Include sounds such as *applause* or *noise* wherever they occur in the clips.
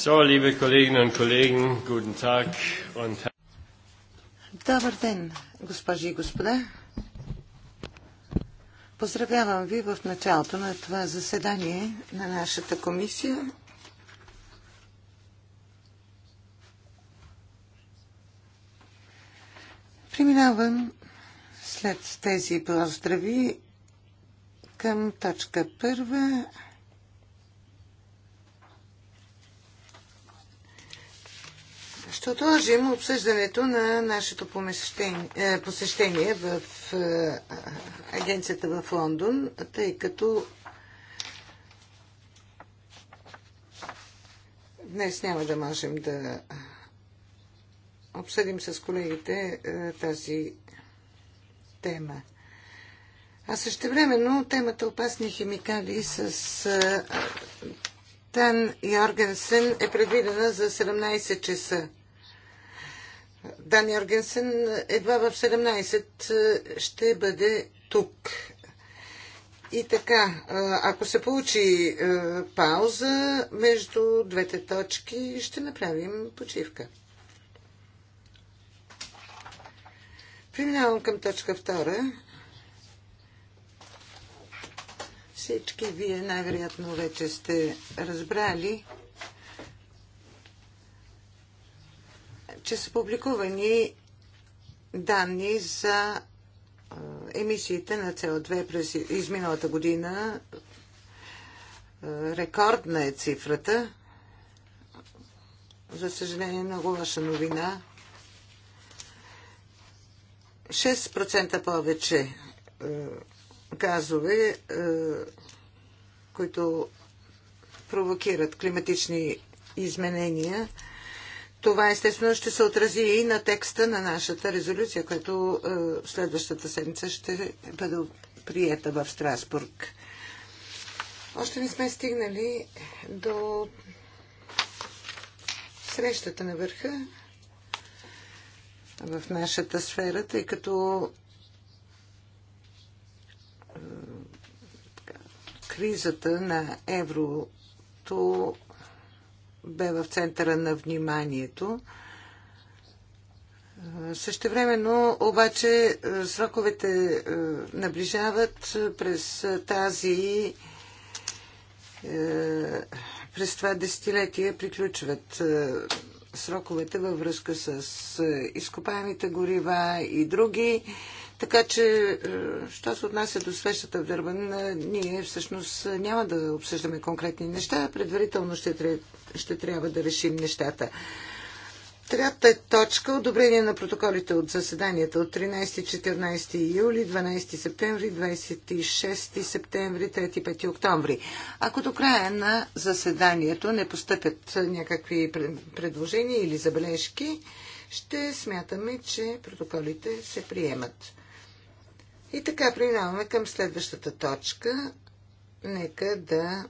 So, liebe Kolleginnen und Kollegen, guten Tag und Добър ден, госпожи и господа. Поздравявам ви в началото на това заседание на нашата комисия. Преминавам след тези поздрави към точка първа Ще отложим обсъждането на нашето е, посещение в е, агенцията в Лондон, тъй като днес няма да можем да обсъдим с колегите е, тази тема. А също времено темата опасни химикали с Тан Йоргенсен е предвидена за 17 часа. Дани Йоргенсен едва в 17 е, ще бъде тук. И така, е, ако се получи е, пауза между двете точки, ще направим почивка. Преминавам към точка втора. Всички вие най-вероятно вече сте разбрали, че са публикувани данни за емисиите на CO2 през изминалата година. Рекордна е цифрата. За съжаление, много лоша новина. 6% повече газове, които провокират климатични изменения, това естествено ще се отрази и на текста на нашата резолюция, която е, следващата седмица ще бъде приета в Страсбург. Още не сме стигнали до срещата на върха в нашата сфера, тъй като е, кризата на еврото бе в центъра на вниманието. Същевременно обаче сроковете е, наближават през тази е, през това десетилетие приключват е, сроковете във връзка с изкопаемите горива и други така че, е, що се отнася до свещата в Дърбан, е, ние всъщност няма да обсъждаме конкретни неща, предварително ще, ще трябва да решим нещата. Трета точка – одобрение на протоколите от заседанията от 13-14 юли, 12 септември, 26 септември, 3-5 октомври. Ако до края на заседанието не постъпят някакви предложения или забележки, ще смятаме, че протоколите се приемат. И така, преминаваме към следващата точка. Нека да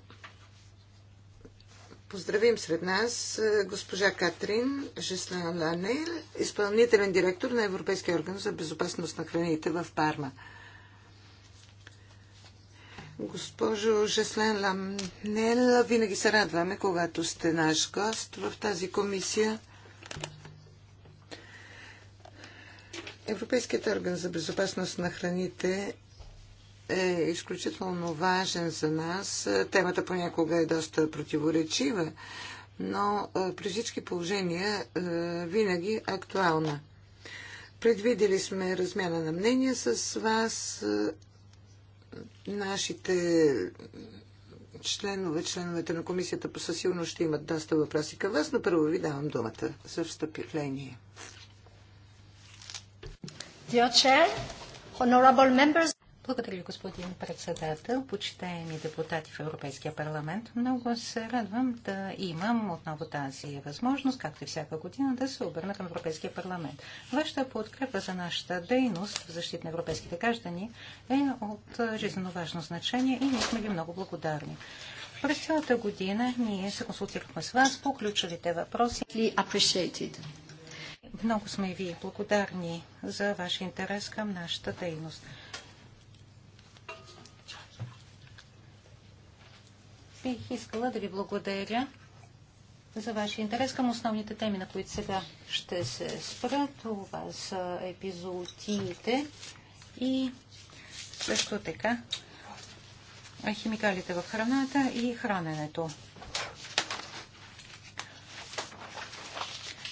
поздравим сред нас е, госпожа Катрин Жеслен Ланел, изпълнителен директор на Европейския орган за безопасност на храните в Парма. Госпожо Жеслен Ламнел, винаги се радваме, когато сте наш гост в тази комисия. Европейският орган за безопасност на храните е изключително важен за нас. Темата понякога е доста противоречива, но е, при всички положения е, винаги е актуална. Предвидели сме размяна на мнения с вас, нашите членове, членовете на комисията по със сигурност ще имат доста въпроси към вас, но първо ви давам думата за встъпление. Благодаря ви, господин председател, почитаеми депутати в Европейския парламент. Много се радвам да имам отново тази възможност, както и всяка година, да се обърна към Европейския парламент. Вашата подкрепа за нашата дейност в защита на европейските граждани е от жизненно важно значение и ние сме ви много благодарни. През цялата година ние се консултирахме с вас по ключовите въпроси. Много сме ви благодарни за ваш интерес към нашата дейност. Бих искала да ви благодаря за вашия интерес към основните теми, на които сега ще се спра. Това са епизодиите и също така химикалите в храната и храненето.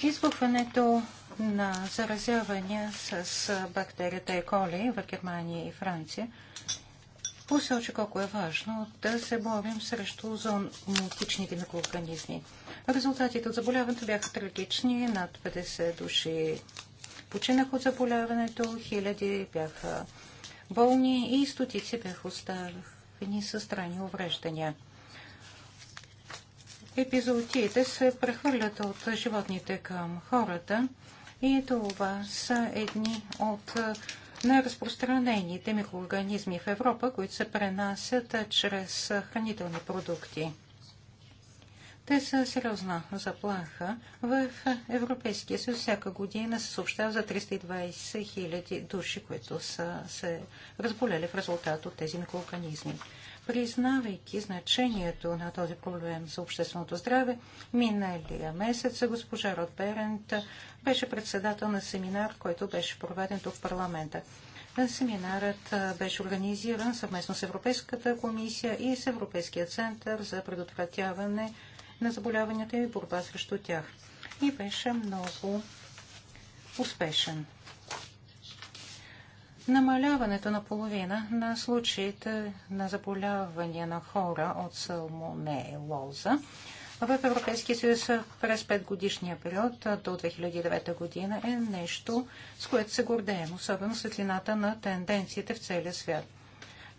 Избухването на заразявания с бактерията Еколи в Германия и Франция посочи колко е важно да се борим срещу зоонотичните микроорганизми. Резултатите от заболяването бяха трагични. Над 50 души починах от заболяването, хиляди бяха болни и стотици бяха оставени с трайни увреждания епизоотиите се прехвърлят от животните към хората и това са едни от най-разпространените микроорганизми в Европа, които се пренасят чрез хранителни продукти. Те са сериозна заплаха. В Европейския съюз всяка година се съобщава за 320 хиляди души, които са се разболели в резултат от тези микроорганизми признавайки значението на този проблем за общественото здраве, миналия месец госпожа Род Берент беше председател на семинар, който беше проведен тук в парламента. Семинарът беше организиран съвместно с Европейската комисия и с Европейския център за предотвратяване на заболяванията и борба срещу тях. И беше много успешен. Намаляването на половина на случаите на заболявания на хора от салмонелоза в Европейския съюз през 5 годишния период до 2009 година е нещо, с което се гордеем, особено светлината на тенденциите в целия свят.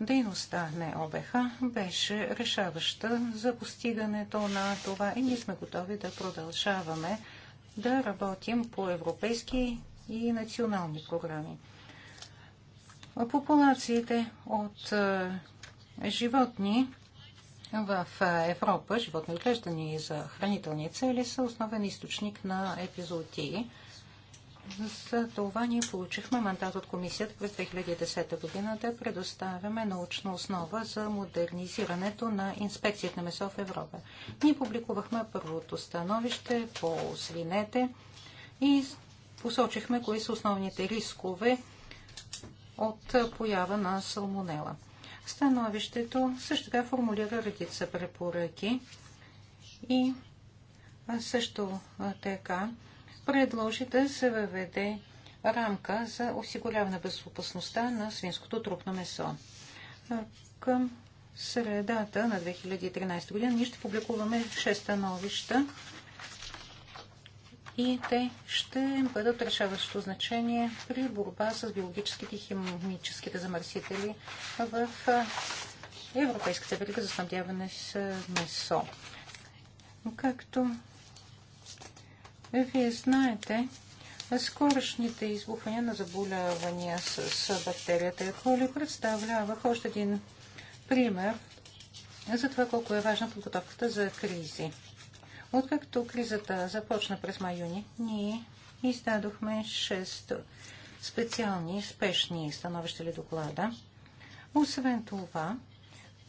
Дейността на ОБХ беше решаваща за постигането на това и ние сме готови да продължаваме да работим по европейски и национални програми. Популациите от е, животни в е, Европа, животни отглеждани за хранителни цели, са основен източник на епизоотии. За това ние получихме мандат от комисията през 2010 година да предоставяме научна основа за модернизирането на инспекцията на месо в Европа. Ние публикувахме първото становище по свинете и посочихме кои са основните рискове от поява на салмонела. Становището също така формулира редица препоръки и също така предложи да се въведе рамка за осигуряване безопасността на свинското трупно месо. Към средата на 2013 година ние ще публикуваме 6 становища и те ще бъдат решаващо значение при борба с биологическите и химическите замърсители в Европейската верига за снабдяване с месо. Както вие знаете, скорошните избухвания на заболявания с бактерията и е. холи представляваха още един пример за това колко е важна подготовката за кризи. Откакто кризата започна през май-юни, ние издадохме 6 специални спешни становища или доклада. Освен това,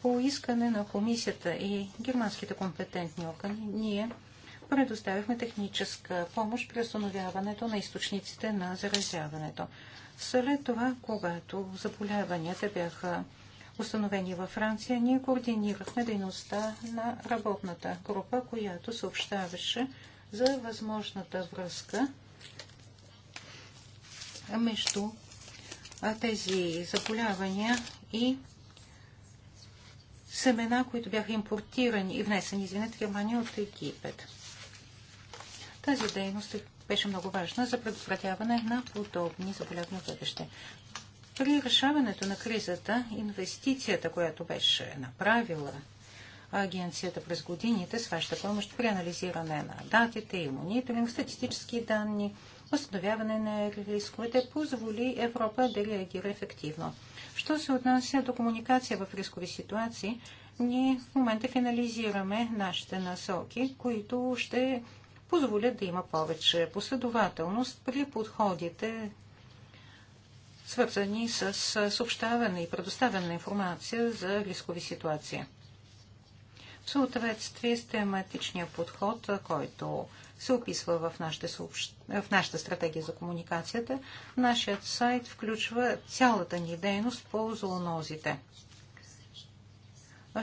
по искане на комисията и германските компетентни органи, ние предоставихме техническа помощ при установяването на източниците на заразяването. След това, когато заболяванията бяха установени във Франция, ние координирахме дейността на работната група, която съобщаваше за възможната връзка между тези заболявания и семена, които бяха импортирани и внесени, извинете, Германия от Египет. Тази дейност е- беше много важна за предотвратяване на подобни заболявания в бъдеще. При решаването на кризата, инвестицията, която беше направила агенцията през годините с вашата помощ при анализиране на датите и мониторинг, статистически данни, установяване на рисковете, позволи Европа да реагира ефективно. Що се отнася до комуникация в рискови ситуации, ние в момента финализираме нашите насоки, които ще позволят да има повече последователност при подходите свързани с съобщаване и предоставяне на информация за рискови ситуации. В съответствие с тематичния подход, който се описва в нашата, съобщ... в нашата стратегия за комуникацията, нашият сайт включва цялата ни дейност по зоонозите.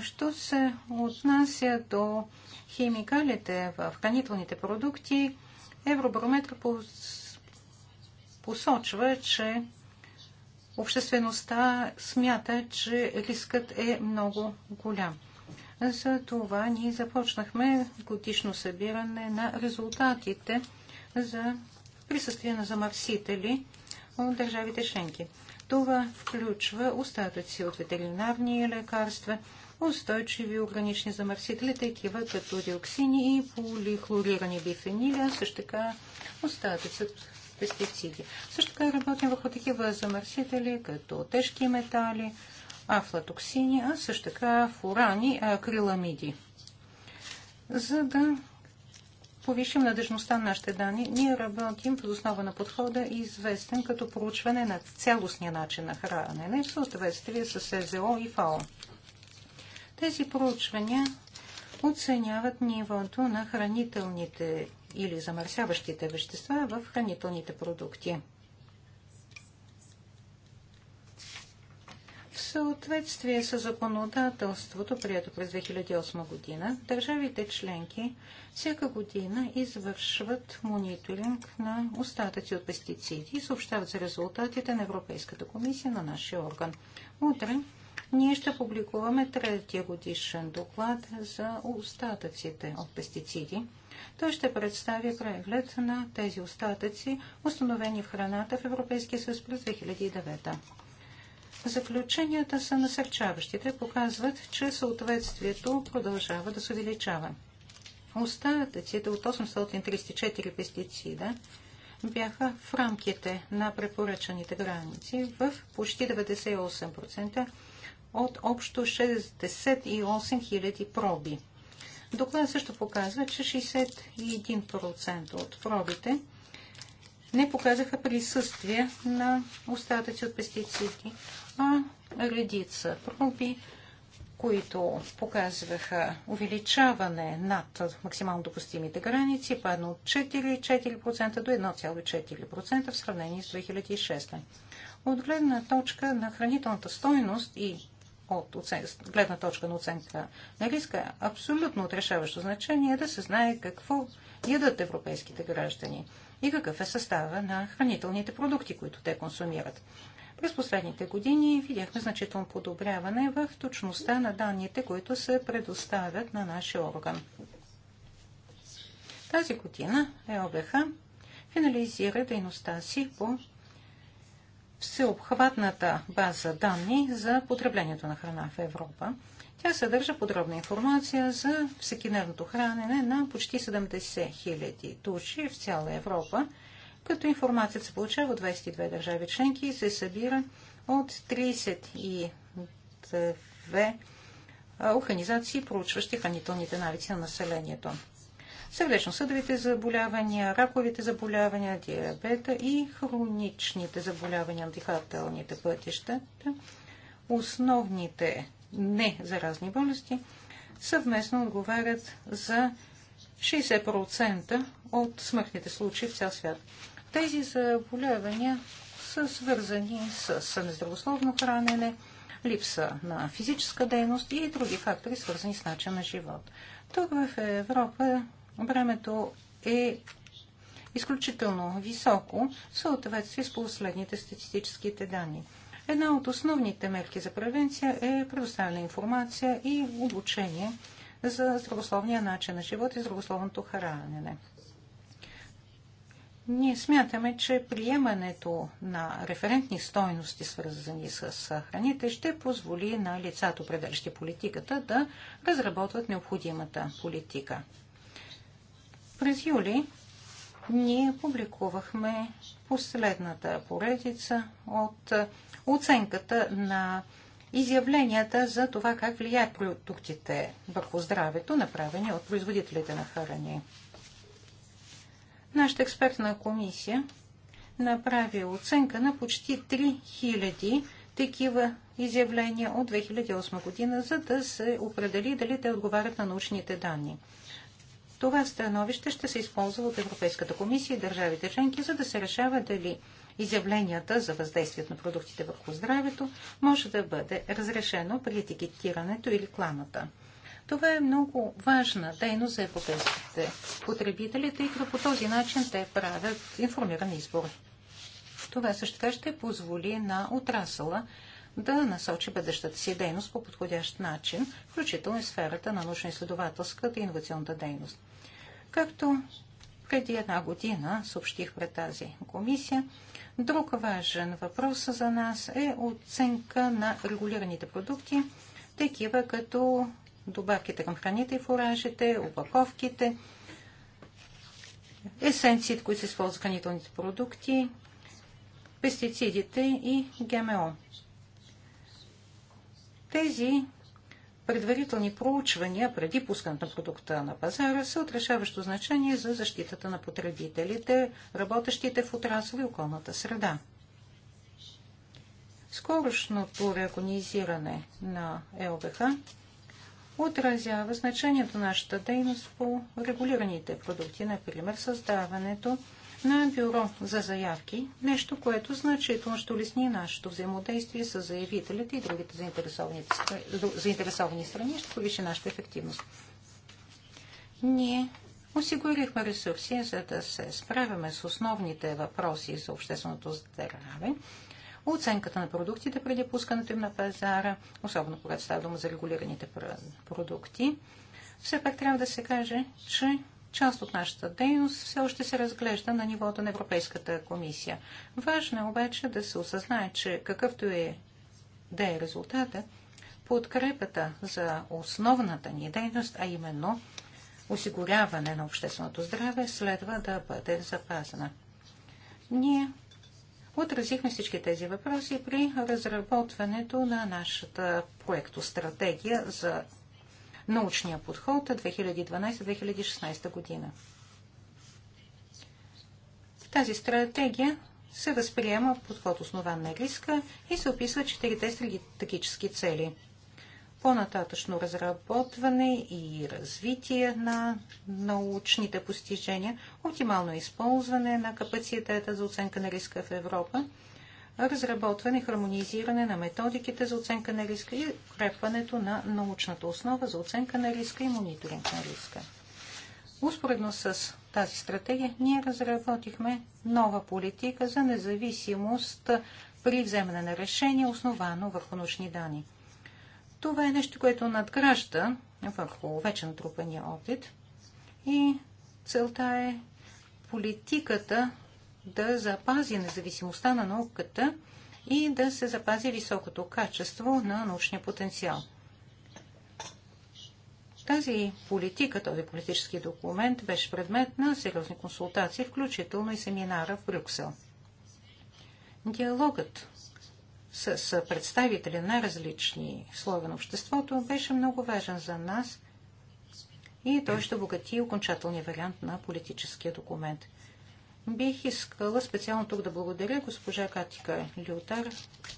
Що се отнася до химикалите в хранителните продукти, Евробарометр посочва, че обществеността смята, че рискът е много голям. За това ние започнахме годишно събиране на резултатите за присъствие на замърсители от държавите членки. Това включва остатъци от ветеринарни лекарства, устойчиви органични замърсители, такива като диоксини и полихлорирани бифенили, а също така остатъци от пестициди. Също така работим върху такива замърсители, като тежки метали, афлатоксини, а също така фурани, акриламиди. За да повишим надежността на нашите данни, ние работим в основа на подхода, известен като проучване на цялостния начин на хранене в съответствие с СЗО и ФАО. Тези проучвания оценяват нивото на хранителните или замърсяващите вещества в хранителните продукти. В съответствие с законодателството, прието през 2008 година, държавите членки всяка година извършват мониторинг на остатъци от пестициди и съобщават за резултатите на Европейската комисия на нашия орган. Утре ние ще публикуваме третия годишен доклад за остатъците от пестициди. Той ще представи преглед на тези остатъци, установени в храната в Европейския съюз през 2009. Заключенията са насърчаващите, показват, че съответствието продължава да се увеличава. Остатъците от 834 пестицида бяха в рамките на препоръчаните граници в почти 98% от общо 68 000 проби. Доклад също показва, че 61% от пробите не показаха присъствие на остатъци от пестициди, а редица проби, които показваха увеличаване над максимално допустимите граници, падна от 4,4% до 1,4% в сравнение с 2006. От гледна точка на хранителната стойност и от оцен... гледна точка на оценка на риска, е абсолютно отрешаващо значение е да се знае какво ядат европейските граждани и какъв е състава на хранителните продукти, които те консумират. През последните години видяхме значително подобряване в точността на данните, които се предоставят на нашия орган. Тази година ЕОБХ финализира дейността си по всеобхватната база данни за потреблението на храна в Европа. Тя съдържа подробна информация за всекидневното хранене на почти 70 000 души в цяла Европа, като информацията се получава от 22 държави членки и се събира от 32 организации, проучващи хранителните навици на населението сърдечно-съдовите заболявания, раковите заболявания, диабета и хроничните заболявания на дихателните пътища, основните незаразни болести, съвместно отговарят за 60% от смъртните случаи в цял свят. Тези заболявания са свързани с нездравословно хранене, липса на физическа дейност и други фактори, свързани с начин на живот. Тук в Европа Времето е изключително високо в съответствие с последните статистическите данни. Една от основните мерки за превенция е предоставена информация и обучение за здравословния начин на живот и здравословното хранене. Ние смятаме, че приемането на референтни стойности, свързани с храните, ще позволи на лицата, определящи политиката, да разработват необходимата политика. През юли ние публикувахме последната поредица от е, оценката на изявленията за това как влияят продуктите върху здравето, направени от производителите на храни. Нашата експертна комисия направи оценка на почти 3000 такива изявления от 2008 година, за да се определи дали те отговарят на научните данни. Това становище ще се използва от Европейската комисия и държавите членки, за да се решава дали изявленията за въздействието на продуктите върху здравето може да бъде разрешено при етикетирането или кламата. Това е много важна дейност за европейските потребители, тъй като по този начин те правят информиран избор. Това също така ще позволи на отрасъла да насочи бъдещата си дейност по подходящ начин, включително и сферата на научно-изследователската и инновационната дейност. Както преди една година съобщих пред тази комисия, друг важен въпрос за нас е оценка на регулираните продукти, такива като добавките към храните и фуражите, упаковките, есенциите, които се използват в хранителните продукти, пестицидите и ГМО. Тези предварителни проучвания преди пускането на продукта на пазара са от решаващо значение за защитата на потребителите, работещите в отрасли и околната среда. Скорошното реагонизиране на ЛВХ отразява значението на нашата дейност по регулираните продукти, например създаването на бюро за заявки, нещо, което значително ще улесни нашето взаимодействие с заявителите и другите заинтересовани, заинтересовани страни, ще повиши нашата ефективност. Ние осигурихме ресурси, за да се справяме с основните въпроси за общественото здраве, оценката на продуктите преди пускането им на пазара, особено когато става дума за регулираните продукти. Все пак трябва да се каже, че Част от нашата дейност все още се разглежда на нивото на Европейската комисия. Важно е обаче да се осъзнае, че какъвто е да е резултата, подкрепата за основната ни дейност, а именно осигуряване на общественото здраве, следва да бъде запазена. Ние отразихме всички тези въпроси при разработването на нашата проектостратегия за научния подход 2012-2016 година. В тази стратегия се възприема подход основан на риска и се описва четирите стратегически цели. По-нататъчно разработване и развитие на научните постижения, оптимално използване на капацитета за оценка на риска в Европа – разработване и хармонизиране на методиките за оценка на риска и укрепването на научната основа за оценка на риска и мониторинг на риска. Успоредно с тази стратегия ние разработихме нова политика за независимост при вземане на решение, основано върху научни данни. Това е нещо, което надгражда върху вече натрупания опит и целта е политиката да запази независимостта на науката и да се запази високото качество на научния потенциал. Тази политика, този политически документ беше предмет на сериозни консултации, включително и семинара в Брюксел. Диалогът с представители на различни слоеве на обществото беше много важен за нас и той ще обогати окончателния вариант на политическия документ – Бих искала специално тук да благодаря госпожа Катика Лютар,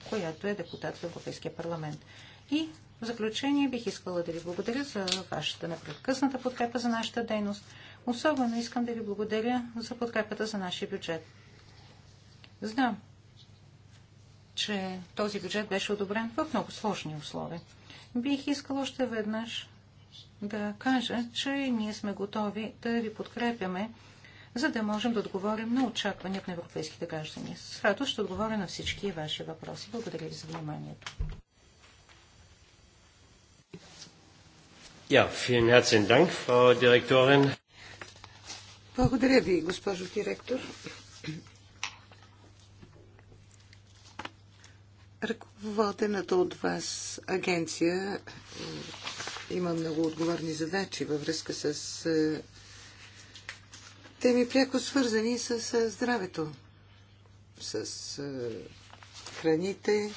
която е депутат в Европейския парламент. И в заключение бих искала да ви благодаря за вашата непрекъсната подкрепа за нашата дейност. Особено искам да ви благодаря за подкрепата за нашия бюджет. Знам, че този бюджет беше одобрен в много сложни условия. Бих искала още веднъж да кажа, че ние сме готови да ви подкрепяме за да можем да отговорим на очакванията на европейските граждани. С радост ще отговоря на всички ваши въпроси. Благодаря ви за вниманието. Ja, vielen herzlichen Dank, Frau Direktorin. Благодаря ви, госпожо директор. Ръководената от вас агенция е, има много отговорни задачи във връзка с е, теми пряко свързани с здравето, с храните.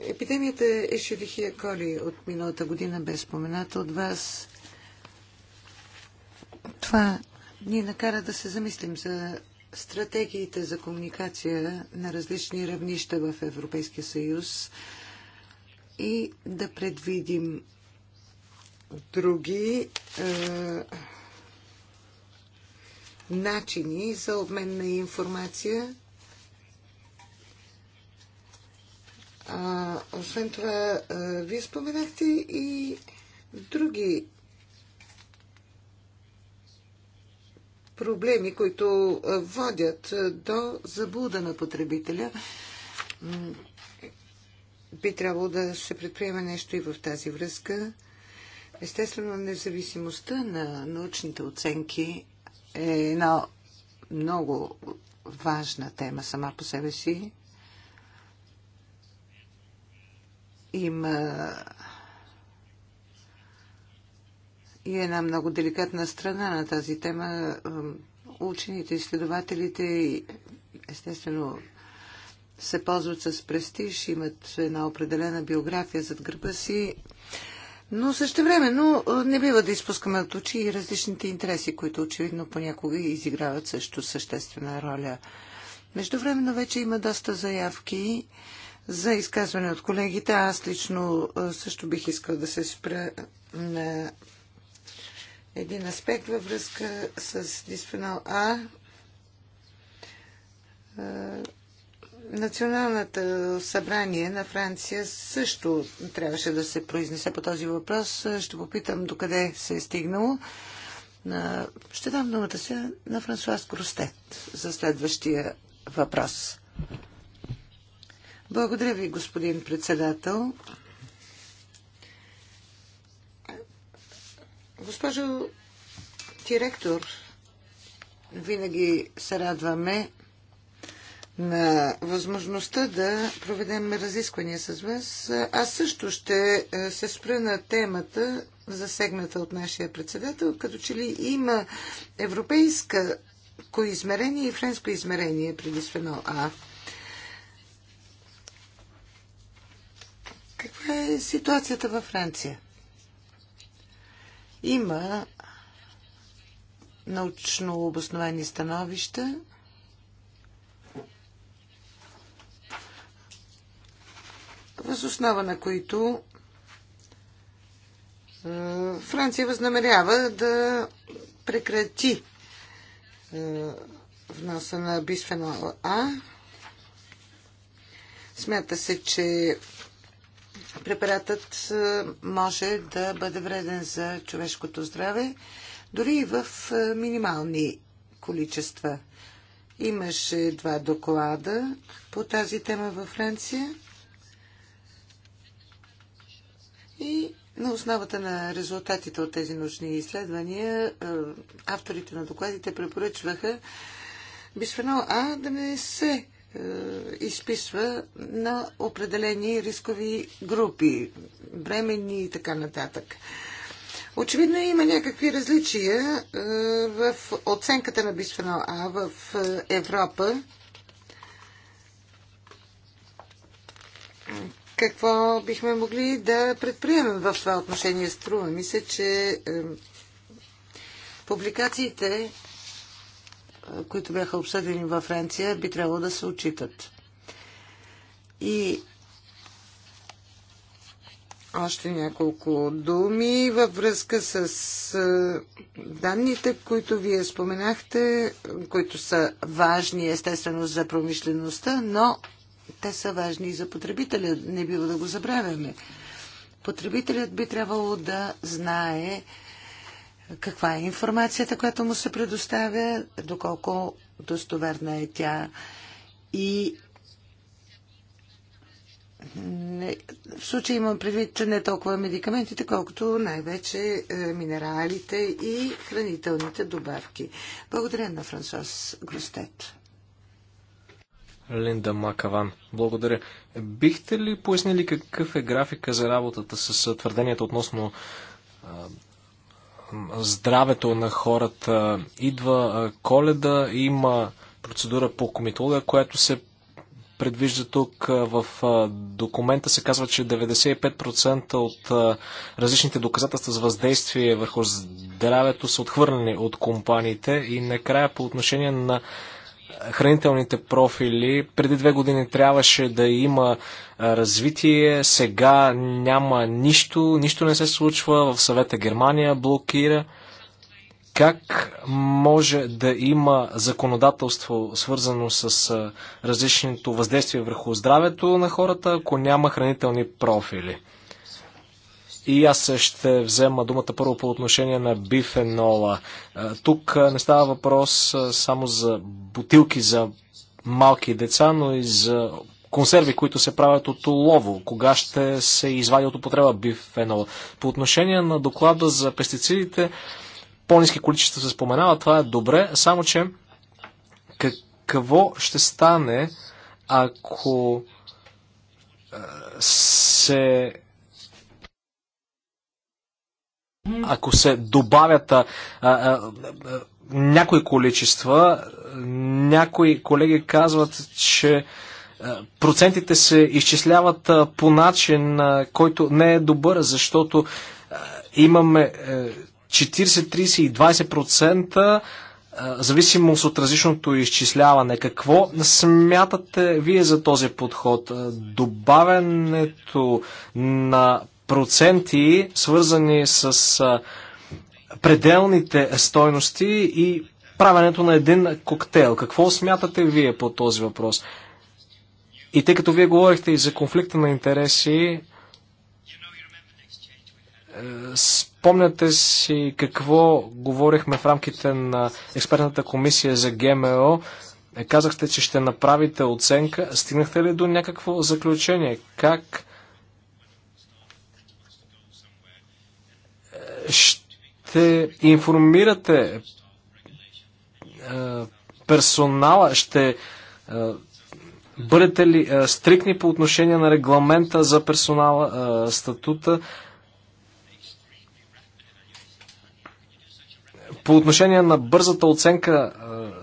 Епидемията шерихия Коли от миналата година бе спомената от вас. Това ни накара да се замислим за стратегиите за комуникация на различни равнища в Европейския съюз и да предвидим други е, начини за обмен на информация. А, освен това, е, вие споменахте и други проблеми, които е, водят е, до заблуда на потребителя. Би трябвало да се предприема нещо и в тази връзка. Естествено, независимостта на научните оценки е една много важна тема сама по себе си. Има и една много деликатна страна на тази тема. Учените, изследователите, естествено, се ползват с престиж, имат една определена биография зад гърба си. Но също време, но не бива да изпускаме от очи и различните интереси, които очевидно понякога изиграват също съществена роля. Междувременно вече има доста заявки за изказване от колегите. Аз лично също бих искал да се спра на един аспект във връзка с дисфенол А. Националната събрание на Франция също трябваше да се произнесе по този въпрос. Ще попитам докъде се е стигнало. Ще дам думата се на Франсуаз Кростет за следващия въпрос. Благодаря ви, господин председател. Госпожо директор, винаги се радваме на възможността да проведем разисквания с вас. Аз също ще е, се спра на темата, засегната от нашия председател, като че ли има европейска измерение и френско измерение преди свено А. Каква е ситуацията във Франция? Има научно обосновани становища, Въз основа на които е, Франция възнамерява да прекрати е, вноса на бисфенол А. Смята се, че препаратът е, може да бъде вреден за човешкото здраве, дори и в минимални количества. Имаше два доклада по тази тема във Франция. И на основата на резултатите от тези научни изследвания, е, авторите на докладите препоръчваха бисфенол А да не се е, изписва на определени рискови групи, бремени и така нататък. Очевидно има някакви различия е, в оценката на бисфенол А в Европа. Какво бихме могли да предприемем в това отношение? Струва ми се, че публикациите, е, които бяха обсъдени във Франция, би трябвало да се отчитат. И още няколко думи във връзка с е, данните, които вие споменахте, които са важни естествено за промишлеността, но те са важни и за потребителя. Не бива да го забравяме. Потребителят би трябвало да знае каква е информацията, която му се предоставя, доколко достоверна е тя и в случай имам предвид, че не толкова медикаментите, колкото най-вече е, минералите и хранителните добавки. Благодаря на Франсуас Гростет. Линда Макаван. Благодаря. Бихте ли пояснили какъв е графика за работата с твърденията относно здравето на хората? Идва коледа, има процедура по комитология, която се предвижда тук. В документа се казва, че 95% от различните доказателства за въздействие върху здравето са отхвърлени от компаниите. И накрая по отношение на хранителните профили. Преди две години трябваше да има развитие, сега няма нищо, нищо не се случва, в съвета Германия блокира. Как може да има законодателство, свързано с различното въздействие върху здравето на хората, ако няма хранителни профили? И аз ще взема думата първо по отношение на бифенола. Е, тук е, не става въпрос е, само за бутилки за малки деца, но и за консерви, които се правят от лово. Кога ще се извади от употреба бифенола? По отношение на доклада за пестицидите, по-низки количества се споменава, това е добре, само че какво ще стане, ако се ако се добавят а, а, а, някои количества, някои колеги казват, че процентите се изчисляват по начин, който не е добър, защото имаме 40, е, 30 и 20% зависимост от различното изчисляване. Какво смятате вие за този подход? Добавянето на проценти, свързани с пределните стойности и правенето на един коктейл. Какво смятате вие по този въпрос? И тъй като вие говорихте и за конфликта на интереси, е, спомняте си какво говорихме в рамките на експертната комисия за ГМО. Казахте, че ще направите оценка. Стигнахте ли до някакво заключение? Как Ще информирате персонала, ще бъдете ли стрикни по отношение на регламента за персонала, статута? По отношение на бързата оценка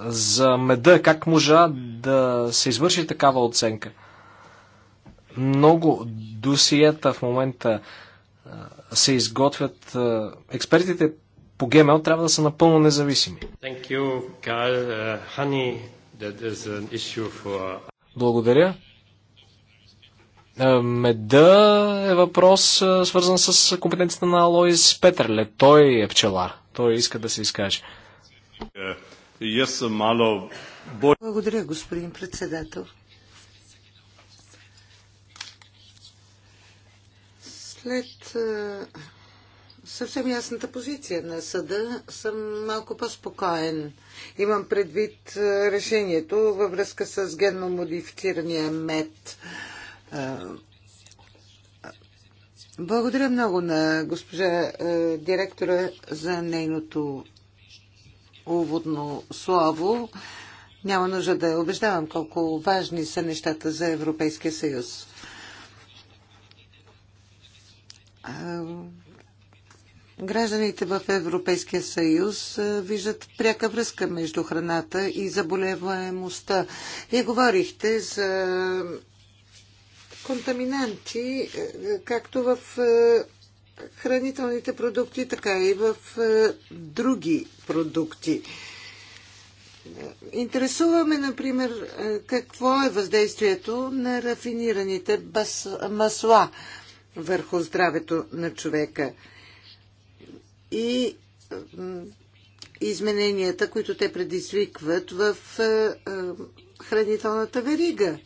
за меда, как можа да се извърши такава оценка? Много досиета в момента се изготвят експертите по ГМО трябва да са напълно независими. You, uh, Honey, for... Благодаря. Меда е въпрос, свързан с компетенцията на Алоис Петерле. Той е пчелар. Той иска да се изкаже. Е, Благодаря, господин председател. След съвсем ясната позиция на съда съм малко по-спокоен. Имам предвид решението във връзка с генно модифицирания мед. Благодаря много на госпожа директора за нейното уводно слово. Няма нужда да я убеждавам колко важни са нещата за Европейския съюз. Гражданите в Европейския съюз виждат пряка връзка между храната и заболеваемостта. Вие говорихте за контаминанти, както в хранителните продукти, така и в други продукти. Интересуваме, например, какво е въздействието на рафинираните масла върху здравето на човека. И измененията, които те предизвикват в е, е, хранителната верига. Е,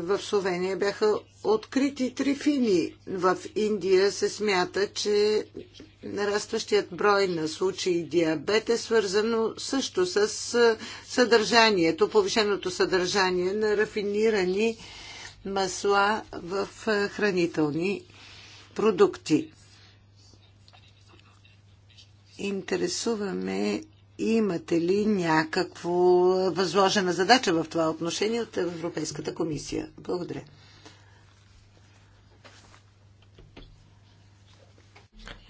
в Словения бяха открити трифини. В Индия се смята, че нарастващият брой на случаи диабет е свързано също с съдържанието, повишеното съдържание на рафинирани масла в е, хранителни продукти. Интересуваме имате ли някакво възложена задача в това отношение от Европейската комисия. Благодаря.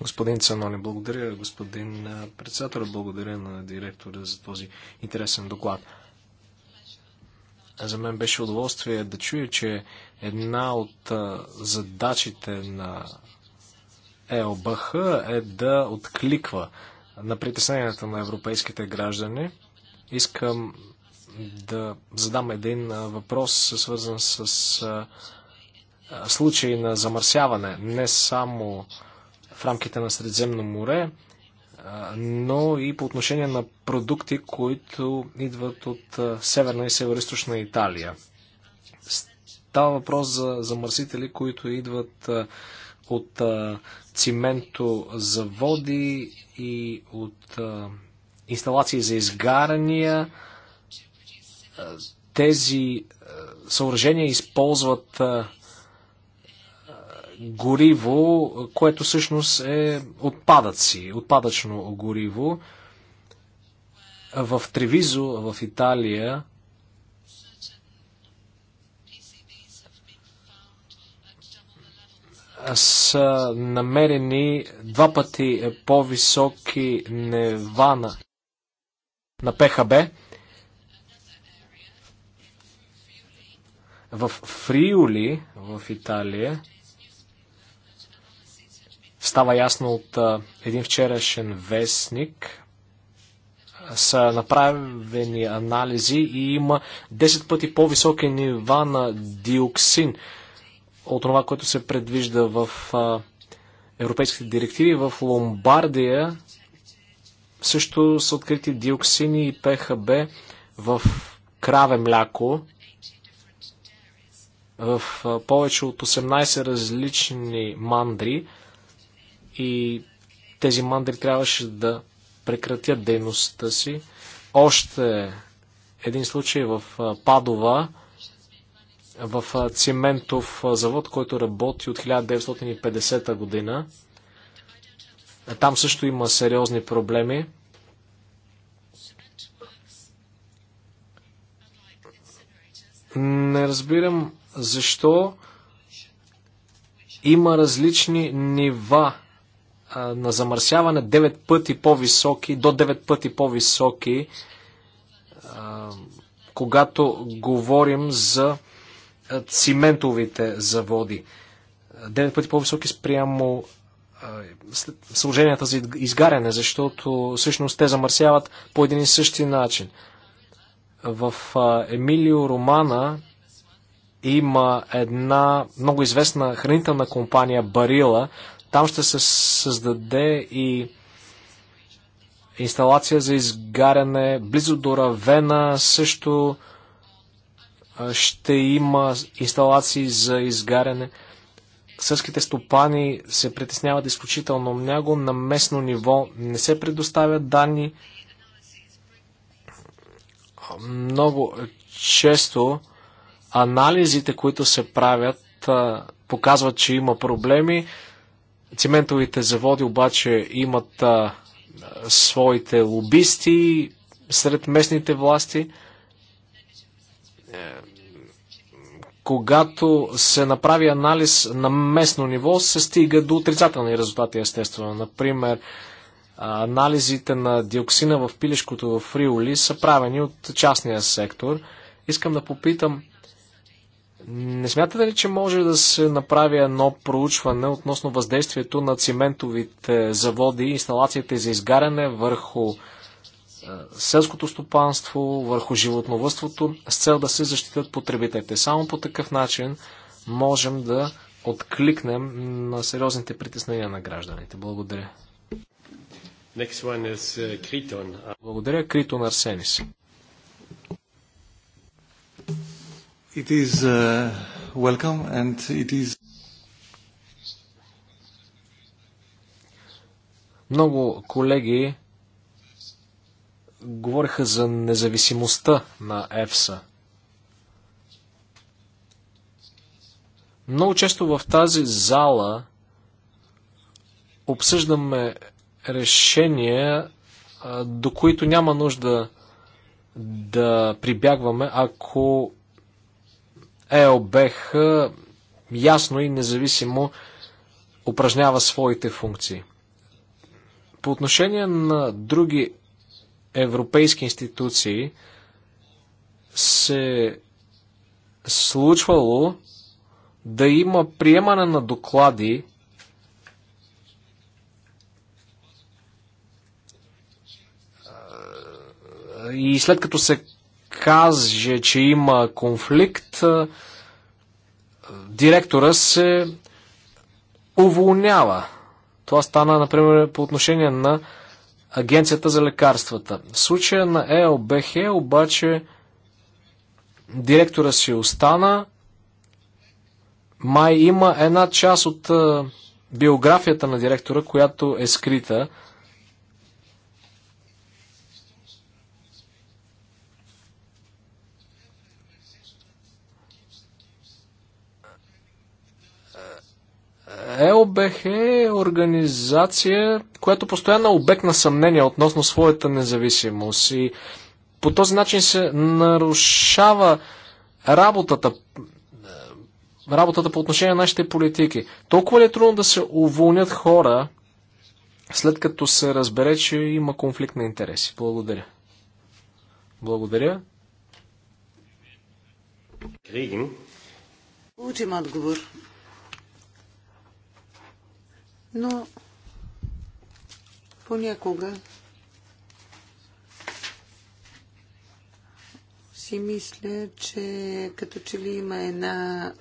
Господин Цанони, благодаря. Господин председател, благодаря на директора за този интересен доклад. За мен беше удоволствие да чуя, че една от задачите на ЕОБХ е да откликва на притесненията на европейските граждани. Искам да задам един въпрос, свързан с случаи на замърсяване, не само в рамките на Средиземно море, но и по отношение на продукти, които идват от северна и северо Италия. Става въпрос за замърсители, които идват от води и от инсталации за изгарания. Тези съоръжения използват гориво, което всъщност е отпадъци, отпадъчно гориво. В Тревизо, в Италия, са намерени два пъти по-високи нива на, на ПХБ. В Фриули в Италия, става ясно от един вчерашен вестник, са направени анализи и има 10 пъти по-високи нива на диоксин от това, което се предвижда в европейските директиви. В Ломбардия също са открити диоксини и ПХБ в краве мляко в повече от 18 различни мандри и тези мандри трябваше да прекратят дейността си. Още един случай в Падова, в циментов завод, който работи от 1950 година. Там също има сериозни проблеми. Не разбирам защо има различни нива на замърсяване 9 пъти по-високи, до 9 пъти по-високи, когато говорим за циментовите заводи. 9 пъти по-високи спрямо съложенията за изгаряне, защото всъщност те замърсяват по един и същи начин. В Емилио Романа има една много известна хранителна компания Барила, там ще се създаде и инсталация за изгаряне близо до Равена. Също ще има инсталации за изгаряне. Сърските стопани се притесняват изключително много. На местно ниво не се предоставят данни. Много често анализите, които се правят, показват, че има проблеми. Циментовите заводи обаче имат а, своите лобисти сред местните власти. Е, когато се направи анализ на местно ниво, се стига до отрицателни резултати, естествено. Например, анализите на диоксина в пилешкото в Риоли са правени от частния сектор. Искам да попитам, не смятате ли, че може да се направи едно проучване относно въздействието на циментовите заводи и инсталациите за изгаряне върху е, селското стопанство, върху животновътството, с цел да се защитят потребителите. Само по такъв начин можем да откликнем на сериозните притеснения на гражданите. Благодаря. Е, Благодаря, Критон Арсенис. It is uh, welcome and it is Много колеги говориха за независимостта на ЕФСА. Много често в тази зала обсъждаме решения, до които няма нужда да прибягваме, ако ЕОБХ ясно и независимо упражнява своите функции. По отношение на други европейски институции се случвало да има приемане на доклади и след като се каже, че има конфликт, директора се уволнява. Това стана, например, по отношение на Агенцията за лекарствата. В случая на ЕОБХ обаче директора си остана. Май има една част от биографията на директора, която е скрита. ЕОБХ е организация, която постоянно е обект на съмнение относно своята независимост и по този начин се нарушава работата, работата по отношение на нашите политики. Толкова ли е трудно да се уволнят хора, след като се разбере, че има конфликт на интереси? Благодаря. Благодаря. Кригин. Получим отговор но понякога си мисля, че като че ли има една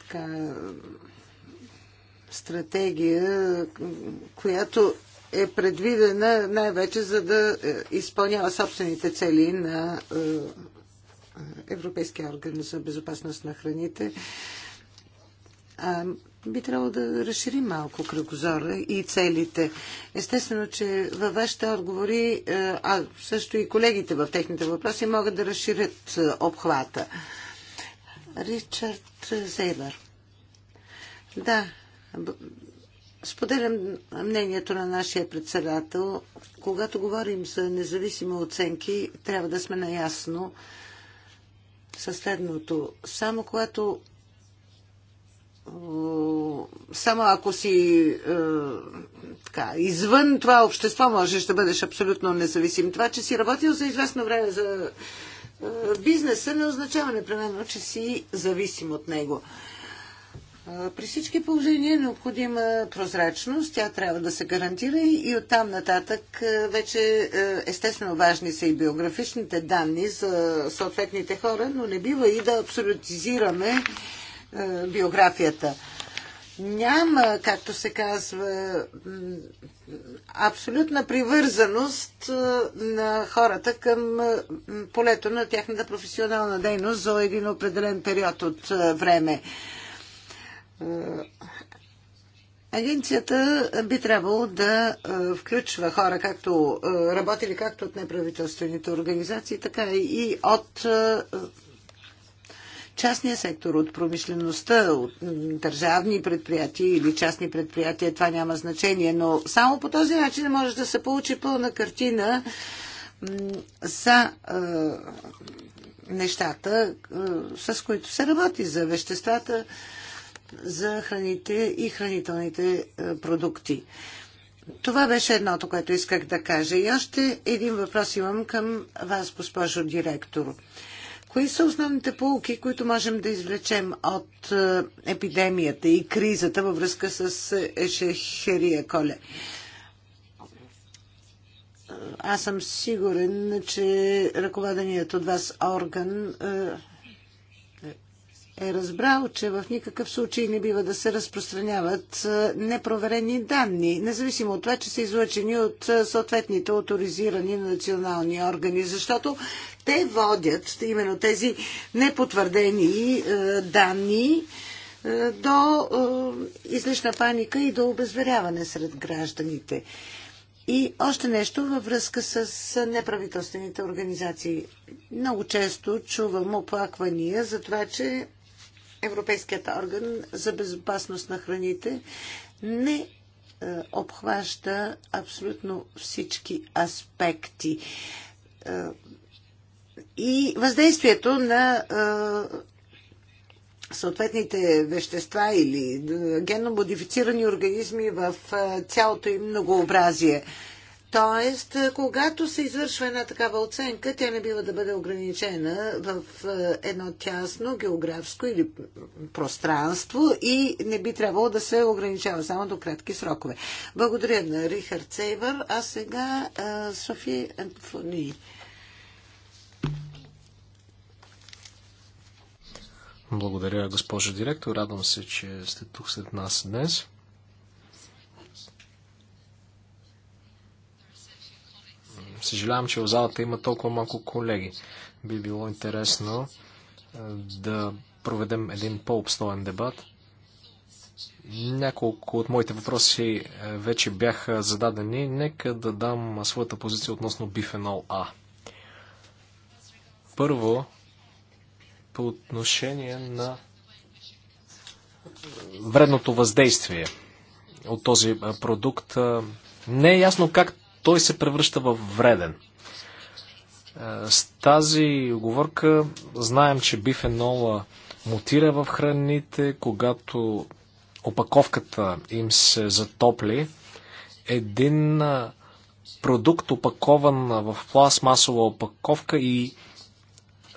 така стратегия, която е предвидена най-вече за да е, изпълнява собствените цели на е, Европейския орган за безопасност на храните би трябвало да разширим малко кръгозора и целите. Естествено, че във вашите отговори, е, а също и колегите в техните въпроси могат да разширят е, обхвата. Ричард Зейбър. Да, споделям мнението на нашия председател. Когато говорим за независими оценки, трябва да сме наясно със следното. Само когато само ако си е, така, извън това общество, можеш да бъдеш абсолютно независим. Това, че си работил за известно време за е, бизнеса, не означава непременно, че си зависим от него. Е, при всички положения е необходима прозрачност, тя трябва да се гарантира и оттам нататък е, вече е, естествено важни са и биографичните данни за съответните хора, но не бива и да абсолютизираме е, биографията. Няма, както се казва, абсолютна привързаност е, на хората към е, полето на тяхната професионална дейност за един определен период от време. Агенцията би трябвало да включва хора, както работили както от неправителствените организации, така и от частния сектор, от промишлеността, от държавни предприятия или частни предприятия, това няма значение, но само по този начин може да се получи пълна картина за нещата, с които се работи, за веществата, за храните и хранителните продукти. Това беше едното, което исках да кажа. И още един въпрос имам към вас, госпожо директор. Кои са основните полуки, които можем да извлечем от е, епидемията и кризата във връзка с Ешехерия Коле? Аз съм сигурен, че ръководеният от вас орган е, е разбрал, че в никакъв случай не бива да се разпространяват е, непроверени данни, независимо от това, че са излъчени от е, съответните авторизирани национални органи, защото те водят именно тези непотвърдени е, данни до излишна паника и до обезверяване сред гражданите. И още нещо във връзка с неправителствените организации. Много често чувам оплаквания за това, че Европейският орган за безопасност на храните не е, обхваща абсолютно всички аспекти е, и въздействието на е, съответните вещества или генно модифицирани организми в цялото им многообразие – Тоест, когато се извършва една такава оценка, тя не бива да бъде ограничена в едно тясно географско или пространство и не би трябвало да се ограничава само до кратки срокове. Благодаря на Рихард Сейвър, а сега Софи Антони. Благодаря, госпожо директор. Радвам се, че сте тук след нас днес. Съжалявам, че в залата има толкова малко колеги. Би било интересно да проведем един по-обстоен дебат. Няколко от моите въпроси вече бяха зададени. Нека да дам своята позиция относно бифенол А. Първо, по отношение на вредното въздействие от този продукт. Не е ясно как той се превръща в вреден. Е, с тази оговорка знаем, че бифенола мутира в храните, когато опаковката им се затопли. Един е, продукт, опакован в пластмасова опаковка и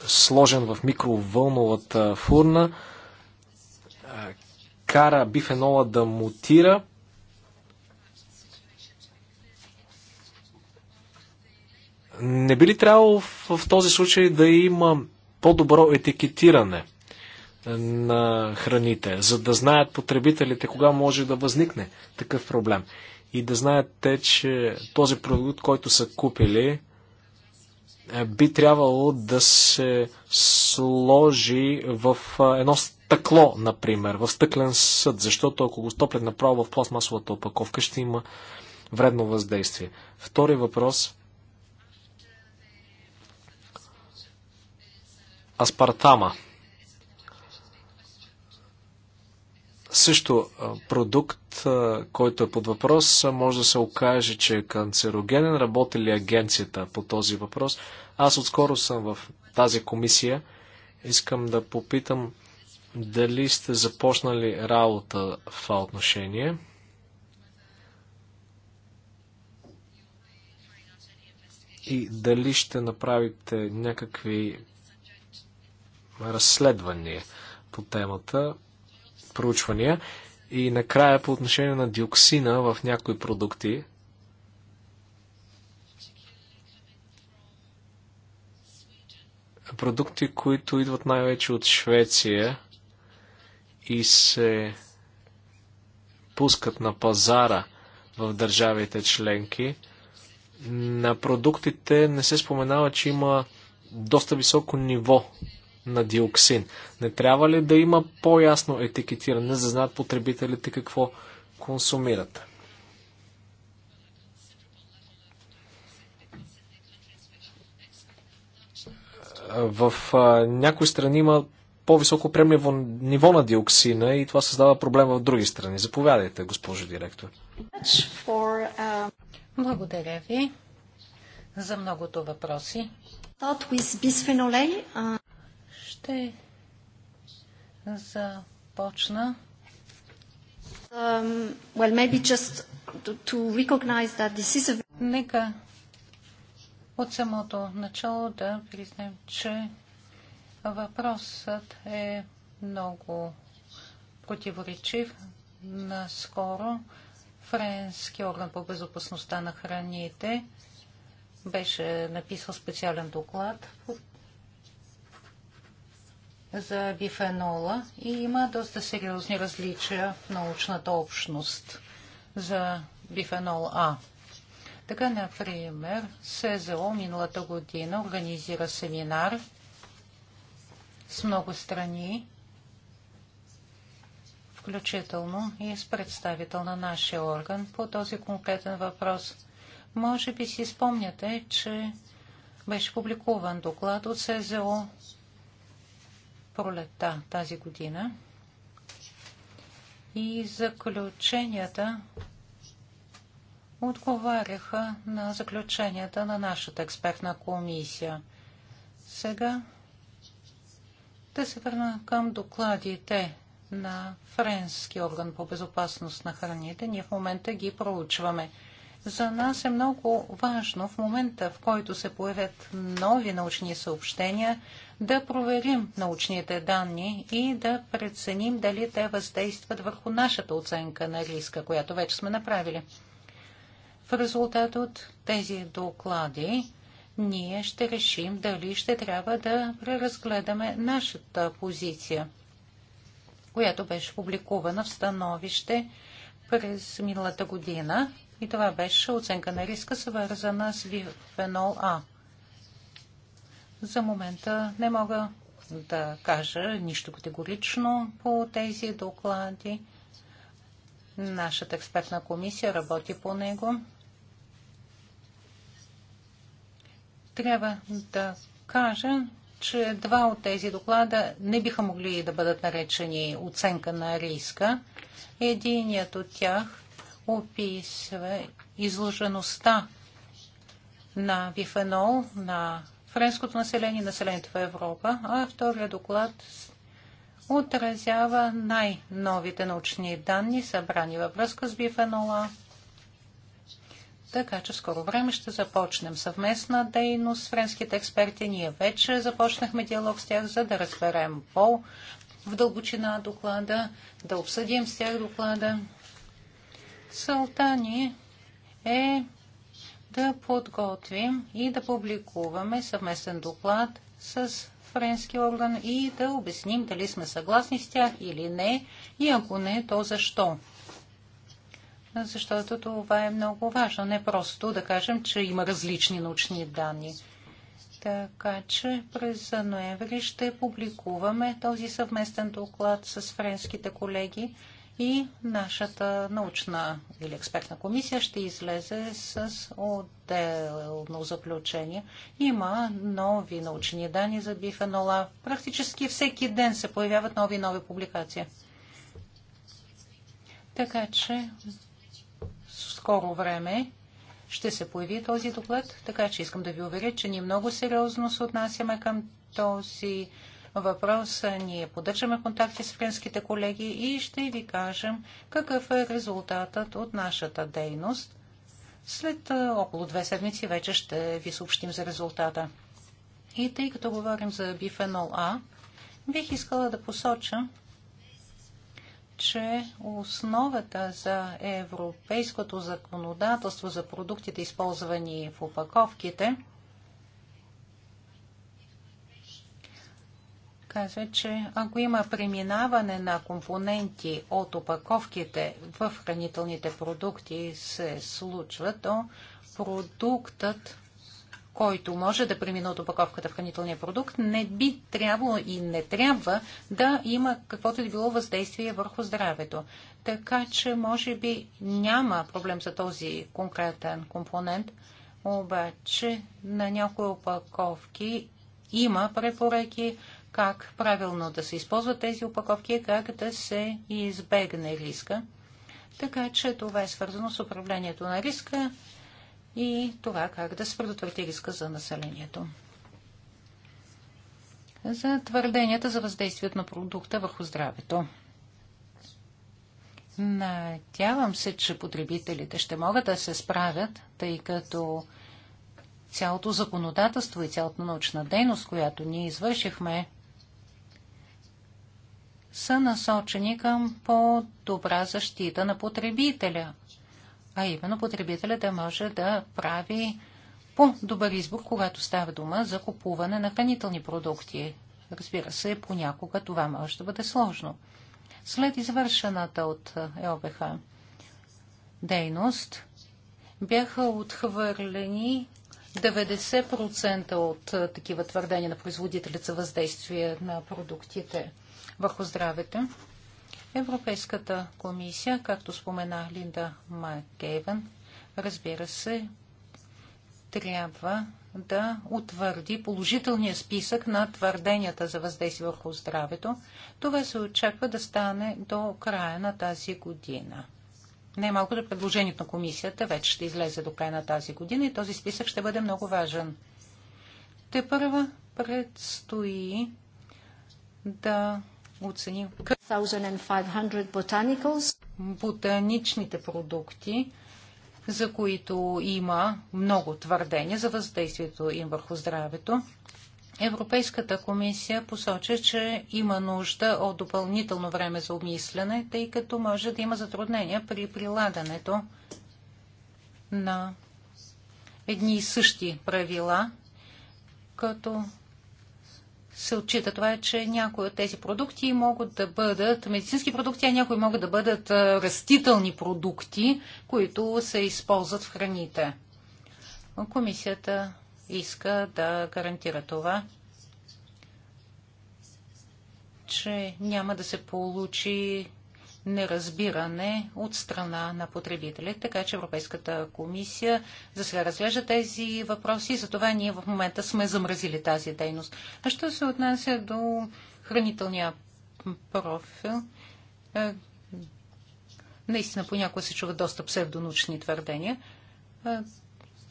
сложен в микровълновата фурна, е, кара бифенола да мутира – Не би ли трябвало в, в този случай да има по-добро етикетиране на храните, за да знаят потребителите кога може да възникне такъв проблем? И да знаят те, че този продукт, който са купили, е, би трябвало да се сложи в е, едно стъкло, например, в стъклен съд, защото ако го стоплят направо в пластмасовата опаковка, ще има вредно въздействие. Втори въпрос. аспартама. Също продукт, който е под въпрос, може да се окаже, че е канцерогенен. Работи ли агенцията по този въпрос? Аз отскоро съм в тази комисия. Искам да попитам дали сте започнали работа в това отношение. И дали ще направите някакви разследвания по темата, проучвания. И накрая по отношение на диоксина в някои продукти. Продукти, които идват най-вече от Швеция и се пускат на пазара в държавите членки. На продуктите не се споменава, че има доста високо ниво на диоксин. Не трябва ли да има по-ясно етикетиране, за да знаят потребителите какво консумират? В някои страни има по-високо премливо ниво на диоксина и това създава проблем в други страни. Заповядайте, госпожо директор. Благодаря ви за многото въпроси. Ще започна. Um, well, maybe just to, to recognize that this is a... Нека от самото начало да признаем, че въпросът е много противоречив. Наскоро френски орган по безопасността на храните беше написал специален доклад по за бифенола и има доста сериозни различия в научната общност за бифенол А. Така, например, СЗО миналата година организира семинар с много страни, включително и с представител на нашия орган по този конкретен въпрос. Може би си спомняте, че беше публикуван доклад от СЗО пролета тази година. И заключенията отговаряха на заключенията на нашата експертна комисия. Сега да се върна към докладите на френски орган по безопасност на храните. Ние в момента ги проучваме. За нас е много важно в момента, в който се появят нови научни съобщения, да проверим научните данни и да преценим дали те въздействат върху нашата оценка на риска, която вече сме направили. В резултат от тези доклади ние ще решим дали ще трябва да преразгледаме нашата позиция, която беше публикувана в становище през миналата година и това беше оценка на риска, свързана с бифенол А. За момента не мога да кажа нищо категорично по тези доклади. Нашата експертна комисия работи по него. Трябва да кажа, че два от тези доклада не биха могли да бъдат наречени оценка на риска. Единият от тях описва изложеността на бифенол на френското население и населението в Европа, а втория доклад отразява най-новите научни данни, събрани във връзка с бифенола. Така че в скоро време ще започнем съвместна дейност с френските експерти. Ние вече започнахме диалог с тях, за да разберем по в дълбочина доклада, да обсъдим с тях доклада. Целта ни е да подготвим и да публикуваме съвместен доклад с френски орган и да обясним дали сме съгласни с тях или не и ако не, то защо. Защото това е много важно. Не просто да кажем, че има различни научни данни. Така че през ноември ще публикуваме този съвместен доклад с френските колеги и нашата научна или експертна комисия ще излезе с отделно заключение. Има нови научни данни за бифенола. Практически всеки ден се появяват нови и нови публикации. Така че в скоро време ще се появи този доклад, така че искам да ви уверя, че ние много сериозно се отнасяме към този въпрос. Ние поддържаме контакти с френските колеги и ще ви кажем какъв е резултатът от нашата дейност. След около две седмици вече ще ви съобщим за резултата. И тъй като говорим за бифенол А, бих искала да посоча, че основата за европейското законодателство за продуктите, използвани в опаковките – казва, че ако има преминаване на компоненти от опаковките в хранителните продукти се случва, то продуктът, който може да премина от опаковката в хранителния продукт, не би трябвало и не трябва да има каквото и било въздействие върху здравето. Така че може би няма проблем за този конкретен компонент, обаче на някои опаковки има препоръки как правилно да се използват тези упаковки и как да се избегне риска. Така че това е свързано с управлението на риска и това как да се предотврати риска за населението. За твърденията за въздействието на продукта върху здравето. Надявам се, че потребителите ще могат да се справят, тъй като цялото законодателство и цялата научна дейност, която ние извършихме, са насочени към по-добра защита на потребителя. А именно потребителя да може да прави по-добър избор, когато става дума за купуване на хранителни продукти. Разбира се, понякога това може да бъде сложно. След извършената от ЕОБХ дейност бяха отхвърлени 90% от такива твърдения на производителите за въздействие на продуктите върху здравето. Европейската комисия, както спомена Линда Макевен, разбира се, трябва да утвърди положителния списък на твърденията за въздействие върху здравето. Това се очаква да стане до края на тази година. Най-малкото е предложението на комисията вече ще излезе до края на тази година и този списък ще бъде много важен. Те първа предстои да оценил. 1500 Ботаничните продукти, за които има много твърдения за въздействието им върху здравето. Европейската комисия посочи, че има нужда от допълнително време за обмисляне, тъй като може да има затруднения при прилагането на едни и същи правила, като се отчита това, е, че някои от тези продукти могат да бъдат медицински продукти, а някои могат да бъдат растителни продукти, които се използват в храните. Комисията иска да гарантира това, че няма да се получи неразбиране от страна на потребителите, така че Европейската комисия за сега разглежда тези въпроси и затова ние в момента сме замразили тази дейност. А що се отнася до хранителния профил, е, наистина понякога се чуват доста псевдонучни твърдения. Е,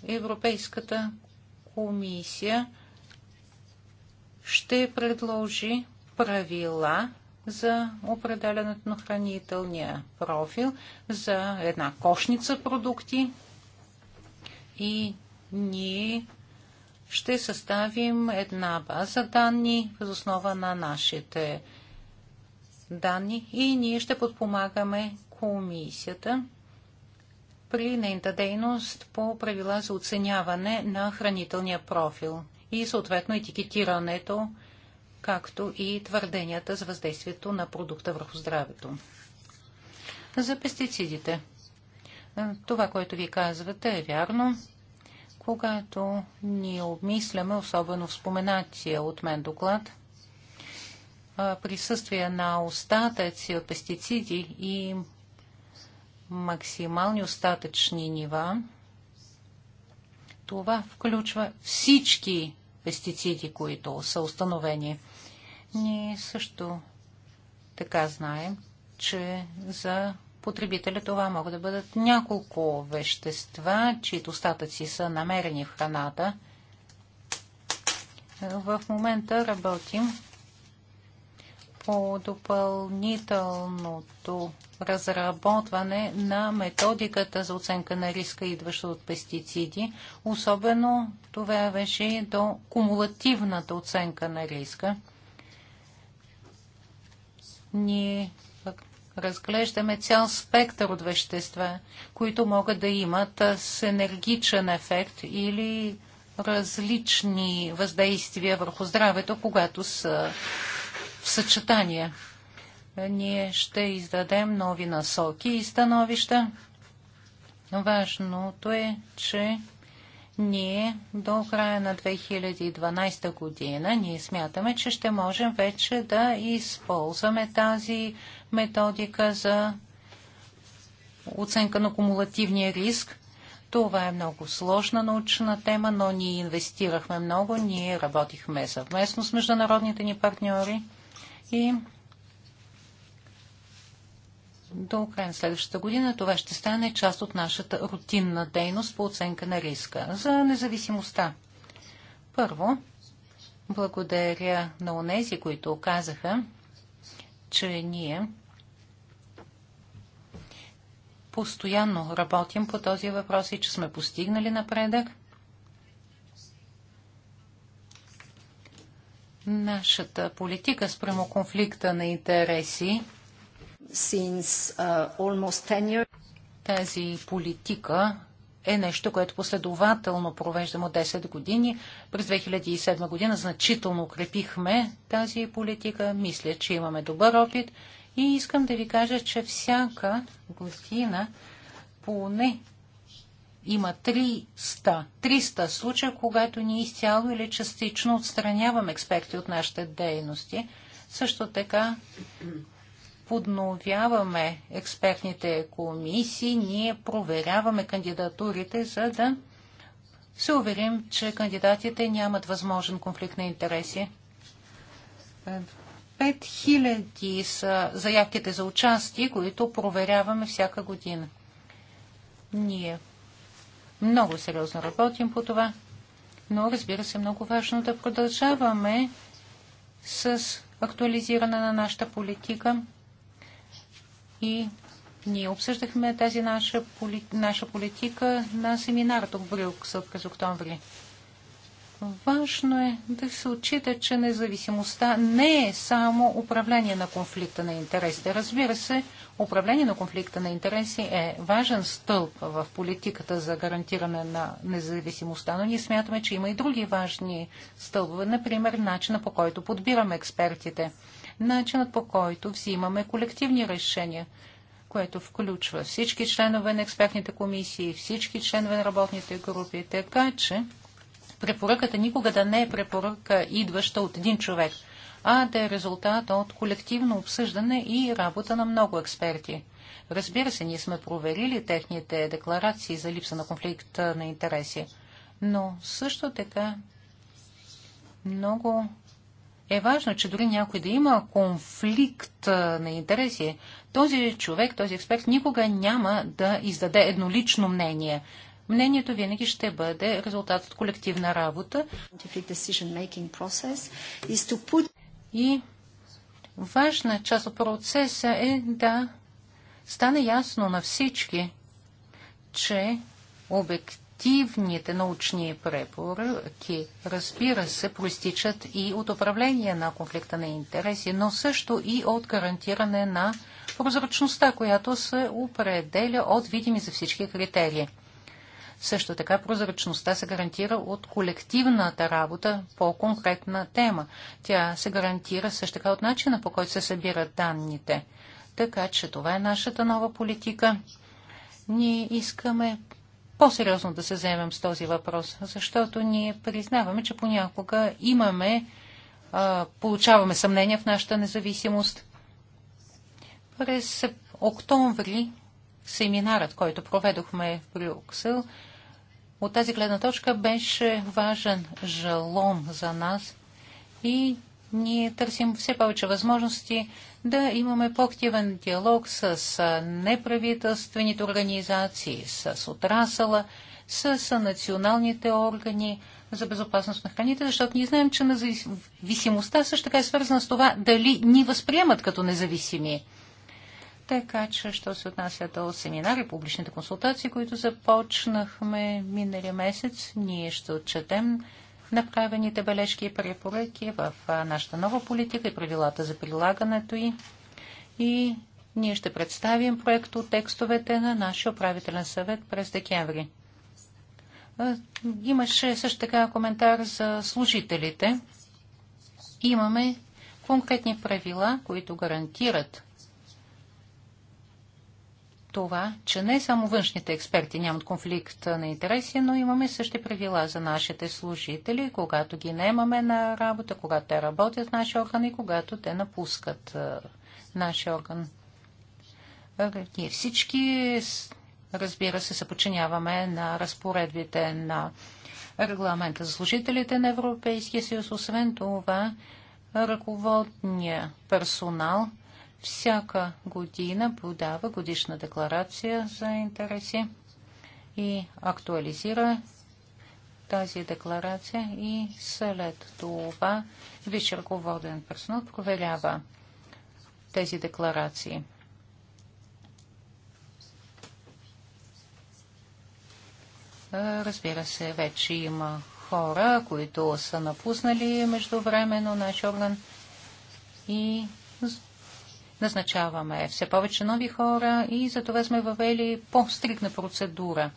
Европейската комисия ще предложи правила за определянето на хранителния профил, за една кошница продукти и ние ще съставим една база данни въз основа на нашите данни и ние ще подпомагаме комисията при нейната дейност по правила за оценяване на хранителния профил и съответно етикетирането както и твърденията за въздействието на продукта върху здравето. За пестицидите. Е, това, което ви казвате, е вярно. Когато ние обмисляме, особено в споменатия от мен доклад, е, присъствие на остатъци от пестициди и максимални остатъчни нива, това включва всички пестициди, които са установени. Ние също така знаем, че за потребителя това могат да бъдат няколко вещества, чието остатъци са намерени в храната. В момента работим по допълнителното разработване на методиката за оценка на риска, идваща от пестициди. Особено това беше до кумулативната оценка на риска ние разглеждаме цял спектър от вещества, които могат да имат енергичен ефект или различни въздействия върху здравето, когато са в съчетание. Ние ще издадем нови насоки и становища. Важното е, че ние до края на 2012 година ние смятаме, че ще можем вече да използваме тази методика за оценка на кумулативния риск. Това е много сложна научна тема, но ние инвестирахме много, ние работихме съвместно с международните ни партньори и до края на следващата година това ще стане част от нашата рутинна дейност по оценка на риска. За независимостта. Първо, благодаря на онези, които оказаха, че ние постоянно работим по този въпрос и че сме постигнали напредък. Нашата политика спрямо конфликта на интереси Uh, тази политика е нещо, което последователно провеждам от 10 години. През 2007 година значително укрепихме тази политика. Мисля, че имаме добър опит и искам да ви кажа, че всяка година поне има 300, 300 случая, когато ние изцяло или частично отстраняваме експерти от нашите дейности. Също така подновяваме експертните комисии, ние проверяваме кандидатурите, за да се уверим, че кандидатите нямат възможен конфликт на интереси. 5000 са заявките за участие, които проверяваме всяка година. Ние много сериозно работим по това, но разбира се, много важно да продължаваме с актуализиране на нашата политика и ние обсъждахме тази наша, поли... наша политика на семинар тук в Брюксел през октомври. Важно е да се отчита, че независимостта не е само управление на конфликта на интересите. Разбира се, управление на конфликта на интереси е важен стълб в политиката за гарантиране на независимостта, но ние смятаме, че има и други важни стълбове, например начина по който подбираме експертите – начинът по който взимаме колективни решения, което включва всички членове на експертните комисии, всички членове на работните групи, така че препоръката никога да не е препоръка, идваща от един човек, а да е резултат от колективно обсъждане и работа на много експерти. Разбира се, ние сме проверили техните декларации за липса на конфликт на интереси, но също така много е важно, че дори някой да има конфликт на интереси, този човек, този експерт никога няма да издаде еднолично мнение. Мнението винаги ще бъде резултат от колективна работа. И важна част от процеса е да стане ясно на всички, че обект обективните научни препоръки, разбира се, проистичат и от управление на конфликта на интереси, но също и от гарантиране на прозрачността, която се определя от видими за всички критерии. Също така прозрачността се гарантира от колективната работа по конкретна тема. Тя се гарантира също така от начина по който се събират данните. Така че това е нашата нова политика. Ние искаме по-сериозно да се заемем с този въпрос, защото ние признаваме, че понякога имаме, получаваме съмнения в нашата независимост. През октомври семинарът, който проведохме в Брюксел, от тази гледна точка беше важен жалон за нас и ние търсим все повече възможности да имаме по-активен диалог с неправителствените организации, с отрасъла, с националните органи за безопасност на храните, защото ние знаем, че независимостта също така е свързана с това дали ни възприемат като независими. Така че, що се отнася до семинари, публичните консултации, които започнахме миналия месец, ние ще отчетем направените бележки и препоръки в нашата нова политика и правилата за прилагането й. И ние ще представим проект от текстовете на нашия управителен съвет през декември. Имаше също така коментар за служителите. Имаме конкретни правила, които гарантират това, че не само външните експерти нямат конфликт на интереси, но имаме същи правила за нашите служители, когато ги наемаме на работа, когато те работят в нашия орган и когато те напускат нашия орган. Ние всички, разбира се, се подчиняваме на разпоредбите на регламента за служителите на Европейския съюз. Освен това, ръководния персонал – всяка година подава годишна декларация за интереси и актуализира тази декларация и след това висш ръководен персонал проверява тези декларации. Разбира се, вече има хора, които са напуснали междувременно наш орган и назначаваме все повече нови хора и за това сме въвели по-стрикна процедура.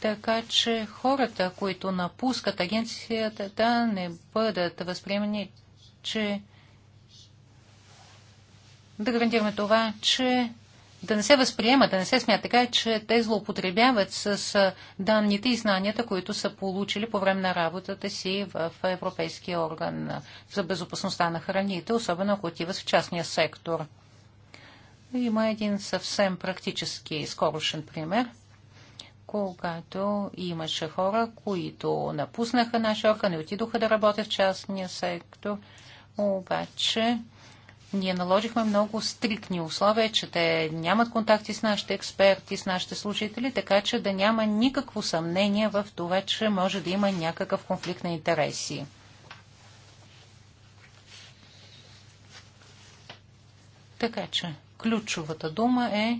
Така че хората, които напускат агенцията, да не бъдат възприемени, че да гарантираме това, че да не се възприема, да не се смята така, че те злоупотребяват с данните и знанията, които са получили по време на работата си в Европейския орган за безопасността на храните, особено ако отиват в частния сектор. Има един съвсем практически скорошен пример – когато имаше хора, които напуснаха нашия орган и отидоха да работят в частния сектор. Обаче ние наложихме много стрикни условия, че те нямат контакти с нашите експерти, с нашите служители, така че да няма никакво съмнение в това, че може да има някакъв конфликт на интереси. Така че ключовата дума е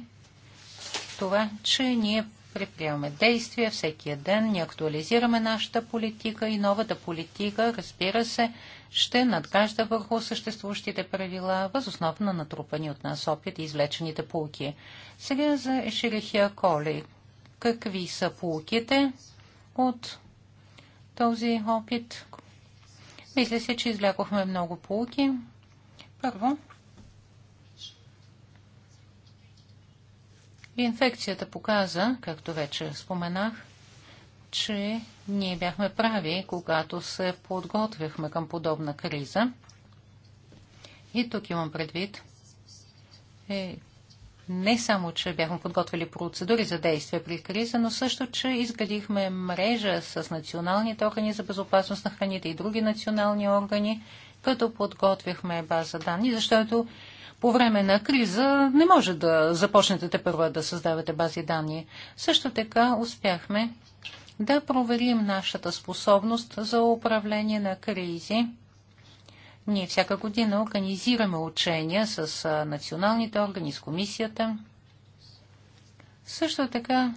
това, че ние предприемаме действия всеки ден, ние актуализираме нашата политика и новата политика, разбира се, ще надгажда върху съществуващите правила, възоснов на натрупани от нас опит и извлечените полки. Сега за Ешерихия Коли. Какви са полките от този опит? Мисля се, че извлякохме много полки. Първо, Инфекцията показа, както вече споменах, че ние бяхме прави, когато се подготвяхме към подобна криза. И тук имам предвид, е, не само, че бяхме подготвили процедури за действие при криза, но също, че изградихме мрежа с националните органи за безопасност на храните и други национални органи, като подготвяхме база данни, защото по време на криза не може да започнете те първа да създавате бази данни. Също така успяхме да проверим нашата способност за управление на кризи. Ние всяка година организираме учения с националните органи, с комисията. Също така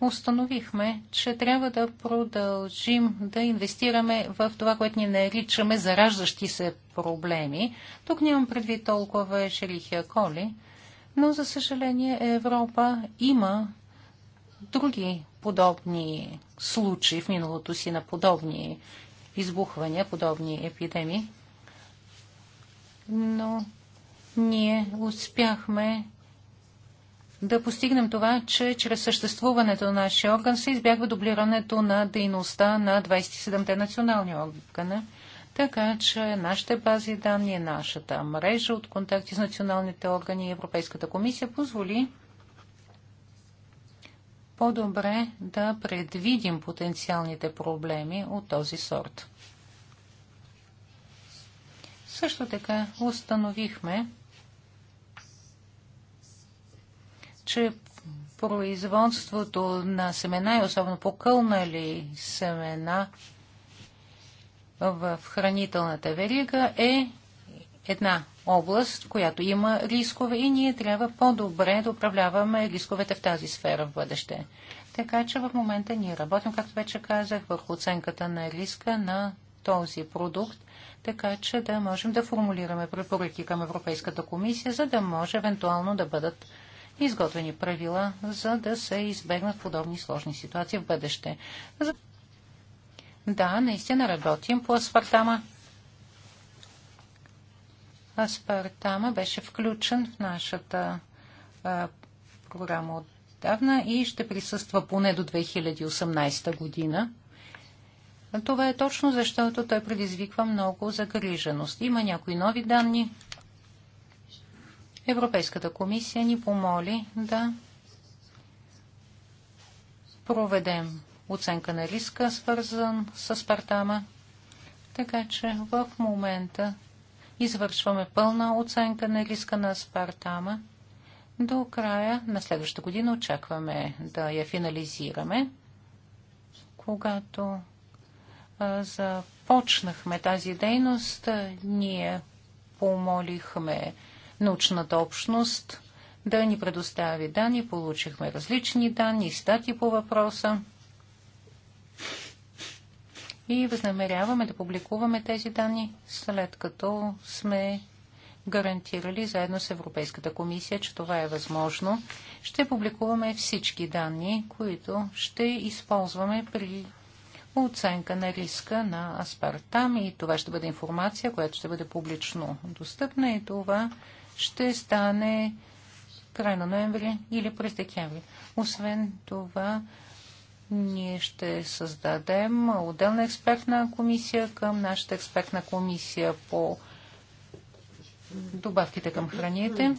установихме, че трябва да продължим да инвестираме в това, което ни наричаме зараждащи се проблеми. Тук нямам предвид толкова Шелихия Коли, но за съжаление Европа има други подобни случаи в миналото си на подобни избухвания, подобни епидемии. Но ние успяхме да постигнем това, че чрез съществуването на нашия орган се избягва дублирането на дейността на 27-те национални органа. Така че нашите бази данни, нашата мрежа от контакти с националните органи и Европейската комисия позволи по-добре да предвидим потенциалните проблеми от този сорт. Също така установихме, че производството на семена и особено покълнали семена в хранителната верига е една област, която има рискове и ние трябва по-добре да управляваме рисковете в тази сфера в бъдеще. Така че в момента ние работим, както вече казах, върху оценката на риска на този продукт, така че да можем да формулираме препоръки към Европейската комисия, за да може евентуално да бъдат изготвени правила, за да се избегнат подобни сложни ситуации в бъдеще. Да, наистина работим по аспартама. Аспартама беше включен в нашата а, програма отдавна и ще присъства поне до 2018 година. Това е точно защото той предизвиква много загриженост. Има някои нови данни, Европейската комисия ни помоли да проведем оценка на риска, свързан с партама. Така че в момента извършваме пълна оценка на риска на Спартама. До края на следващата година очакваме да я финализираме. Когато започнахме тази дейност, ние помолихме научната общност да ни предостави данни. Получихме различни данни, стати по въпроса и възнамеряваме да публикуваме тези данни, след като сме гарантирали заедно с Европейската комисия, че това е възможно. Ще публикуваме всички данни, които ще използваме при оценка на риска на аспартам и това ще бъде информация, която ще бъде публично достъпна и това ще стане край на ноември или през декември. Освен това, ние ще създадем отделна експертна комисия към нашата експертна комисия по добавките към храните.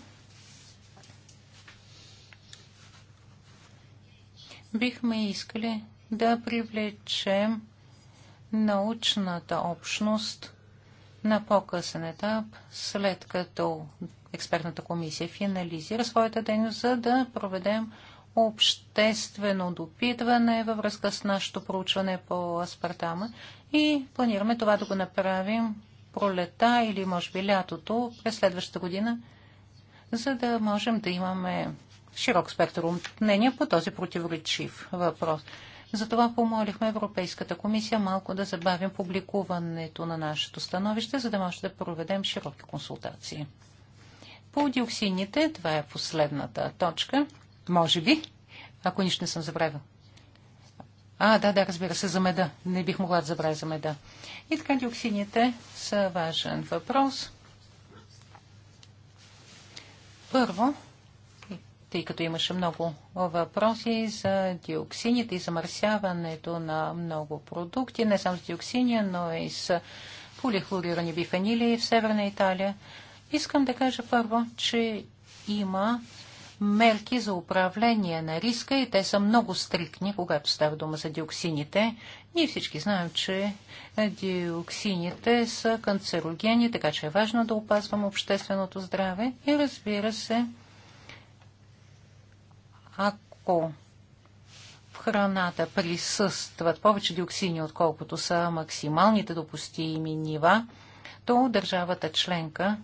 Бихме искали да привлечем научната общност на по-късен етап, след като експертната комисия финализира своята дейност, за да проведем обществено допитване във връзка с нашето проучване по аспартама и планираме това да го направим пролета или може би лятото през следващата година, за да можем да имаме широк спектър мнения по този противоречив въпрос. Затова помолихме Европейската комисия малко да забавим публикуването на нашето становище, за да може да проведем широки консултации. По диоксините, това е последната точка, може би, ако нищо не съм забравил. А, да, да, разбира се, за меда. Не бих могла да забравя за меда. И така, диоксините са важен въпрос. Първо, тъй като имаше много въпроси за диоксините и замърсяването на много продукти, не само с диоксини, но и с полихлорирани бифанили в Северна Италия. Искам да кажа първо, че има мерки за управление на риска и те са много стрикни, когато става дума за диоксините. Ние всички знаем, че диоксините са канцерогени, така че е важно да опазваме общественото здраве и разбира се, ако в храната присъстват повече диоксини, отколкото са максималните допустими нива, то държавата членка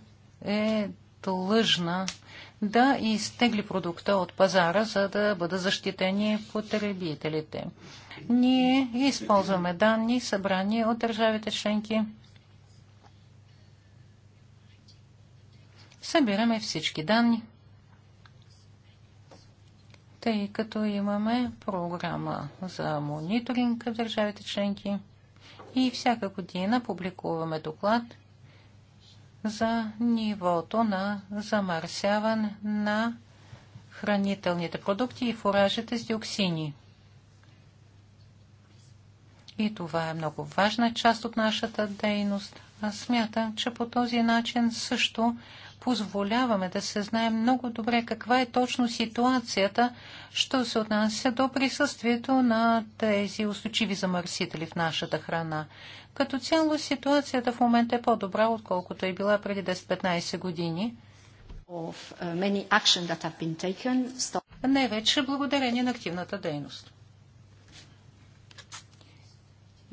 е длъжна да изтегли продукта от пазара, за да бъдат защитени потребителите. Ние използваме данни, събрани от държавите членки. Събираме всички данни тъй като имаме програма за мониторинг в държавите членки и всяка година публикуваме доклад за нивото на замърсяване на хранителните продукти и фуражите с диоксини. И това е много важна част от нашата дейност. Аз смятам, че по този начин също позволяваме да се знаем много добре каква е точно ситуацията, що се отнася до присъствието на тези устойчиви замърсители в нашата храна. Като цяло ситуацията в момента е по-добра, отколкото е била преди 10-15 години. Of, uh, taken, stop... Не вече благодарение на активната дейност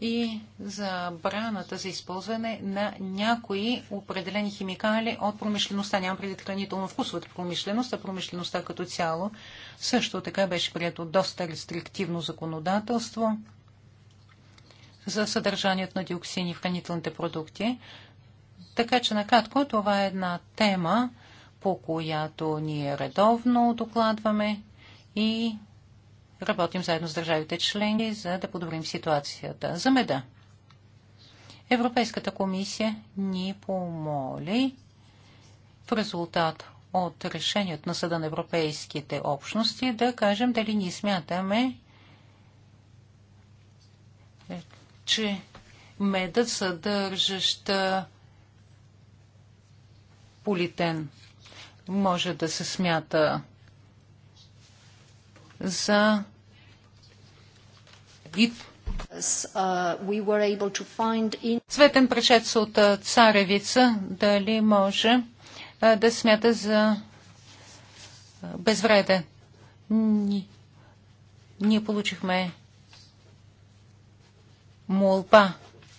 и забраната за използване на някои определени химикали от промишлеността. Нямам предвид хранително вкусовата промишленост, а промишлеността като цяло. Също така беше прието доста рестриктивно законодателство за съдържанието на диоксини в хранителните продукти. Така че накратко това е една тема, по която ние редовно докладваме и работим заедно с държавите членки, за да подобрим ситуацията. За меда. Европейската комисия ни помоли в резултат от решението на Съда на европейските общности да кажем дали ние смятаме, че медът съдържаща политен може да се смята за и Цветен прашец от uh, царевица дали може uh, да смята за uh, безвреден. Ние получихме молба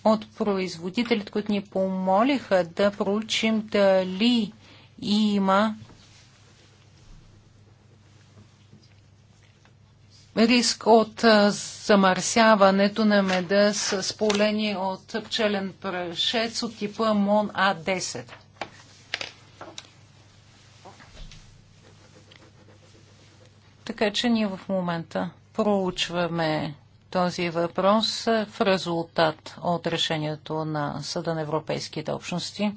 от производителите, които ни помолиха да проучим дали има риск от замърсяването на меда с полени от пчелен прашец от типа МОН А10. Така че ние в момента проучваме този въпрос в резултат от решението на Съда на Европейските общности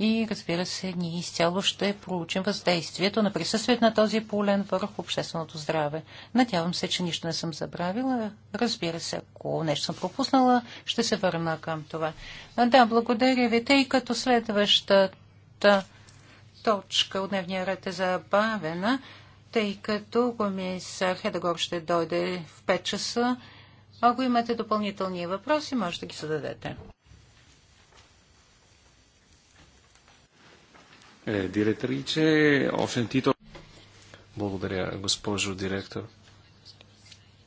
и разбира се, ние изцяло ще проучим въздействието на присъствието на този полен върху общественото здраве. Надявам се, че нищо не съм забравила. Разбира се, ако нещо съм пропуснала, ще се върна към това. Да, благодаря ви, тъй като следващата точка от дневния ред е забавена, тъй като комисар Хедагор ще дойде в 5 часа. Ако имате допълнителни въпроси, може да ги зададете. Е, директриче. Ho sentito... Благодаря, госпожо директор.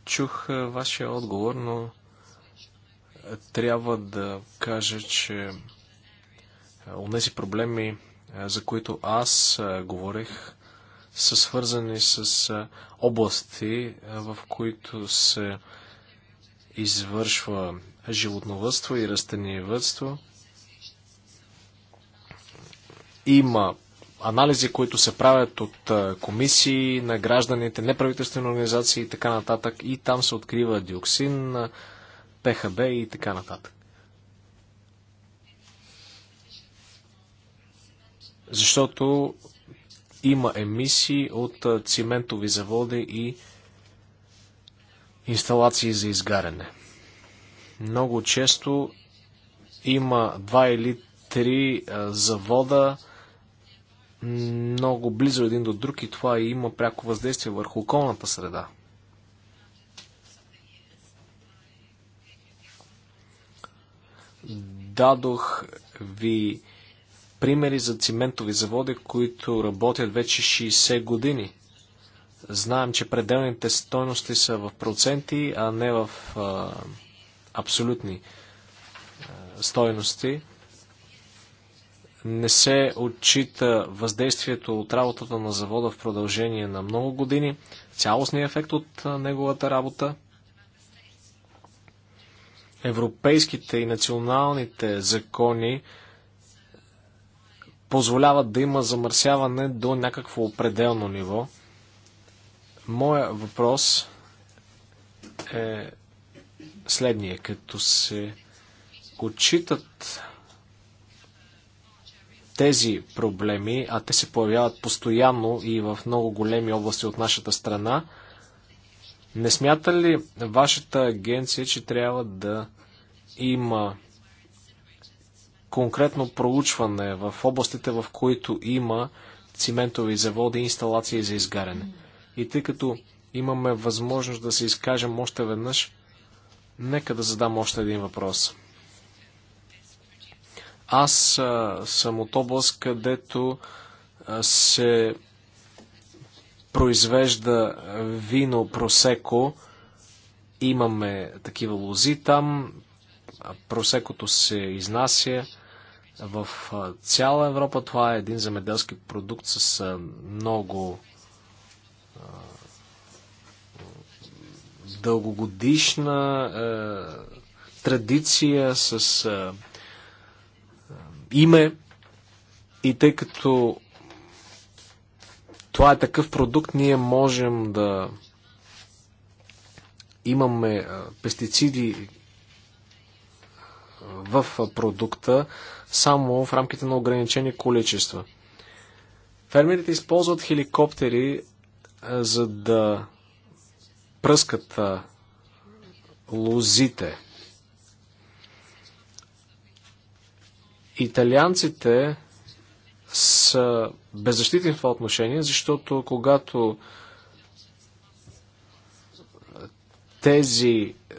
Чух е, вашия отговор, но е, трябва да кажа, че тези проблеми, за които аз говорих, са свързани с области, в които се извършва животновътство и растениевътство. Има анализи, които се правят от комисии на гражданите, неправителствени организации и така нататък. И там се открива диоксин, ПХБ и така нататък. Защото има емисии от циментови заводи и инсталации за изгаряне. Много често има два или три завода, много близо един до друг и това има пряко въздействие върху околната среда. Дадох ви примери за циментови заводи, които работят вече 60 години. Знаем, че пределните стойности са в проценти, а не в а, абсолютни а, стойности не се отчита въздействието от работата на завода в продължение на много години, цялостният ефект от неговата работа. Европейските и националните закони позволяват да има замърсяване до някакво определено ниво. Моя въпрос е следния. Като се отчитат тези проблеми, а те се появяват постоянно и в много големи области от нашата страна, не смята ли вашата агенция, че трябва да има конкретно проучване в областите, в които има циментови заводи и инсталации за изгаряне? И тъй като имаме възможност да се изкажем още веднъж, нека да задам още един въпрос. Аз а, съм от област, където а, се произвежда вино просеко. Имаме такива лози там. Просекото се изнася в цяла Европа. Това е един земеделски продукт с много а, дългогодишна а, традиция, с А, име и тъй като това е такъв продукт, ние можем да имаме пестициди в продукта само в рамките на ограничени количества. Фермерите използват хеликоптери, за да пръскат лозите. Италианците са беззащитни в това отношение, защото когато тези е,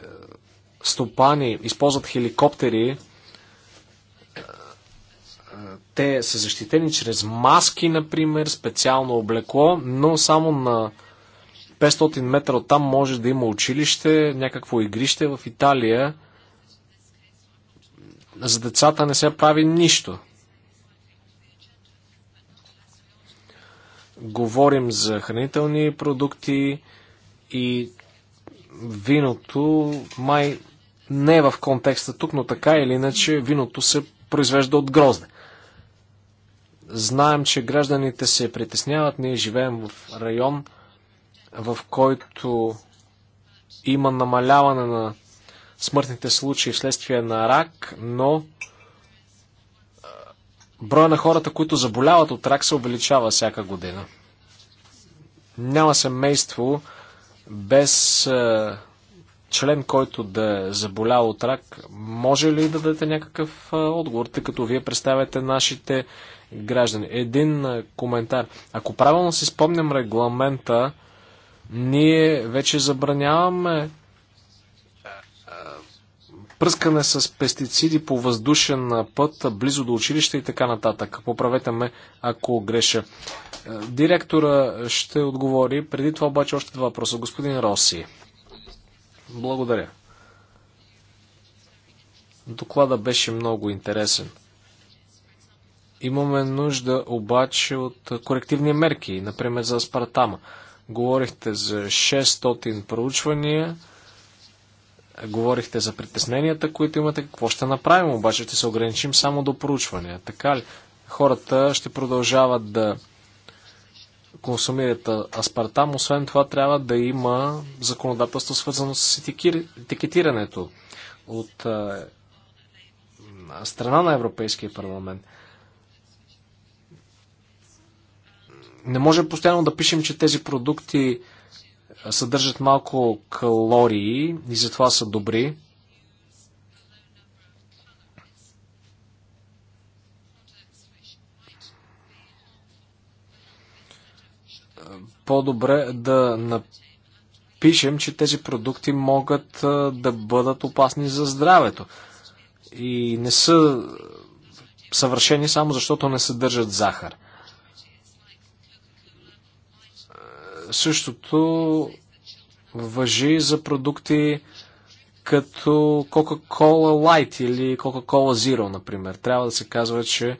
стопани използват хеликоптери, е, те са защитени чрез маски, например, специално облекло, но само на 500 метра от там може да има училище, някакво игрище в Италия. За децата не се прави нищо. Говорим за хранителни продукти и виното май не е в контекста тук, но така или иначе виното се произвежда от грозде. Знаем, че гражданите се притесняват. Ние живеем в район, в който има намаляване на смъртните случаи вследствие на рак, но броя на хората, които заболяват от рак, се увеличава всяка година. Няма семейство без член, който да е заболял от рак. Може ли да дадете някакъв отговор, тъй като вие представяте нашите граждани? Един коментар. Ако правилно си спомням регламента, ние вече забраняваме пръскане с пестициди по въздушен път, близо до училище и така нататък. Поправете ме, ако греша. Е, директора ще отговори. Преди това обаче още два въпроса. Господин Роси. Благодаря. Доклада беше много интересен. Имаме нужда обаче от корективни мерки, например за Спартама. Говорихте за 600 проучвания, Говорихте за притесненията, които имате. Какво ще направим? Обаче ще се ограничим само до проучвания. Така ли? Хората ще продължават да консумират аспартам. Освен това, трябва да има законодателство, свързано с етикетирането от е, страна на Европейския парламент. Не може постоянно да пишем, че тези продукти съдържат малко калории и затова са добри. По-добре да напишем, че тези продукти могат да бъдат опасни за здравето. И не са съвършени само защото не съдържат захар. Същото въжи за продукти като Coca-Cola Light или Coca-Cola Zero, например. Трябва да се казва, че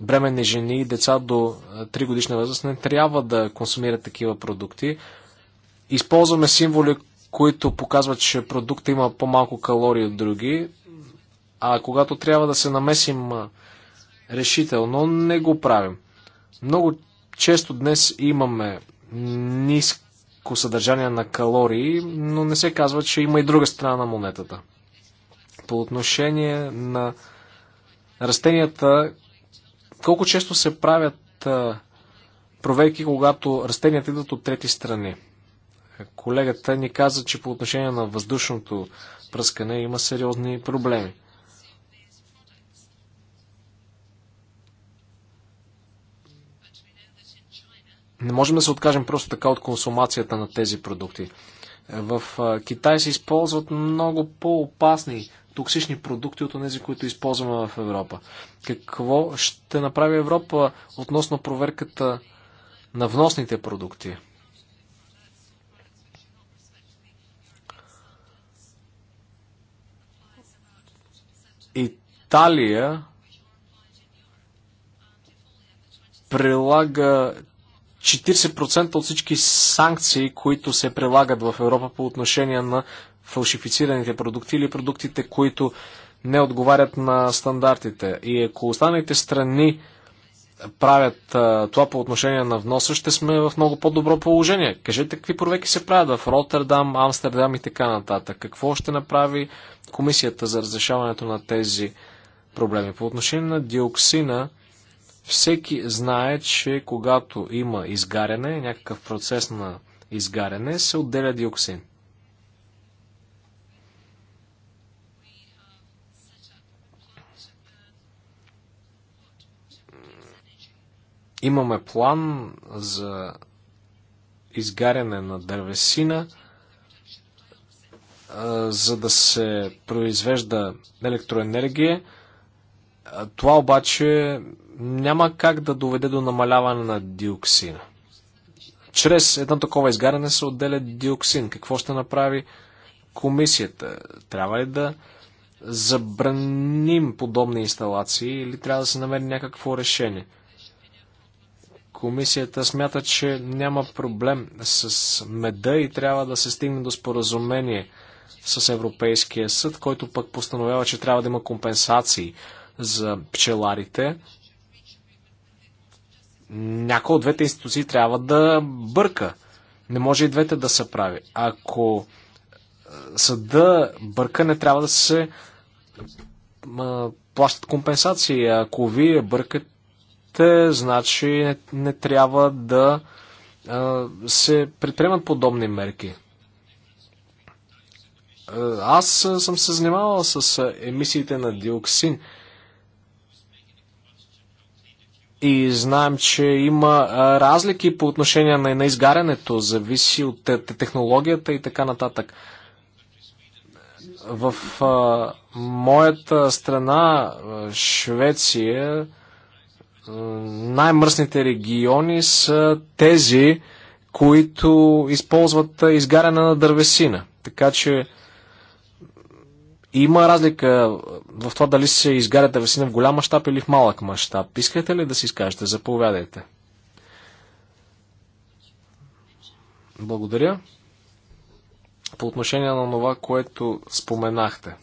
бременни жени и деца до 3 годишна възраст не трябва да консумират такива продукти. Използваме символи, които показват, че продукта има по-малко калории от други, а когато трябва да се намесим решително, не го правим. Много често днес имаме ниско съдържание на калории, но не се казва, че има и друга страна на монетата. По отношение на растенията, колко често се правят проверки, когато растенията идват от трети страни? Колегата ни каза, че по отношение на въздушното пръскане има сериозни проблеми. Не можем да се откажем просто така от консумацията на тези продукти. В Китай се използват много по-опасни токсични продукти от тези, които използваме в Европа. Какво ще направи Европа относно проверката на вносните продукти? Италия прилага 40% от всички санкции, които се прилагат в Европа по отношение на фалшифицираните продукти или продуктите, които не отговарят на стандартите. И ако останалите страни правят а, това по отношение на вноса, ще сме в много по-добро положение. Кажете какви проверки се правят в Роттердам, Амстердам и така нататък. Какво ще направи комисията за разрешаването на тези проблеми? По отношение на диоксина, всеки знае, че когато има изгаряне, някакъв процес на изгаряне, се отделя диоксин. Имаме план за изгаряне на дървесина, за да се произвежда електроенергия. Това обаче няма как да доведе до намаляване на диоксина. Чрез едно такова изгаряне се отделя диоксин. Какво ще направи комисията? Трябва ли да забраним подобни инсталации или трябва да се намери някакво решение? Комисията смята, че няма проблем с меда и трябва да се стигне до споразумение с Европейския съд, който пък постановява, че трябва да има компенсации за пчеларите някоя от двете институции трябва да бърка. Не може и двете да се прави. Ако е, съда бърка, не трябва да се е, плащат компенсации. Ако вие бъркате, значи не, не трябва да е, се предприемат подобни мерки. Аз съм се занимавал с емисиите на диоксин и знаем, че има разлики по отношение на, на изгарянето, зависи от технологията и така нататък. В а, моята страна, Швеция, най-мръсните региони са тези, които използват изгаряне на дървесина. Така че има разлика в това дали се изгаря дървесина в голям мащаб или в малък мащаб. Искате ли да си изкажете? Заповядайте. Благодаря. По отношение на това, което споменахте.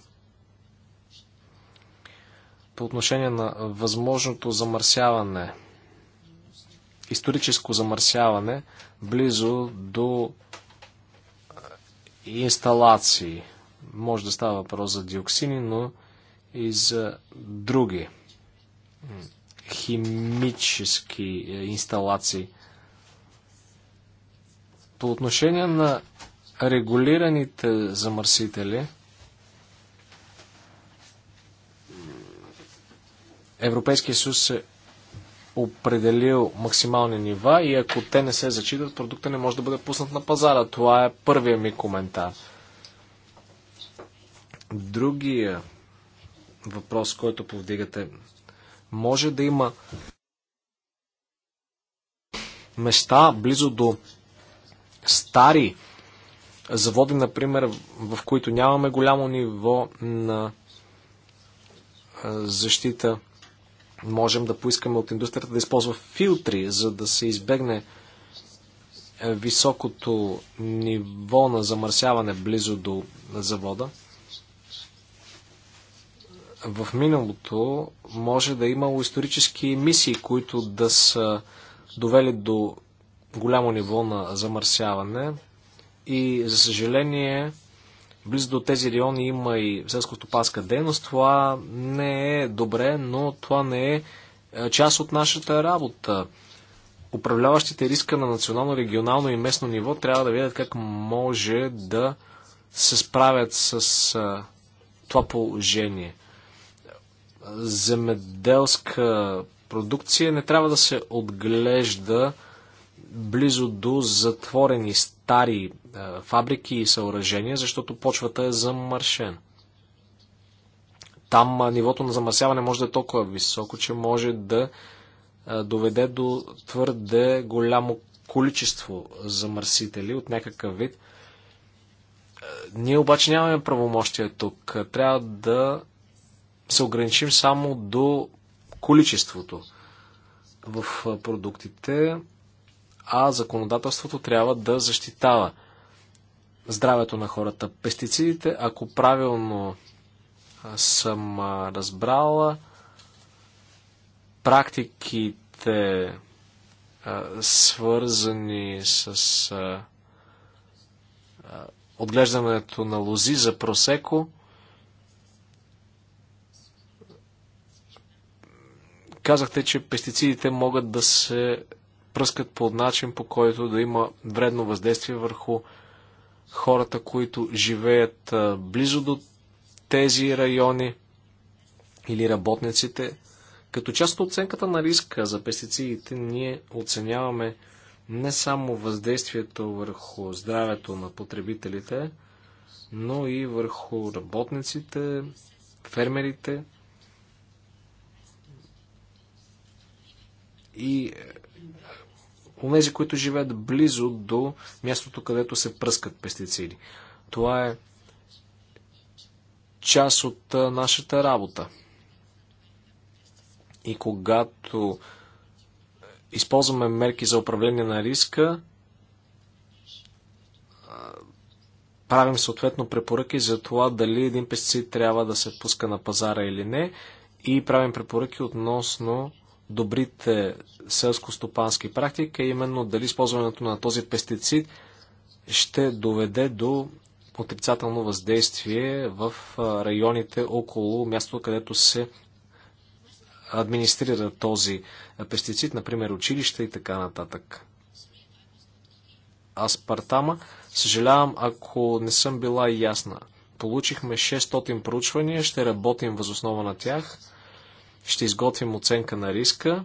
По отношение на възможното замърсяване, историческо замърсяване, близо до инсталации – може да става въпрос за диоксини, но и за други химически е, инсталации. По отношение на регулираните замърсители, Европейския съюз е определил максимални нива и ако те не се зачитат, продукта не може да бъде пуснат на пазара. Това е първия ми коментар. Другия въпрос, който повдигате, може да има места близо до стари заводи, например, в които нямаме голямо ниво на защита. Можем да поискаме от индустрията да използва филтри, за да се избегне високото ниво на замърсяване близо до завода в миналото може да е имало исторически мисии, които да са довели до голямо ниво на замърсяване и за съжаление близо до тези райони има и селско-стопанска дейност. Това не е добре, но това не е, е част от нашата работа. Управляващите риска на национално, регионално и местно ниво трябва да видят как може да се справят с е, това положение земеделска продукция не трябва да се отглежда близо до затворени стари е, фабрики и съоръжения, защото почвата е замършена. Там е, нивото на замърсяване може да е толкова високо, че може да е, доведе до твърде голямо количество замърсители от някакъв вид. Ние обаче нямаме правомощия тук. Трябва да се ограничим само до количеството в продуктите, а законодателството трябва да защитава здравето на хората. Пестицидите, ако правилно съм разбрала, практиките свързани с отглеждането на лози за просеко, Казахте, че пестицидите могат да се пръскат по начин, по който да има вредно въздействие върху хората, които живеят близо до тези райони или работниците. Като част от оценката на риска за пестицидите, ние оценяваме не само въздействието върху здравето на потребителите, но и върху работниците, фермерите, и е, онези, които живеят близо до мястото, където се пръскат пестициди. Това е част от е, нашата работа. И когато използваме мерки за управление на риска, е, правим съответно препоръки за това дали един пестицид трябва да се пуска на пазара или не и правим препоръки относно добрите селско-стопански практики, е именно дали използването на този пестицид ще доведе до отрицателно въздействие в районите около мястото, където се администрира този пестицид, например училище и така нататък. Аспартама, съжалявам, ако не съм била ясна. Получихме 600 проучвания, ще работим възоснова на тях – ще изготвим оценка на риска.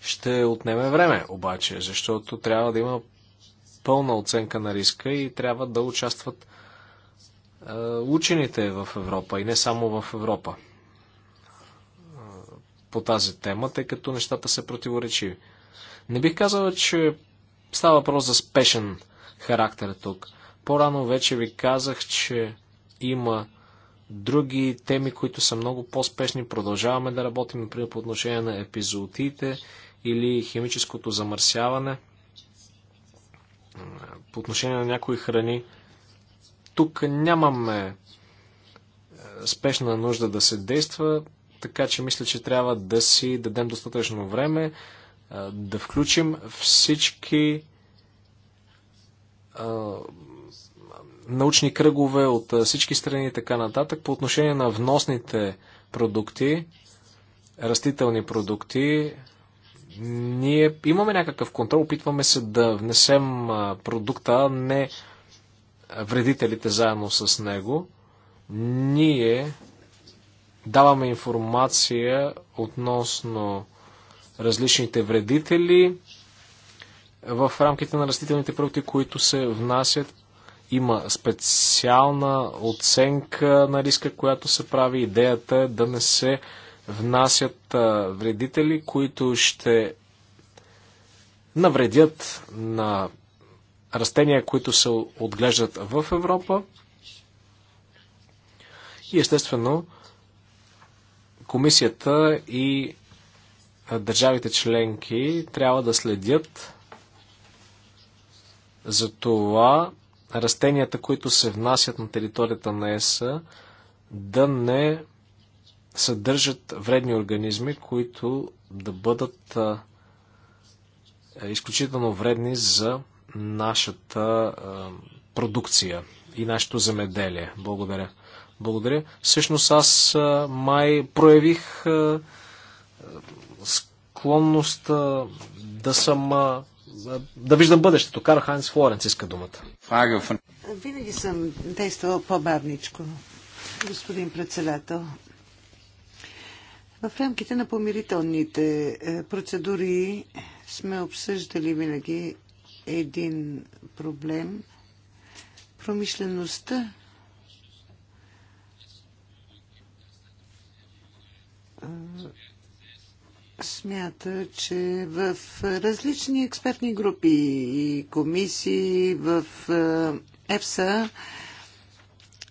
Ще отнеме време, обаче, защото трябва да има пълна оценка на риска и трябва да участват учените в Европа и не само в Европа по тази тема, тъй като нещата са противоречиви. Не бих казал, че става въпрос за спешен характер тук. По-рано вече ви казах, че има други теми, които са много по-спешни. Продължаваме да работим, например, по отношение на епизодите или химическото замърсяване по отношение на някои храни. Тук нямаме е, спешна нужда да се действа, така че мисля, че трябва да си дадем достатъчно време е, да включим всички е, научни кръгове от всички страни и така нататък. По отношение на вносните продукти, растителни продукти, ние имаме някакъв контрол, опитваме се да внесем продукта, не вредителите заедно с него. Ние даваме информация относно различните вредители в рамките на растителните продукти, които се внасят има специална оценка на риска, която се прави. Идеята е да не се внасят вредители, които ще навредят на растения, които се отглеждат в Европа. И естествено, комисията и държавите членки трябва да следят за това растенията, които се внасят на територията на ЕСА, да не съдържат вредни организми, които да бъдат е, изключително вредни за нашата продукция и нашето земеделие. Благодаря. Благодаря. Всъщност аз май проявих склонност да съм за да виждам бъдещето. Карл Хайнс Флоренц иска думата. Винаги съм действала по-бавничко, господин председател. В рамките на помирителните е, процедури сме обсъждали винаги един проблем. Промишлеността смята, че в различни експертни групи и комисии в е, ЕФСА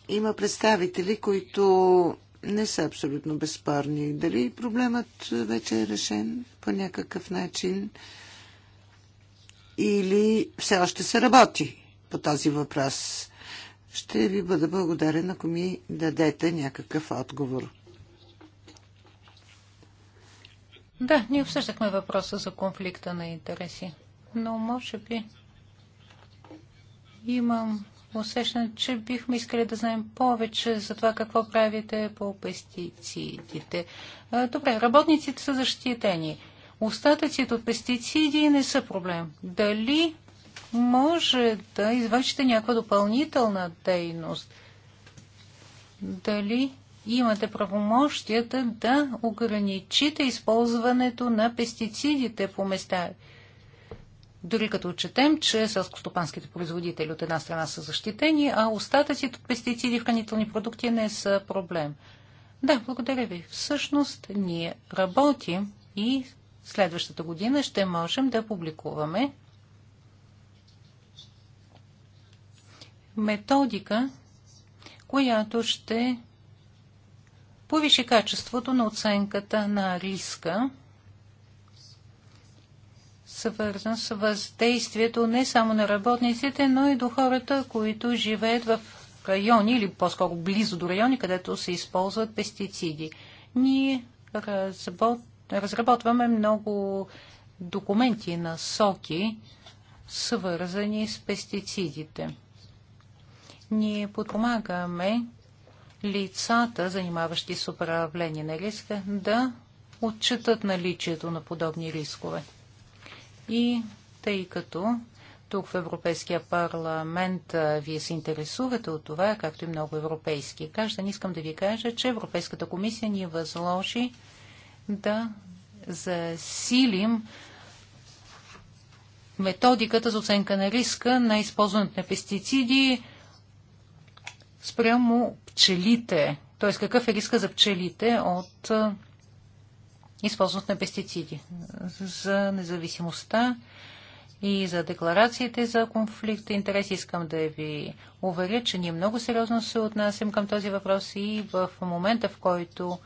има представители, които не са абсолютно безспорни. Дали проблемът вече е решен по някакъв начин или все още се работи по този въпрос? Ще ви бъда благодарен, ако ми дадете някакъв отговор. Да, ние обсъждахме въпроса за конфликта на интереси, но може би имам усещане, че бихме искали да знаем повече за това какво правите по пестицидите. Добре, работниците са защитени. Остатъците от пестициди не са проблем. Дали може да извършите някаква допълнителна дейност? Дали имате правомощията да ограничите използването на пестицидите по места. Дори като отчетем, че селскостопанските производители от една страна са защитени, а остатъците от пестициди в хранителни продукти не са проблем. Да, благодаря ви. Всъщност ние работим и следващата година ще можем да публикуваме методика, която ще повиши качеството на оценката на риска, свързан с въздействието не само на работниците, но и до хората, които живеят в райони или по-скоро близо до райони, където се използват пестициди. Ние разработваме много документи, на соки, свързани с пестицидите. Ние подпомагаме лицата, занимаващи с управление на риска, да отчитат наличието на подобни рискове. И тъй като тук в Европейския парламент вие се интересувате от това, както и много европейски граждани, искам да ви кажа, че Европейската комисия ни възложи да засилим методиката за оценка на риска на използването на пестициди спрямо пчелите, т.е. какъв е риска за пчелите от използването на пестициди, за независимостта и за декларациите за конфликт интерес. Искам да ви уверя, че ние много сериозно се отнасям към този въпрос и в момента, в който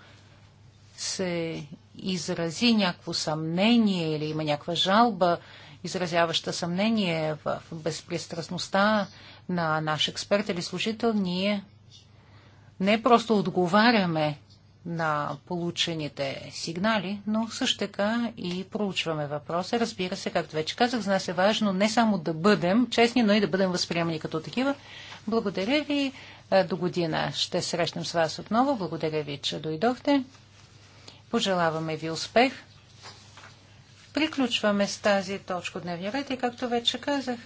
се изрази някакво съмнение или има някаква жалба, изразяваща съмнение в безпристрастността на наш експерт или служител, ние не просто отговаряме на получените сигнали, но също така и проучваме въпроса. Разбира се, както вече казах, за нас е важно не само да бъдем честни, но и да бъдем възприемани като такива. Благодаря ви. Е, до година ще срещнем с вас отново. Благодаря ви, че дойдохте. Пожелаваме ви успех. Приключваме с тази точка дневния ред и както вече казах,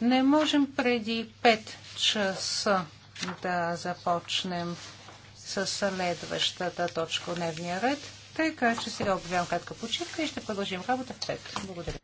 не можем преди 5 часа да започнем с следващата точка от дневния ред, така че сега обявявам кратка почивка и ще продължим работа в 5. Благодаря.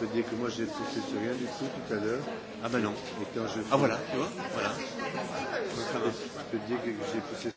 te dire que moi j'ai sauté sur rien du tout tout à l'heure. Ah ben non. Et quand je ah voilà, tu vois, voilà. Je te dire que j'ai poussé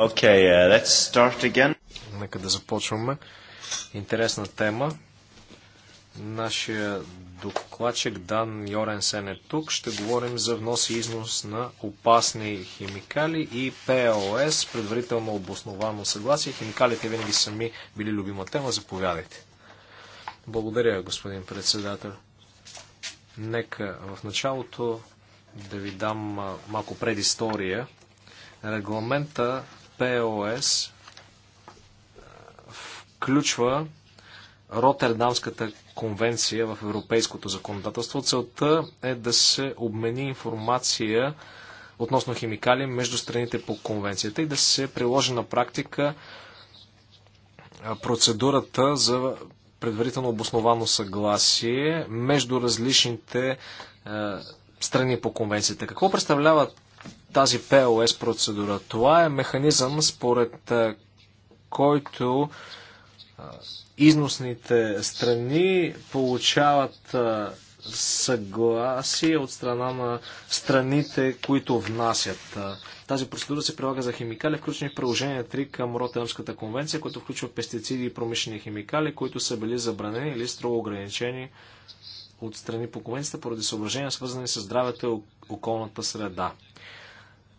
Okay, uh, let's start again. Нека да започваме. Интересна тема. Нашия докладчик Дан Йоренсен е тук. Ще говорим за внос и износ на опасни химикали и ПОС, предварително обосновано съгласие. Химикалите винаги сами били любима тема. Заповядайте. Благодаря, господин председател. Нека в началото да ви дам малко предистория. Регламента ПОС включва Роттердамската конвенция в европейското законодателство. Целта е да се обмени информация относно химикали между страните по конвенцията и да се приложи на практика процедурата за предварително обосновано съгласие между различните страни по конвенцията. Какво представляват тази ПЛС процедура. Това е механизъм, според който износните страни получават съгласие от страна на страните, които внасят. Тази процедура се прилага за химикали, включени в приложение 3 към Ротенската конвенция, което включва пестициди и промишлени химикали, които са били забранени или строго ограничени от страни по конвенцията поради съображения, свързани с здравето и околната среда.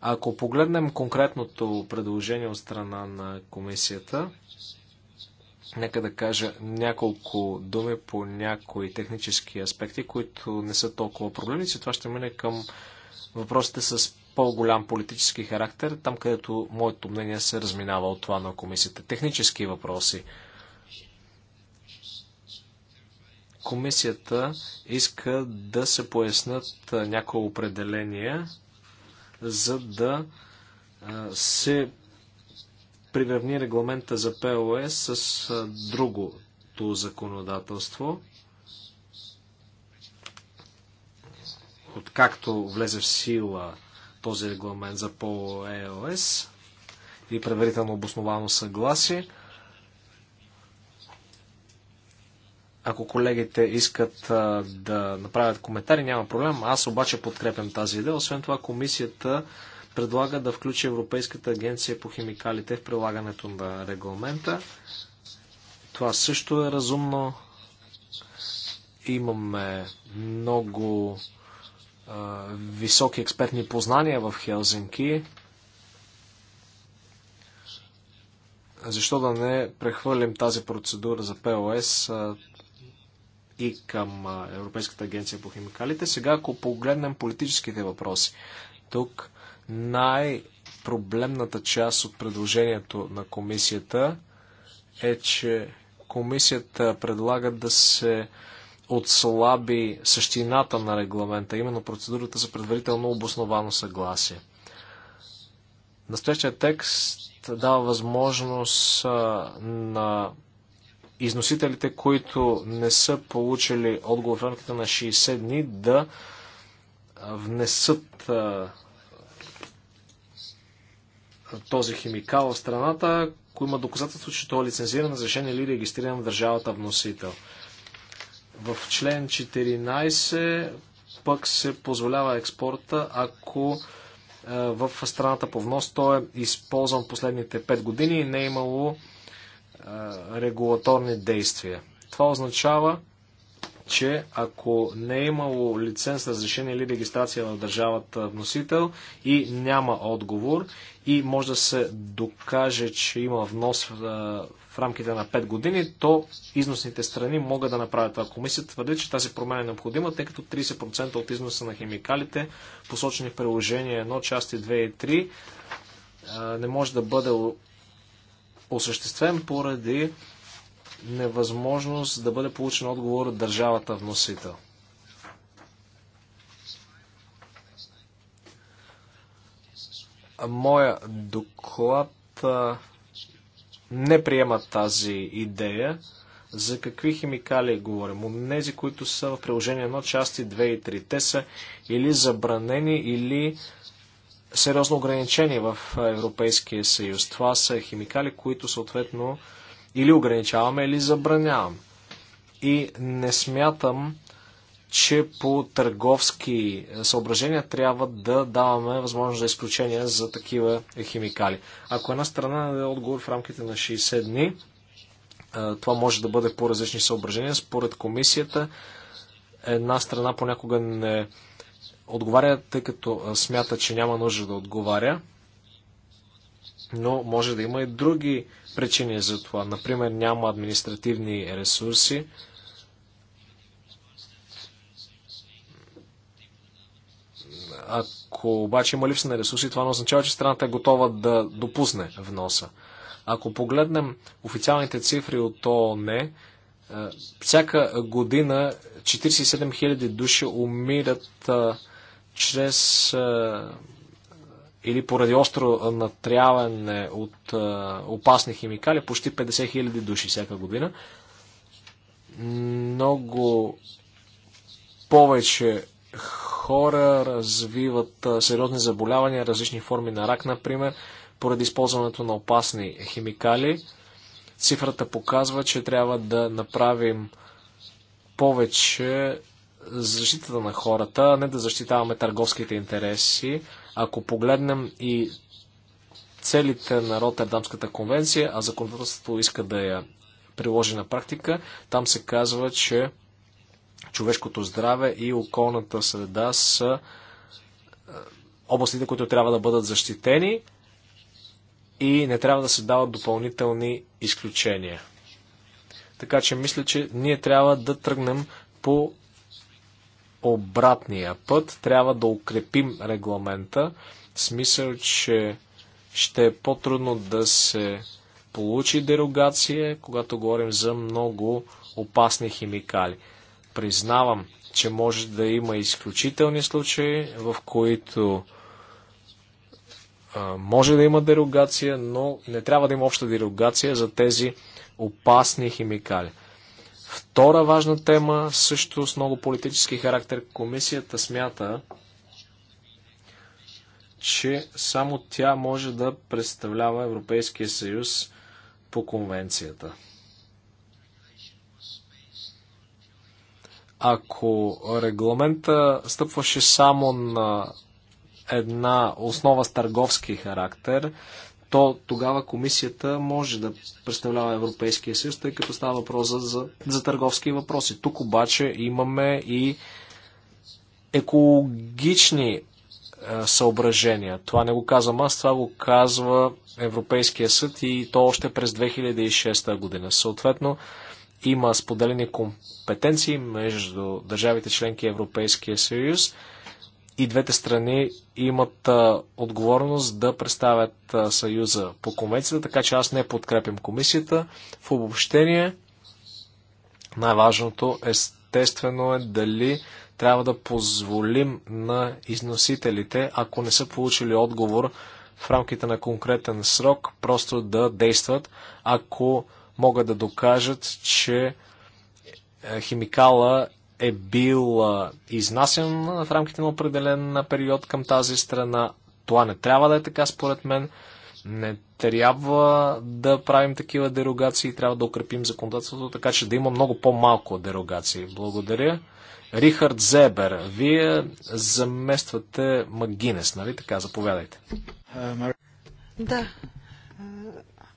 Ако погледнем конкретното предложение от страна на комисията, нека да кажа няколко думи по някои технически аспекти, които не са толкова проблемни. След това ще мине към въпросите с по-голям политически характер, там където моето мнение се разминава от това на комисията. Технически въпроси. Комисията иска да се пояснат някои определения за да се приравни регламента за ПОС е с другото законодателство. Откакто влезе в сила този регламент за ПОС е е и предварително обосновано съгласие, Ако колегите искат а, да направят коментари, няма проблем. Аз обаче подкрепям тази идея. Освен това, комисията предлага да включи Европейската агенция по химикалите в прилагането на регламента. Това също е разумно. Имаме много а, високи експертни познания в Хелзинки. Защо да не прехвърлим тази процедура за ПОС а, и към Европейската агенция по химикалите. Сега, ако погледнем политическите въпроси, тук най-проблемната част от предложението на комисията е, че комисията предлага да се отслаби същината на регламента, именно процедурата за предварително обосновано съгласие. Настоящия текст дава възможност на износителите, които не са получили отговор в рамките на 60 дни, да внесат този химикал в страната, ако има доказателство, че то е лицензиран, разрешен или регистриран в държавата вносител. В член 14 пък се позволява експорта, ако в страната по внос той е използван последните 5 години и не е имало регулаторни действия. Това означава, че ако не е имало лиценз, разрешение или регистрация на държавата вносител и няма отговор и може да се докаже, че има внос в, в рамките на 5 години, то износните страни могат да направят това. Комисията твърди, че тази промяна е необходима, тъй като 30% от износа на химикалите, посочени в приложение 1, части 2 и 3, не може да бъде осъществен поради невъзможност да бъде получен отговор от държавата вносител. Моя доклад не приема тази идея. За какви химикали говорим? Онези, които са в приложение 1, части 2 и 3. Те са или забранени, или сериозно ограничение в Европейския съюз. Това са химикали, които съответно или ограничаваме, или забраняваме. И не смятам, че по търговски съображения трябва да даваме възможност за изключения за такива химикали. Ако една страна даде отговор в рамките на 60 дни, това може да бъде по различни съображения. Според комисията, една страна понякога не отговаря, тъй като смята, че няма нужда да отговаря. Но може да има и други причини за това. Например, няма административни ресурси. Ако обаче има липса на ресурси, това не означава, че страната е готова да допусне вноса. Ако погледнем официалните цифри от ООН, е, всяка година 47 000 души умират е, чрез или поради остро натряване от опасни химикали почти 50 000 души всяка година. Много повече хора развиват сериозни заболявания, различни форми на рак, например, поради използването на опасни химикали. Цифрата показва, че трябва да направим повече защитата на хората, а не да защитаваме търговските интереси. Ако погледнем и целите на Роттердамската конвенция, а законодателството иска да я приложи на практика, там се казва, че човешкото здраве и околната среда са е, областите, които трябва да бъдат защитени и не трябва да се дават допълнителни изключения. Така че мисля, че ние трябва да тръгнем по обратния път. Трябва да укрепим регламента, в смисъл, че ще е по-трудно да се получи дерогация, когато говорим за много опасни химикали. Признавам, че може да има изключителни случаи, в които може да има дерогация, но не трябва да има обща дерогация за тези опасни химикали. Втора важна тема, също с много политически характер, комисията смята, че само тя може да представлява Европейския съюз по конвенцията. Ако регламента стъпваше само на една основа с търговски характер, то тогава комисията може да представлява Европейския съюз, тъй като става въпрос за, за, за търговски въпроси. Тук обаче имаме и екологични е, съображения. Това не го казвам аз, това го казва Европейския съд и то още през 2006 година. Съответно, има споделени компетенции между държавите членки Европейския съюз. Е, и двете страни имат а, отговорност да представят а, Съюза по конвенцията, така че аз не подкрепям комисията. В обобщение най-важното естествено е дали трябва да позволим на износителите, ако не са получили отговор в рамките на конкретен срок, просто да действат, ако могат да докажат, че е, химикала е бил изнасен в рамките на определен период към тази страна. Това не трябва да е така, според мен. Не трябва да правим такива дерогации, трябва да укрепим законодателството, така че да има много по-малко дерогации. Благодаря. Рихард Зебер, вие замествате Магинес, нали така? Заповядайте. Да.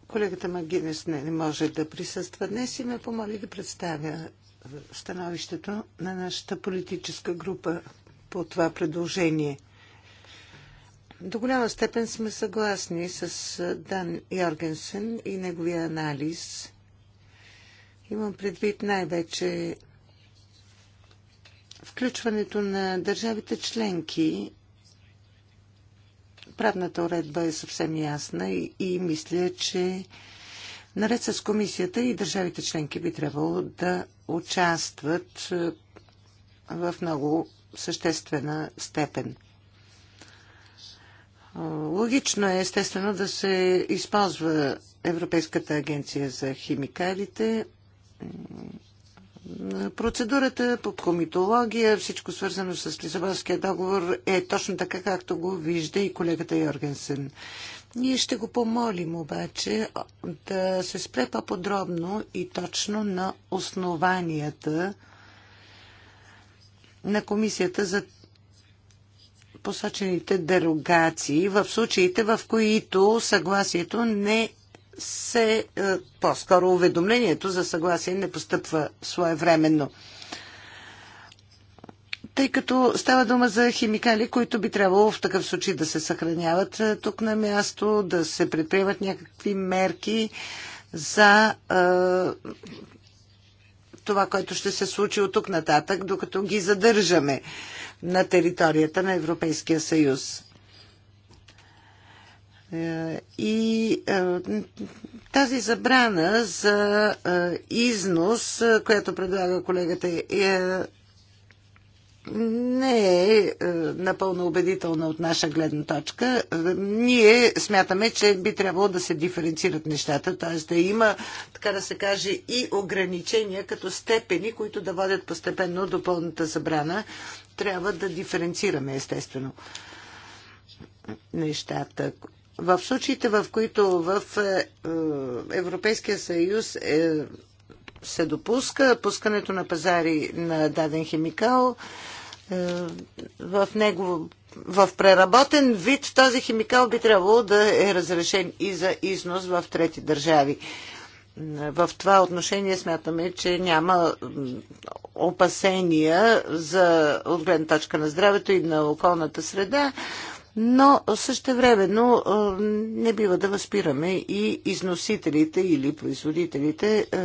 Колегата Магинес не може да присъства днес и ме помоли да представя становището на нашата политическа група по това предложение. До голяма степен сме съгласни с Дан Йоргенсен и неговия анализ. Имам предвид най-вече включването на държавите членки. Правната уредба е съвсем ясна и, и мисля, че наред с комисията и държавите членки би трябвало да участват е, в много съществена степен. Логично е, естествено, да се използва Европейската агенция за химикалите. Процедурата по комитология, всичко свързано с Лисабонския договор е точно така, както го вижда и колегата Йоргенсен. Ние ще го помолим обаче да се спре по-подробно и точно на основанията на комисията за посочените дерогации в случаите, в които съгласието не се, е, по-скоро уведомлението за съгласие не постъпва своевременно тъй като става дума за химикали, които би трябвало в такъв случай да се съхраняват е, тук на място, да се предприемат някакви мерки за е, това, което ще се случи от тук нататък, докато ги задържаме на територията на Европейския съюз. Е, и е, тази забрана за износ, която предлага колегата не е, е напълно убедителна от наша гледна точка. Е, ние смятаме, че би трябвало да се диференцират нещата, т.е. да има, така да се каже, и ограничения като степени, които да водят постепенно до пълната забрана. Трябва да диференцираме, естествено, нещата. В случаите, в които в е, Европейския съюз е, се допуска пускането на пазари на даден химикал, е, в него в преработен вид този химикал би трябвало да е разрешен и за износ в трети държави. В това отношение смятаме, че няма опасения за отгледна точка на здравето и на околната среда, но също времено е, не бива да възпираме и износителите или производителите е,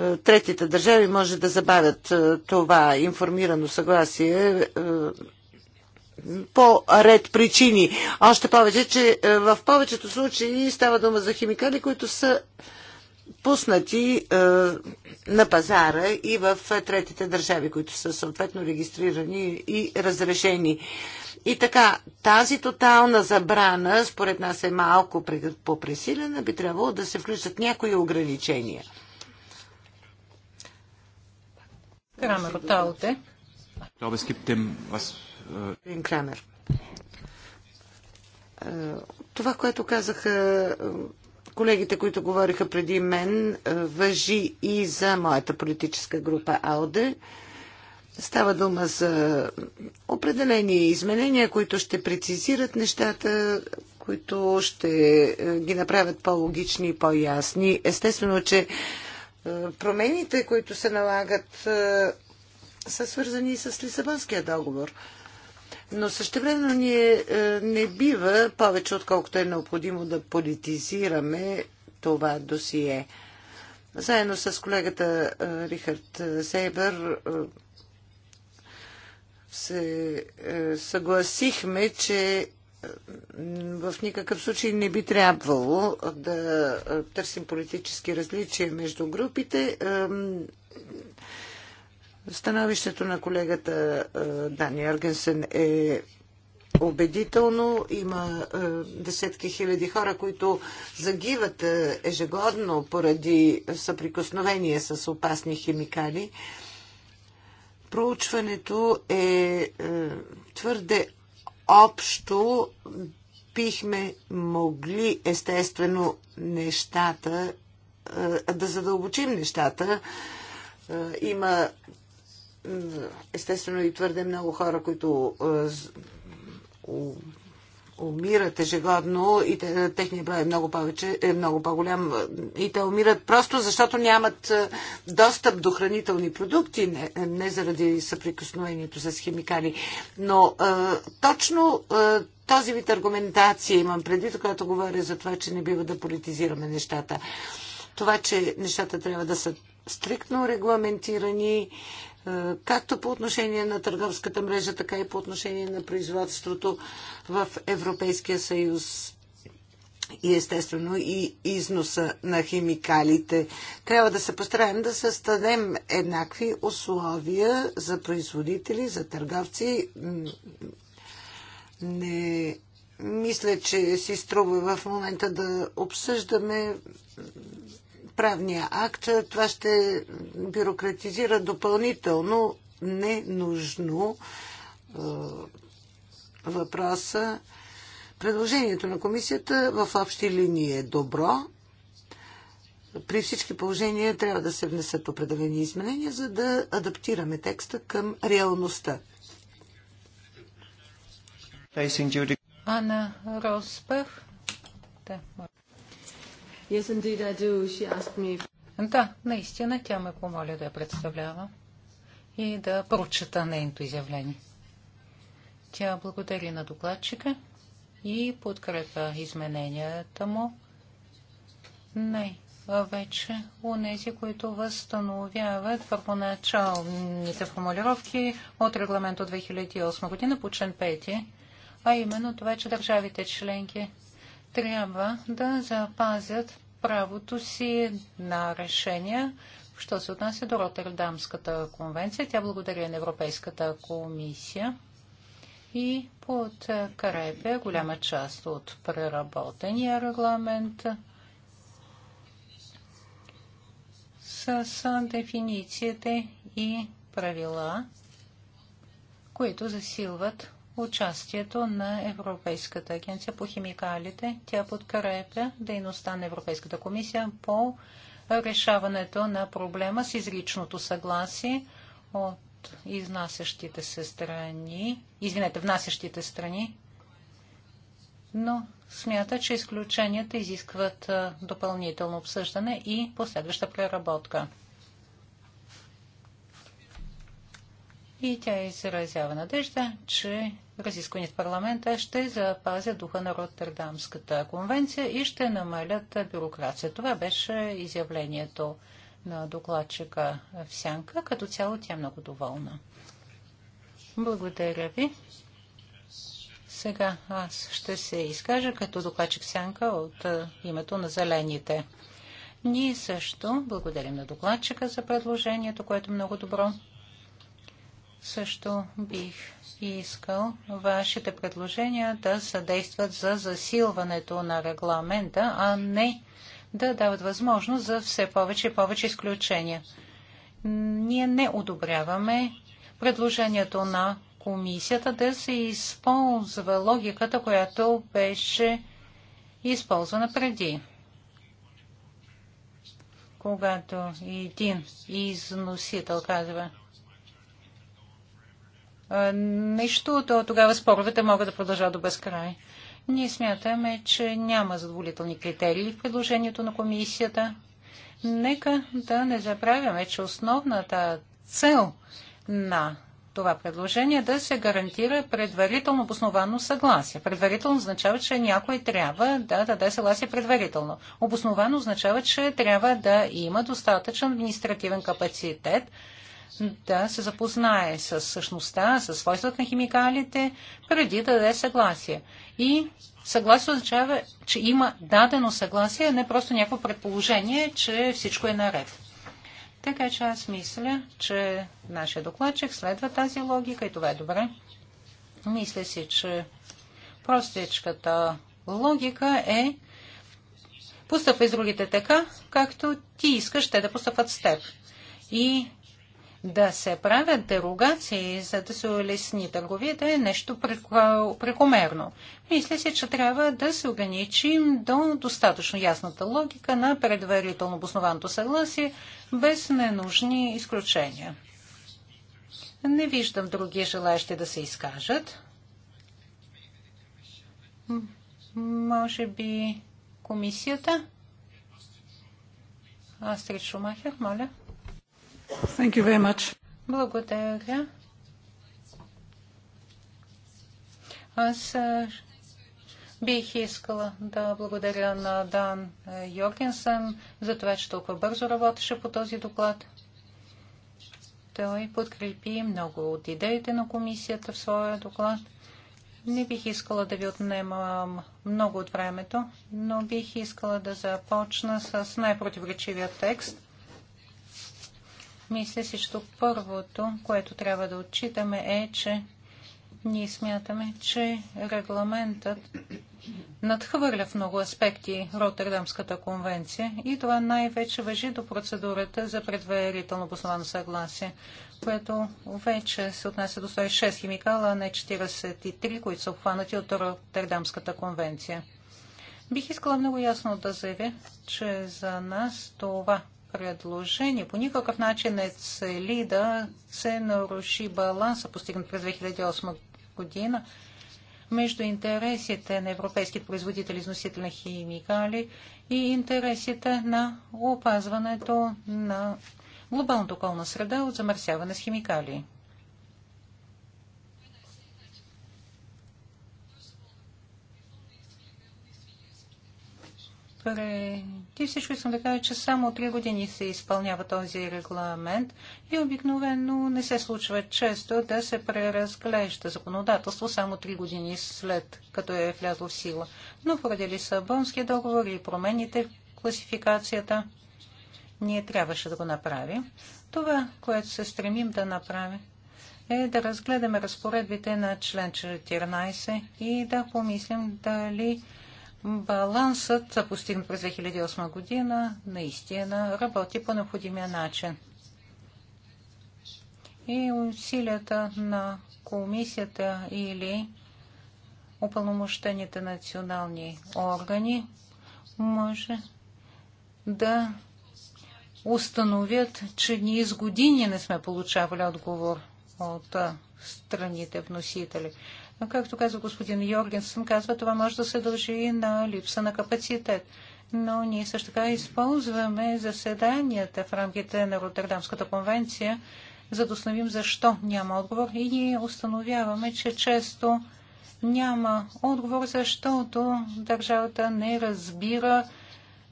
е, третите държави може да забавят е, това информирано съгласие е, по ред причини. Още повече, че в повечето случаи става дума за химикали, които са пуснати е, на пазара и в третите държави, които са съответно регистрирани и разрешени. И така, тази тотална забрана, според нас е малко попресилена, би трябвало да се включат някои ограничения – Äh, Крамер от АОТ. Крамер. Това, което казаха е, колегите, които говориха преди мен, е, въжи и за моята политическа група АОДЕ. Става дума за определени изменения, които ще прецизират нещата, които ще е, ги направят по-логични и по-ясни. Естествено, че е, промените, които се налагат, е, са свързани с Лисабонския договор. Но същевременно ние е, не бива повече, отколкото е необходимо да политизираме това досие. Заедно с колегата Рихард Сейбър се съгласихме, че в никакъв случай не би трябвало да търсим политически различия между групите. Становището на колегата Дани Аргенсен е убедително. Има десетки хиляди хора, които загиват ежегодно поради съприкосновение с опасни химикали. Проучването е твърде общо бихме могли, естествено, нещата, е, да задълбочим нещата. Е, има, естествено, и твърде много хора, които е, умират ежегодно и техния брой е много, повече, е много по-голям и те умират просто защото нямат е, достъп до хранителни продукти, не, не заради съприкосновението с химикали. Но а, е, точно а, е, този вид аргументация имам предвид, когато говоря за това, че не бива да политизираме нещата. Това, че нещата трябва да са стриктно регламентирани, е, както по отношение на търговската мрежа, така и по отношение на производството в Европейския съюз и естествено и износа на химикалите. Трябва да се постараем да създадем еднакви условия за производители, за търговци. Не мисля, че си струва в момента да обсъждаме правния акт, това ще бюрократизира допълнително ненужно е, въпроса. Предложението на комисията в общи линии е добро. При всички положения трябва да се внесат определени изменения, за да адаптираме текста към реалността. Ана Росбах. Да, Yes, indeed I do. She asked me if... Да, наистина тя ме помоля да я представлява и да прочета нейното изявление. Тя благодари на докладчика и подкрепа измененията му. Не, вече у нези, които възстановяват първоначалните формулировки от регламент от 2008 година по член 5, а именно това, че държавите членки трябва да запазят правото си на решения, що се отнася до Роттердамската конвенция. Тя благодаря на Европейската комисия и под Карепе голяма част от преработения регламент с дефинициите и правила, които засилват участието на Европейската агенция по химикалите. Тя подкрепя дейността на Европейската комисия по решаването на проблема с изричното съгласие от изнасящите се страни, извинете, внасящите страни, но смята, че изключенията изискват допълнително обсъждане и последваща преработка. и тя изразява надежда, че разисквания в парламента ще запазят духа на Роттердамската конвенция и ще намалят бюрокрация. Това беше изявлението на докладчика в Сянка. Като цяло тя е много доволна. Благодаря ви. Сега аз ще се изкажа като докладчик Сянка от името на Зелените. Ние също благодарим на докладчика за предложението, което е много добро. Също бих искал вашите предложения да съдействат за засилването на регламента, а не да дават възможност за все повече и повече изключения. Ние не одобряваме предложението на комисията да се използва логиката, която беше използвана преди. Когато един износител казва, нещо, то тогава споровете могат да продължат до безкрай. Ние смятаме, че няма задоволителни критерии в предложението на комисията. Нека да не забравяме, че основната цел на това предложение е да се гарантира предварително обосновано съгласие. Предварително означава, че някой трябва да даде съгласие предварително. Обосновано означава, че трябва да има достатъчен административен капацитет, да се запознае с същността, с свойствата на химикалите, преди да даде съгласие. И съгласие означава, че има дадено съгласие, а не просто някакво предположение, че всичко е наред. Така че аз мисля, че нашия докладчик следва тази логика и това е добре. Мисля си, че простичката логика е постъпвай с другите така, както ти искаш те да постъпват с теб. И да се правят дерогации, за да се улесни търговията, е нещо прекомерно. Мисля се, че трябва да се ограничим до достатъчно ясната логика на предварително обоснованото съгласие, без ненужни изключения. Не виждам други желаящи да се изкажат. Може би комисията? Астрид Шумахер, моля. Thank you very much. Благодаря. Аз бих искала да благодаря на Дан Йоргенсен за това, че толкова бързо работеше по този доклад. Той подкрепи много от идеите на комисията в своя доклад. Не бих искала да ви отнемам много от времето, но бих искала да започна с най-противоречивия текст, мисля си, че първото, което трябва да отчитаме е, че ние смятаме, че регламентът надхвърля в много аспекти Роттердамската конвенция и това най-вече въжи до процедурата за предварително обосновано съгласие, което вече се отнася до 106 химикала, а не 43, които са обхванати от Роттердамската конвенция. Бих искала много ясно да заявя, че за нас това предложение по никакъв начин не цели да се наруши баланса, постигнат през 2008 година между интересите на европейските производители износители на химикали и интересите на опазването на глобалната околна среда от замърсяване с химикали. Пре ти всичко искам да кажа, че само 3 години се изпълнява този регламент и обикновено не се случва често да се преразглежда законодателство само 3 години след като е влязло в сила. Но поради Лисабонския договор и промените в класификацията, ние трябваше да го направим. Това, което се стремим да направим, е да разгледаме разпоредбите на член 14 и да помислим дали Балансът, постигнат през 2008 година, наистина работи по необходимия начин. И усилията на комисията или упълномощените национални органи може да установят, че ние с години не сме получавали отговор от страните вносители. Но, както каза господин Йоргенсен, казва, това може да се дължи и на липса на капацитет. Но ние също така използваме заседанията в рамките на Роттердамската конвенция, за да установим защо няма отговор. И ние установяваме, че често няма отговор, защото държавата не разбира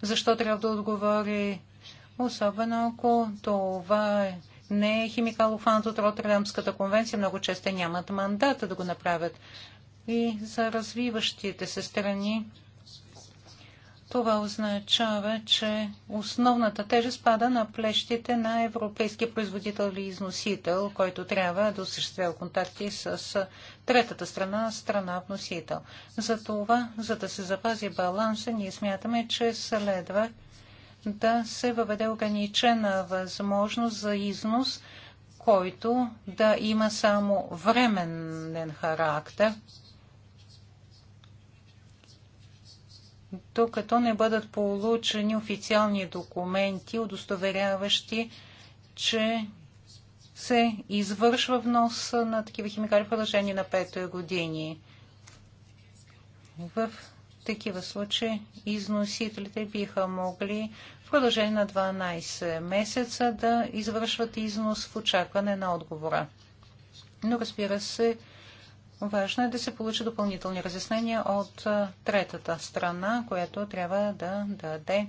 защо трябва да отговори, особено ако това е не е химикал обхванат от Роттердамската конвенция, много често нямат мандата да го направят. И за развиващите се страни това означава, че основната тежест пада на плещите на европейския производител или износител, който трябва да осъществява контакти с третата страна, страна вносител. За това, за да се запази баланса, ние смятаме, че следва да се въведе ограничена възможност за износ, който да има само временен характер, докато не бъдат получени официални документи, удостоверяващи, че се извършва внос на такива химикали в продължение на 5 години. В такива случаи износителите биха могли в продължение на 12 месеца да извършват износ в очакване на отговора. Но разбира се, важно е да се получи допълнителни разяснения от третата страна, която трябва да даде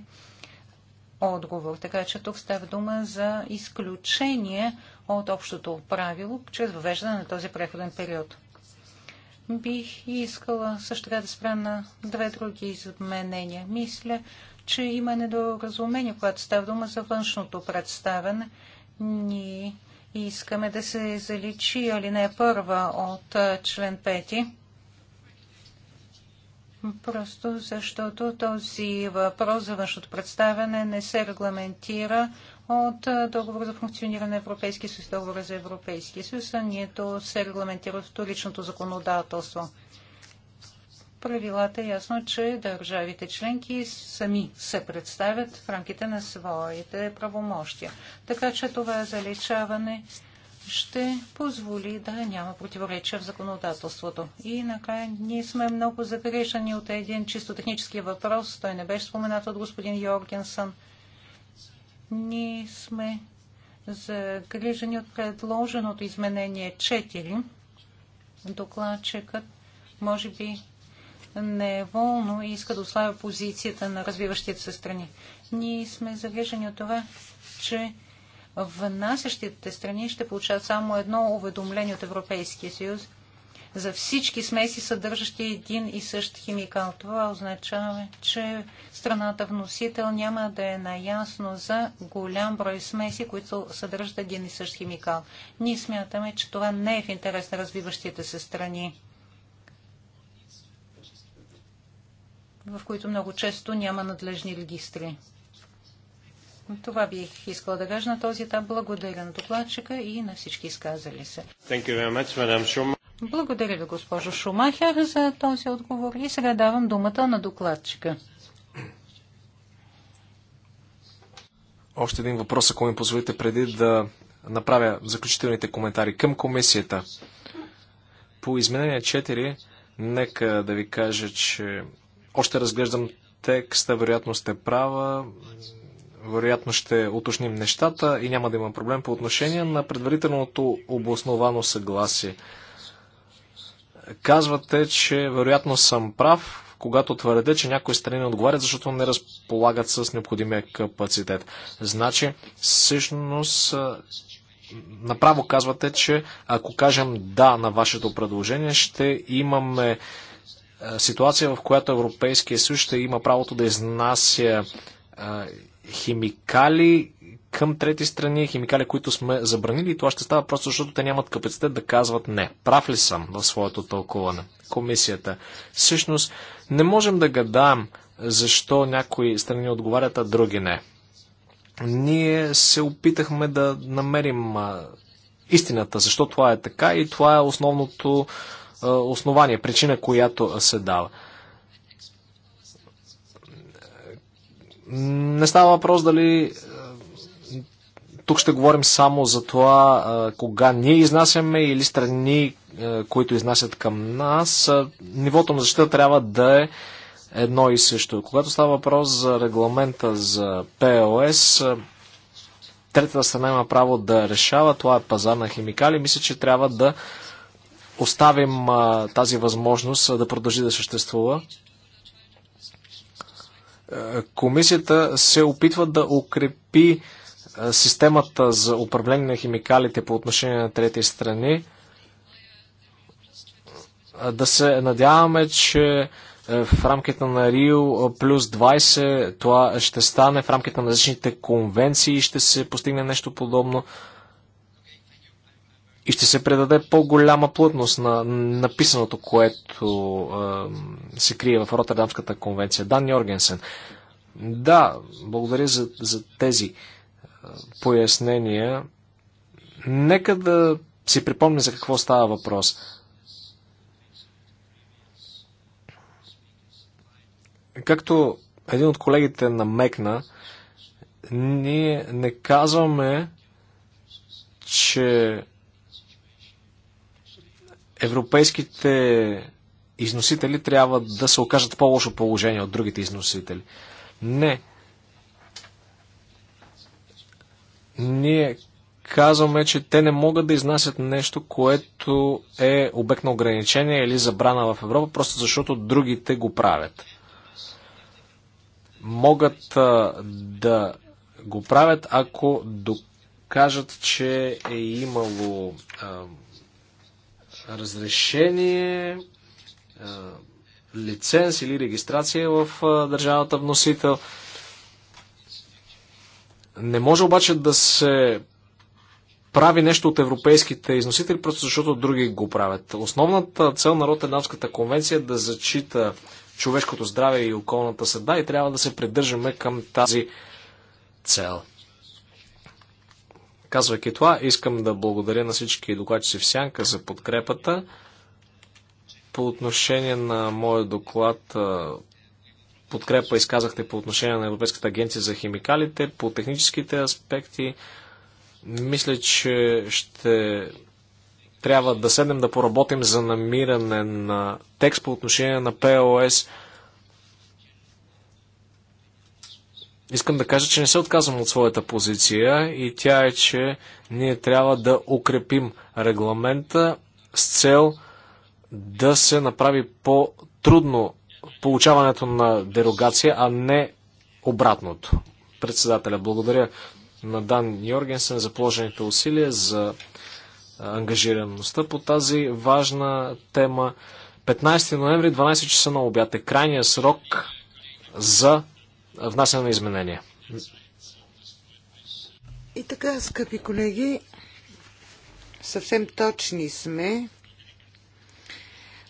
отговор. Така че тук става дума за изключение от общото правило чрез въвеждане на този преходен период. Бих искала също така да спра на две други изменения. Мисля, че има недоразумение, когато става дума за външното представяне. Ние искаме да се заличи алинея първа от член 5. Просто защото този въпрос за външното представяне не се регламентира от договора за функциониране на Европейския съюз, договора за Европейския съюз, а нието се регламентира в вторичното законодателство. Правилата е ясно, че държавите членки сами се представят в рамките на своите правомощия. Така че това заличаване ще позволи да няма противоречия в законодателството. И накрая ние сме много загрешени от един чисто технически въпрос. Той не беше споменат от господин Йоргенсън – ние сме загрижени от предложеното изменение 4. Докладчикът може би неволно иска да ослабя позицията на развиващите се страни. Ние сме загрижени от това, че внасящите страни ще получават само едно уведомление от Европейския съюз – за всички смеси, съдържащи един и същ химикал. Това означава, че страната вносител няма да е наясно за голям брой смеси, които съдържат един и същ химикал. Ние смятаме, че това не е в интерес на развиващите се страни. в които много често няма надлежни регистри. Това бих искала да кажа на този етап. Благодаря на докладчика и на всички изказали се. Much, благодаря ви, госпожо Шумахер, за този отговор. И сега давам думата на докладчика. Още един въпрос, ако ми позволите, преди да направя заключителните коментари към комисията. По изменение 4, нека да ви кажа, че още разглеждам текста, вероятно сте права, вероятно ще уточним нещата и няма да има проблем по отношение на предварителното обосновано съгласие. Казвате, че вероятно съм прав, когато твърде, че някои страни не отговарят, защото не разполагат с необходимия капацитет. Значи, всъщност, направо казвате, че ако кажем да на вашето предложение, ще имаме ситуация, в която Европейския съюз ще има правото да изнася химикали към трети страни, химикали, които сме забранили и това ще става просто защото те нямат капацитет да казват не. Прав ли съм в своето тълкуване? Комисията. Всъщност, не можем да гадам защо някои страни отговарят, а други не. Ние се опитахме да намерим истината, защо това е така и това е основното основание, причина, която се дава. Не става въпрос дали тук ще говорим само за това кога ние изнасяме или страни, които изнасят към нас. Нивото на защита трябва да е едно и също. Когато става въпрос за регламента за ПОС, третата страна има право да решава. Това е пазар на химикали. Мисля, че трябва да оставим тази възможност да продължи да съществува. Комисията се опитва да укрепи е, системата за управление на химикалите по отношение на трети страни. Е, да се надяваме, че е, в рамките на Рио плюс 20 това ще стане в рамките на различните конвенции ще се постигне нещо подобно и ще се предаде по-голяма плътност на написаното, което е, се крие в Роттердамската конвенция. Дан Йоргенсен. Да, благодаря за, за тези пояснения. Нека да си припомня за какво става въпрос. Както един от колегите намекна, ние не казваме, че европейските износители трябва да се окажат по-лошо положение от другите износители. Не, Ние казваме, че те не могат да изнасят нещо, което е обект на ограничение или забрана в Европа, просто защото другите го правят. Могат да го правят, ако докажат, че е имало а, разрешение, а, лиценз или регистрация в а, държавата вносител. А, не може обаче да се прави нещо от европейските износители, просто защото други го правят. Основната цел на Роттердамската конвенция е да зачита човешкото здраве и околната среда и трябва да се придържаме към тази цел. Казвайки това, искам да благодаря на всички докладчици в Сянка за подкрепата. По отношение на моя доклад подкрепа изказахте по отношение на Европейската агенция за химикалите, по техническите аспекти. Мисля, че ще трябва да седнем да поработим за намиране на текст по отношение на ПОС. Искам да кажа, че не се отказвам от своята позиция и тя е, че ние трябва да укрепим регламента с цел да се направи по-трудно получаването на дерогация, а не обратното. Председателя, благодаря на Дан Йоргенсен за положените усилия, за ангажираността по тази важна тема. 15 ноември, 12 часа на обяд е крайния срок за внасяне на изменения. И така, скъпи колеги, съвсем точни сме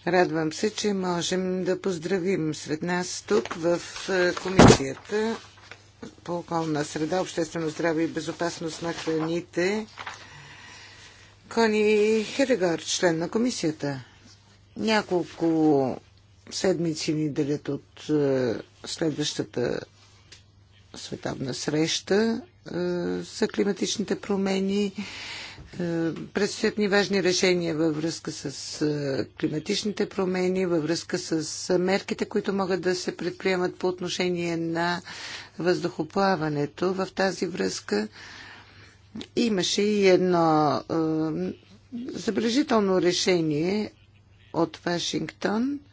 Радвам се, че можем да поздравим сред нас тук в е, Комисията по околна среда, обществено здраве и безопасност на храните Кони Хедегар, член на комисията. Няколко седмици ни делят от е, следващата световна среща е, за климатичните промени. Е, предстоят ни важни решения във връзка с е, климатичните промени, във връзка с е, мерките, които могат да се предприемат по отношение на въздухоплаването. В тази връзка имаше и едно забележително решение от Вашингтон –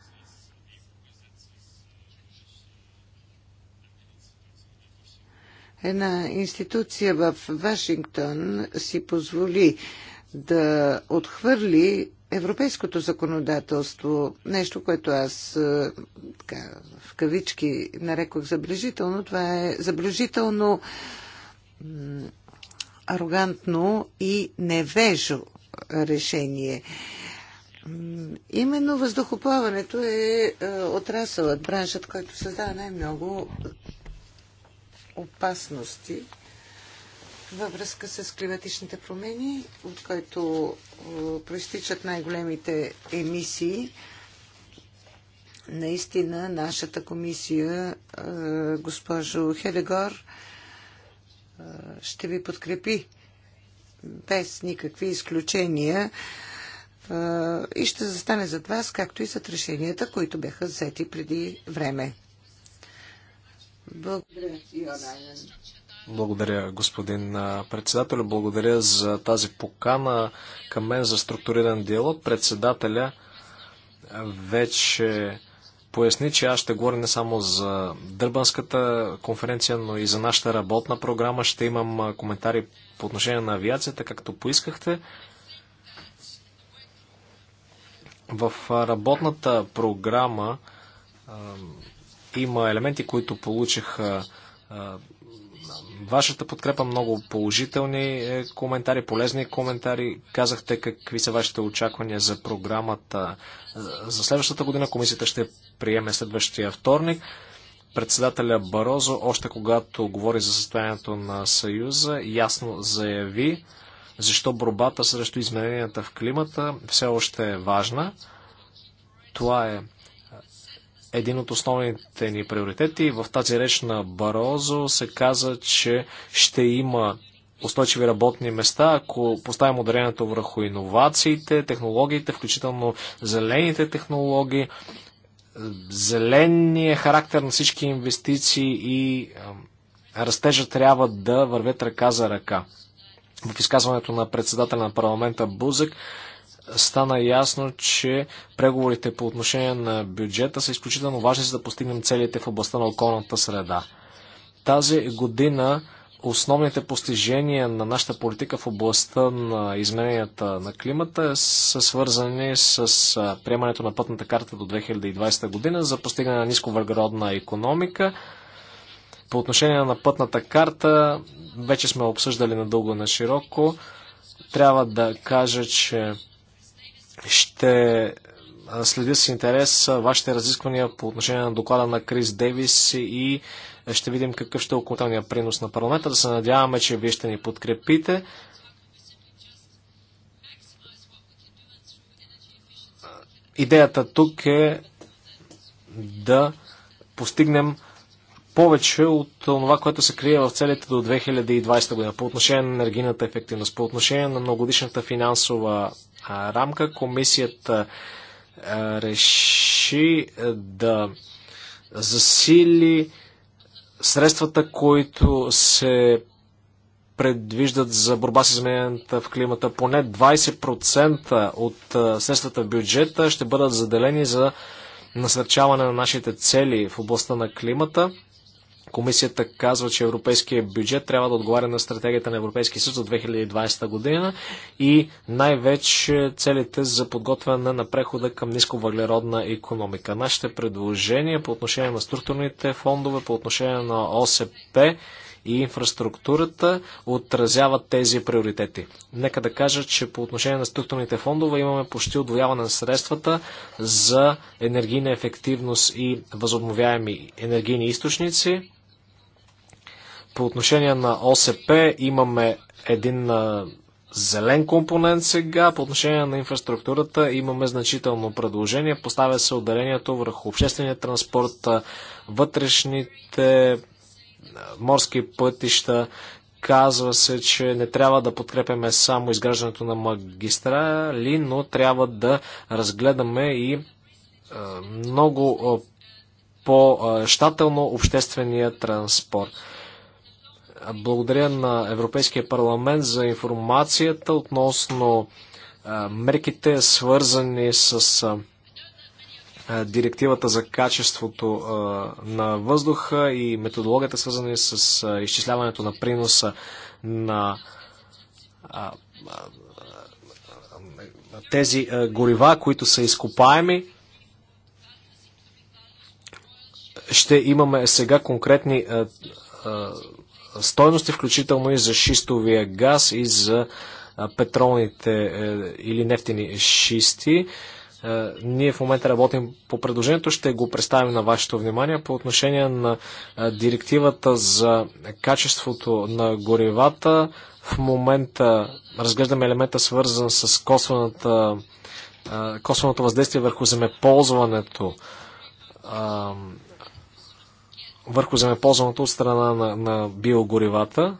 Една институция в Вашингтон си позволи да отхвърли европейското законодателство, нещо, което аз е, така, в кавички нарекох забележително, това е забележително арогантно и невежо решение. Именно въздухоплаването е, е отрасълът, браншът, който създава най-много опасности във връзка с климатичните промени, от който е, проистичат най-големите емисии. Наистина, нашата комисия, е, госпожо Хедегор, е, ще ви подкрепи без никакви изключения и ще застане зад вас, както и зад решенията, които бяха взети преди време. Благодаря, Благодаря, господин председател. Благодаря за тази покана към мен за структуриран диалог. Председателя вече поясни, че аз ще говоря не само за Дърбанската конференция, но и за нашата работна програма. Ще имам коментари по отношение на авиацията, както поискахте. В работната програма има елементи, които получиха вашата подкрепа, много положителни е, коментари, полезни коментари. Казахте какви са вашите очаквания за програмата за следващата година. Комисията ще приеме следващия вторник. Председателя Барозо, още когато говори за състоянието на Съюза, ясно заяви, защо борбата срещу измененията в климата все още е важна. Това е един от основните ни приоритети. В тази реч на Барозо се каза, че ще има устойчиви работни места, ако поставим ударението върху иновациите, технологиите, включително зелените технологии, зеления характер на всички инвестиции и растежа трябва да вървят ръка за ръка. В изказването на председателя на парламента Бузък стана ясно, че преговорите по отношение на бюджета са изключително важни, за да постигнем целите в областта на околната среда. Тази година основните постижения на нашата политика в областта на измененията на климата са свързани с приемането на пътната карта до 2020 година за постигане на нисковъргородна економика. По отношение на пътната карта, вече сме обсъждали надълго на широко. Трябва да кажа, че ще следя с интерес вашите разисквания по отношение на доклада на Крис Девис и ще видим какъв ще е окончателният принос на парламента. Да се надяваме, че вие ще ни подкрепите. Идеята тук е да постигнем повече от това, което се крие в целите до 2020 година по отношение на енергийната ефективност, по отношение на многодишната финансова рамка. Комисията реши да засили средствата, които се предвиждат за борба с измененията в климата. Поне 20% от средствата в бюджета ще бъдат заделени за насърчаване на нашите цели в областта на климата. Комисията казва, че европейския бюджет трябва да отговаря на стратегията на Европейския съюз за 2020 година и най-вече целите за подготвяне на прехода към нисковъглеродна економика. Нашите предложения по отношение на структурните фондове, по отношение на ОСП и инфраструктурата отразяват тези приоритети. Нека да кажа, че по отношение на структурните фондове имаме почти отвояване на средствата за енергийна ефективност и възобновяеми енергийни източници. По отношение на ОСП имаме един зелен компонент сега. По отношение на инфраструктурата имаме значително предложение. Поставя се ударението върху обществения транспорт, вътрешните морски пътища. Казва се, че не трябва да подкрепяме само изграждането на магистрали, но трябва да разгледаме и много по-щателно обществения транспорт. Благодаря на Европейския парламент за информацията относно мерките, свързани с директивата за качеството на въздуха и методологията, свързани с изчисляването на приноса на тези горива, които са изкопаеми. Ще имаме сега конкретни стойности, включително и за шистовия газ и за петролните е, или нефтени шисти. Е, ние в момента работим по предложението, ще го представим на вашето внимание по отношение на директивата за качеството на горивата. В момента разглеждаме елемента свързан с косвената, косвеното въздействие върху земеползването върху земеползването от страна на, на биогоривата.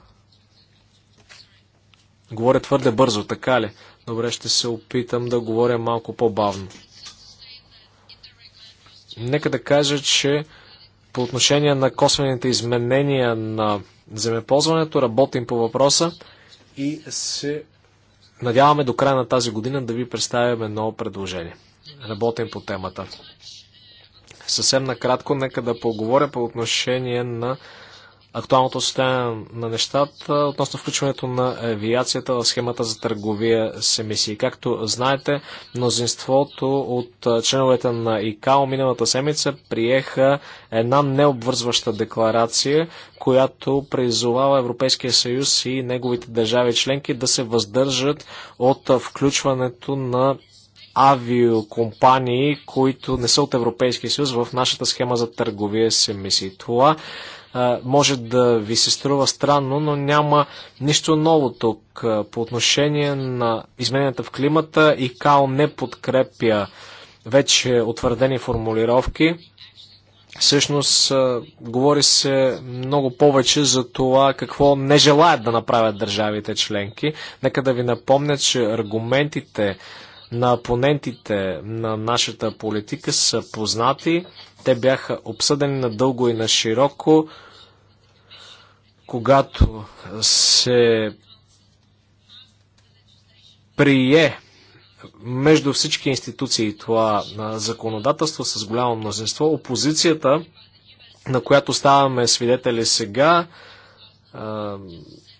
Говоря твърде бързо, така ли? Добре, ще се опитам да говоря малко по-бавно. Нека да кажа, че по отношение на косвените изменения на земеползването работим по въпроса и се надяваме до края на тази година да ви представим едно предложение. Работим по темата. Съвсем накратко, нека да поговоря по отношение на актуалното състояние на нещата относно включването на авиацията в схемата за търговия с емисии. Както знаете, мнозинството от членовете на ИКАО миналата седмица приеха една необвързваща декларация, която призовава Европейския съюз и неговите държави членки да се въздържат от включването на авиокомпании, които не са от Европейския съюз в нашата схема за търговия с емисии. Това може да ви се струва странно, но няма нищо ново тук. По отношение на измененията в климата, и као не подкрепя вече утвърдени формулировки. Всъщност, говори се много повече за това какво не желаят да направят държавите членки. Нека да ви напомня, че аргументите на опонентите на нашата политика са познати. Те бяха обсъдени надълго и на широко, когато се прие между всички институции това на законодателство с голямо мнозинство. Опозицията, на която ставаме свидетели сега,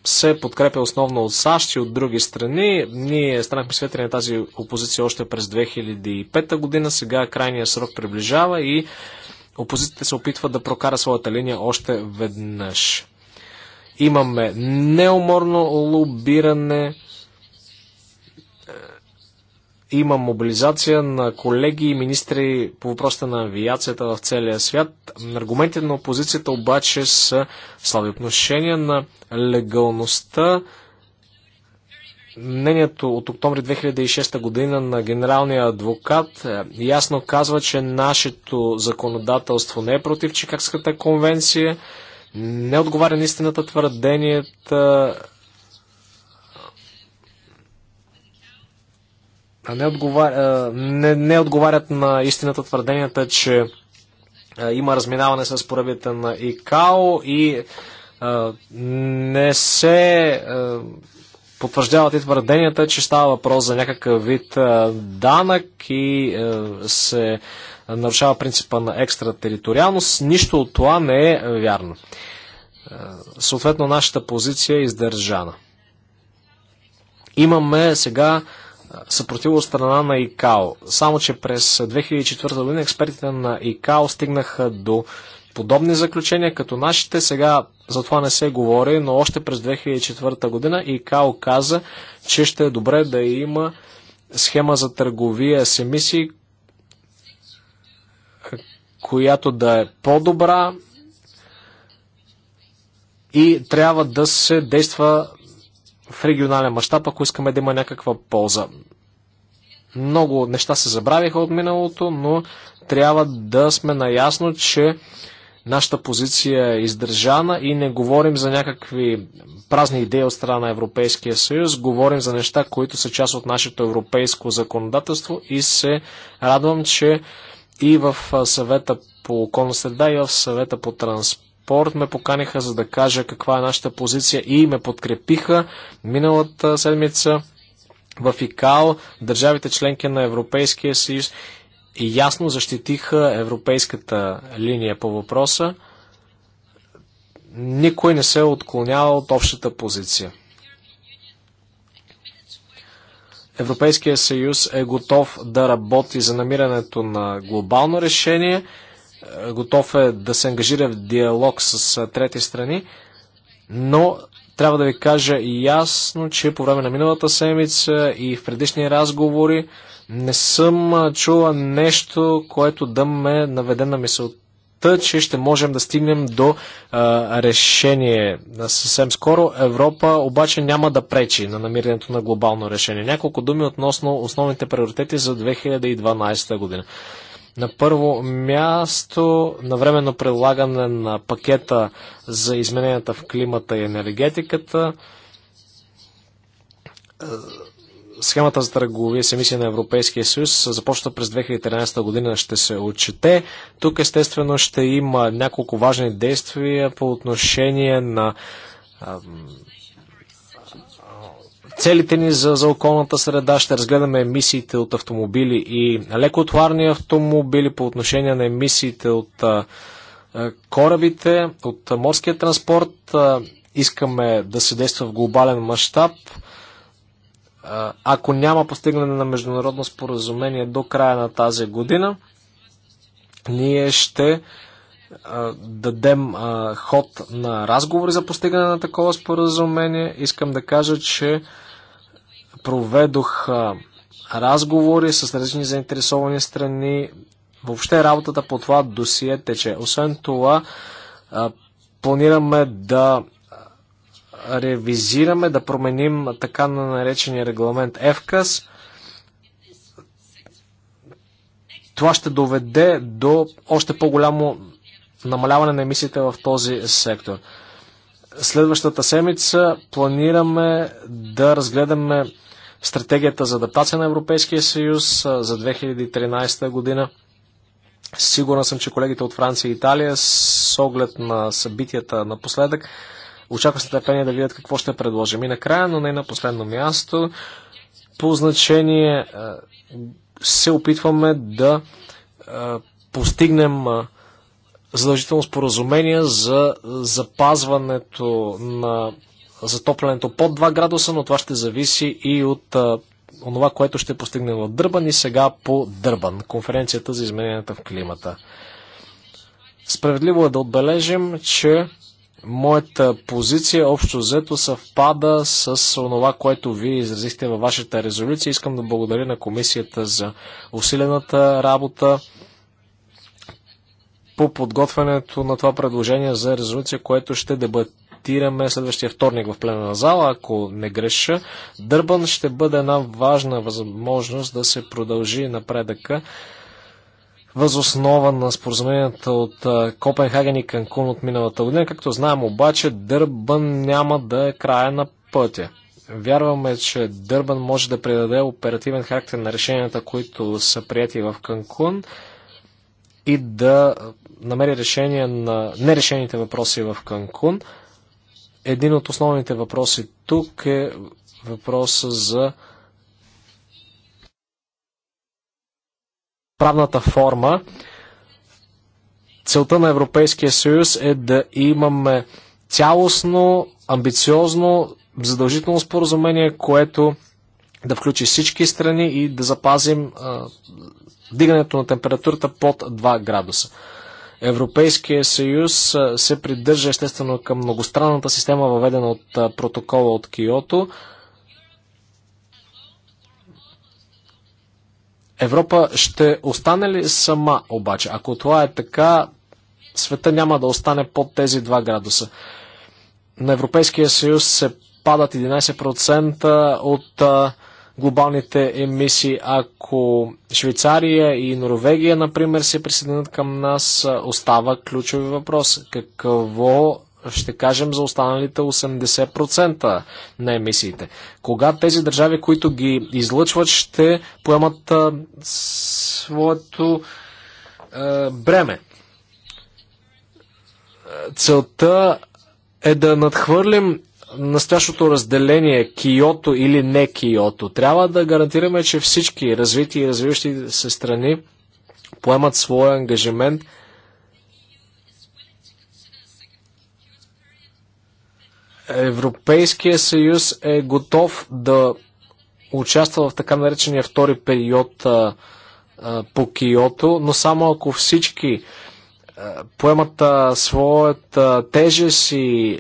се подкрепя основно от САЩ и от други страни. Ние станахме свидетели на тази опозиция още през 2005 година. Сега крайният срок приближава и опозицията се опитва да прокара своята линия още веднъж. Имаме неуморно лобиране, има мобилизация на колеги и министри по въпросите на авиацията в целия свят. Аргументите на опозицията обаче са слаби отношения на легалността. Мнението от октомври 2006 година на генералния адвокат е, ясно казва, че нашето законодателство не е против Чикагската конвенция, не отговаря на истината твърденията не, отговаря, не, не отговарят на истината твърденията, че има разминаване с поръбите на ИКАО и не се потвърждават и твърденията, че става въпрос за някакъв вид данък и се нарушава принципа на екстратериториалност. Нищо от това не е вярно. Съответно, нашата позиция е издържана. Имаме сега съпротива от страна на ИКАО. Само, че през 2004 година експертите на ИКАО стигнаха до подобни заключения като нашите. Сега за това не се говори, но още през 2004 година ИКАО каза, че ще е добре да има схема за търговия с емисии, която да е по-добра и трябва да се действа в регионален мащаб, ако искаме да има някаква полза. Много неща се забравиха от миналото, но трябва да сме наясно, че нашата позиция е издържана и не говорим за някакви празни идеи от страна на Европейския съюз, говорим за неща, които са част от нашето европейско законодателство и се радвам, че и в съвета по околна среда и в съвета по транспорт Порт ме поканиха за да кажа каква е нашата позиция и ме подкрепиха миналата седмица в ИКАО, държавите членки на Европейския съюз и ясно защитиха европейската линия по въпроса. Никой не се е отклонява от общата позиция. Европейския съюз е готов да работи за намирането на глобално решение – е, готов е да се ангажира в диалог с е, трети страни, но трябва да ви кажа ясно, че по време на миналата седмица и в предишни разговори не съм е, чула нещо, което да ме наведе на мисълта, че ще можем да стигнем до а, решение съвсем скоро. Европа обаче няма да пречи на намирането на глобално решение. Няколко думи относно основните приоритети за 2012 година. На първо място, на временно прилагане на пакета за измененията в климата и енергетиката, е, схемата за търговия с емисия на Европейския съюз започна през 2013 година, ще се отчете. Тук естествено ще има няколко важни действия по отношение на целите ни за, за околната среда, ще разгледаме емисиите от автомобили и лекотварни автомобили по отношение на емисиите от а, корабите, от морския транспорт. А, искаме да се действа в глобален мащаб. Ако няма постигане на международно споразумение до края на тази година, ние ще дадем ход на разговори за постигане на такова споразумение. Искам да кажа, че проведох разговори с различни заинтересовани страни. Въобще работата по това досие тече. Освен това, планираме да ревизираме, да променим така на наречения регламент ЕФКАС. Това ще доведе до още по-голямо намаляване на емисиите в този сектор. Следващата седмица планираме да разгледаме стратегията за адаптация на Европейския съюз за 2013 година. Сигурен съм, че колегите от Франция и Италия с оглед на събитията напоследък очаква с нетърпение да видят какво ще предложим. И накрая, но не на последно място, по значение се опитваме да постигнем задължително споразумение за запазването на затоплянето под 2 градуса, но това ще зависи и от онова, което ще постигнем в Дърбан и сега по Дърбан, конференцията за измененията в климата. Справедливо е да отбележим, че моята позиция общо взето съвпада с онова, което ви изразихте във вашата резолюция. Искам да благодаря на комисията за усилената работа, по подготвянето на това предложение за резолюция, което ще дебатираме следващия вторник в пленна зала, ако не греша. Дърбан ще бъде една важна възможност да се продължи напредъка възоснова на споразуменията от Копенхаген и Канкун от миналата година. Както знаем обаче, Дърбан няма да е края на пътя. Вярваме, че Дърбан може да придаде оперативен характер на решенията, които са прияти в Канкун и да намери решение на нерешените въпроси в Канкун. Един от основните въпроси тук е въпроса за правната форма. Целта на Европейския съюз е да имаме цялостно, амбициозно, задължително споразумение, което да включи всички страни и да запазим а, дигането на температурата под 2 градуса. Европейския съюз се придържа естествено към многостранната система, въведена от протокола от Киото. Европа ще остане ли сама обаче? Ако това е така, света няма да остане под тези 2 градуса. На Европейския съюз се падат 11% от глобалните емисии. Ако Швейцария и Норвегия, например, се присъединят към нас, остава ключови въпрос. Какво ще кажем за останалите 80% на емисиите. Кога тези държави, които ги излъчват, ще поемат а, своето а, бреме? Целта е да надхвърлим настоящото разделение Киото или не Киото. Трябва да гарантираме, че всички развити и развиващи се страни поемат своя ангажимент Европейския съюз е готов да участва в така наречения втори период а, а, по Киото, но само ако всички а, поемат а, своята тежест и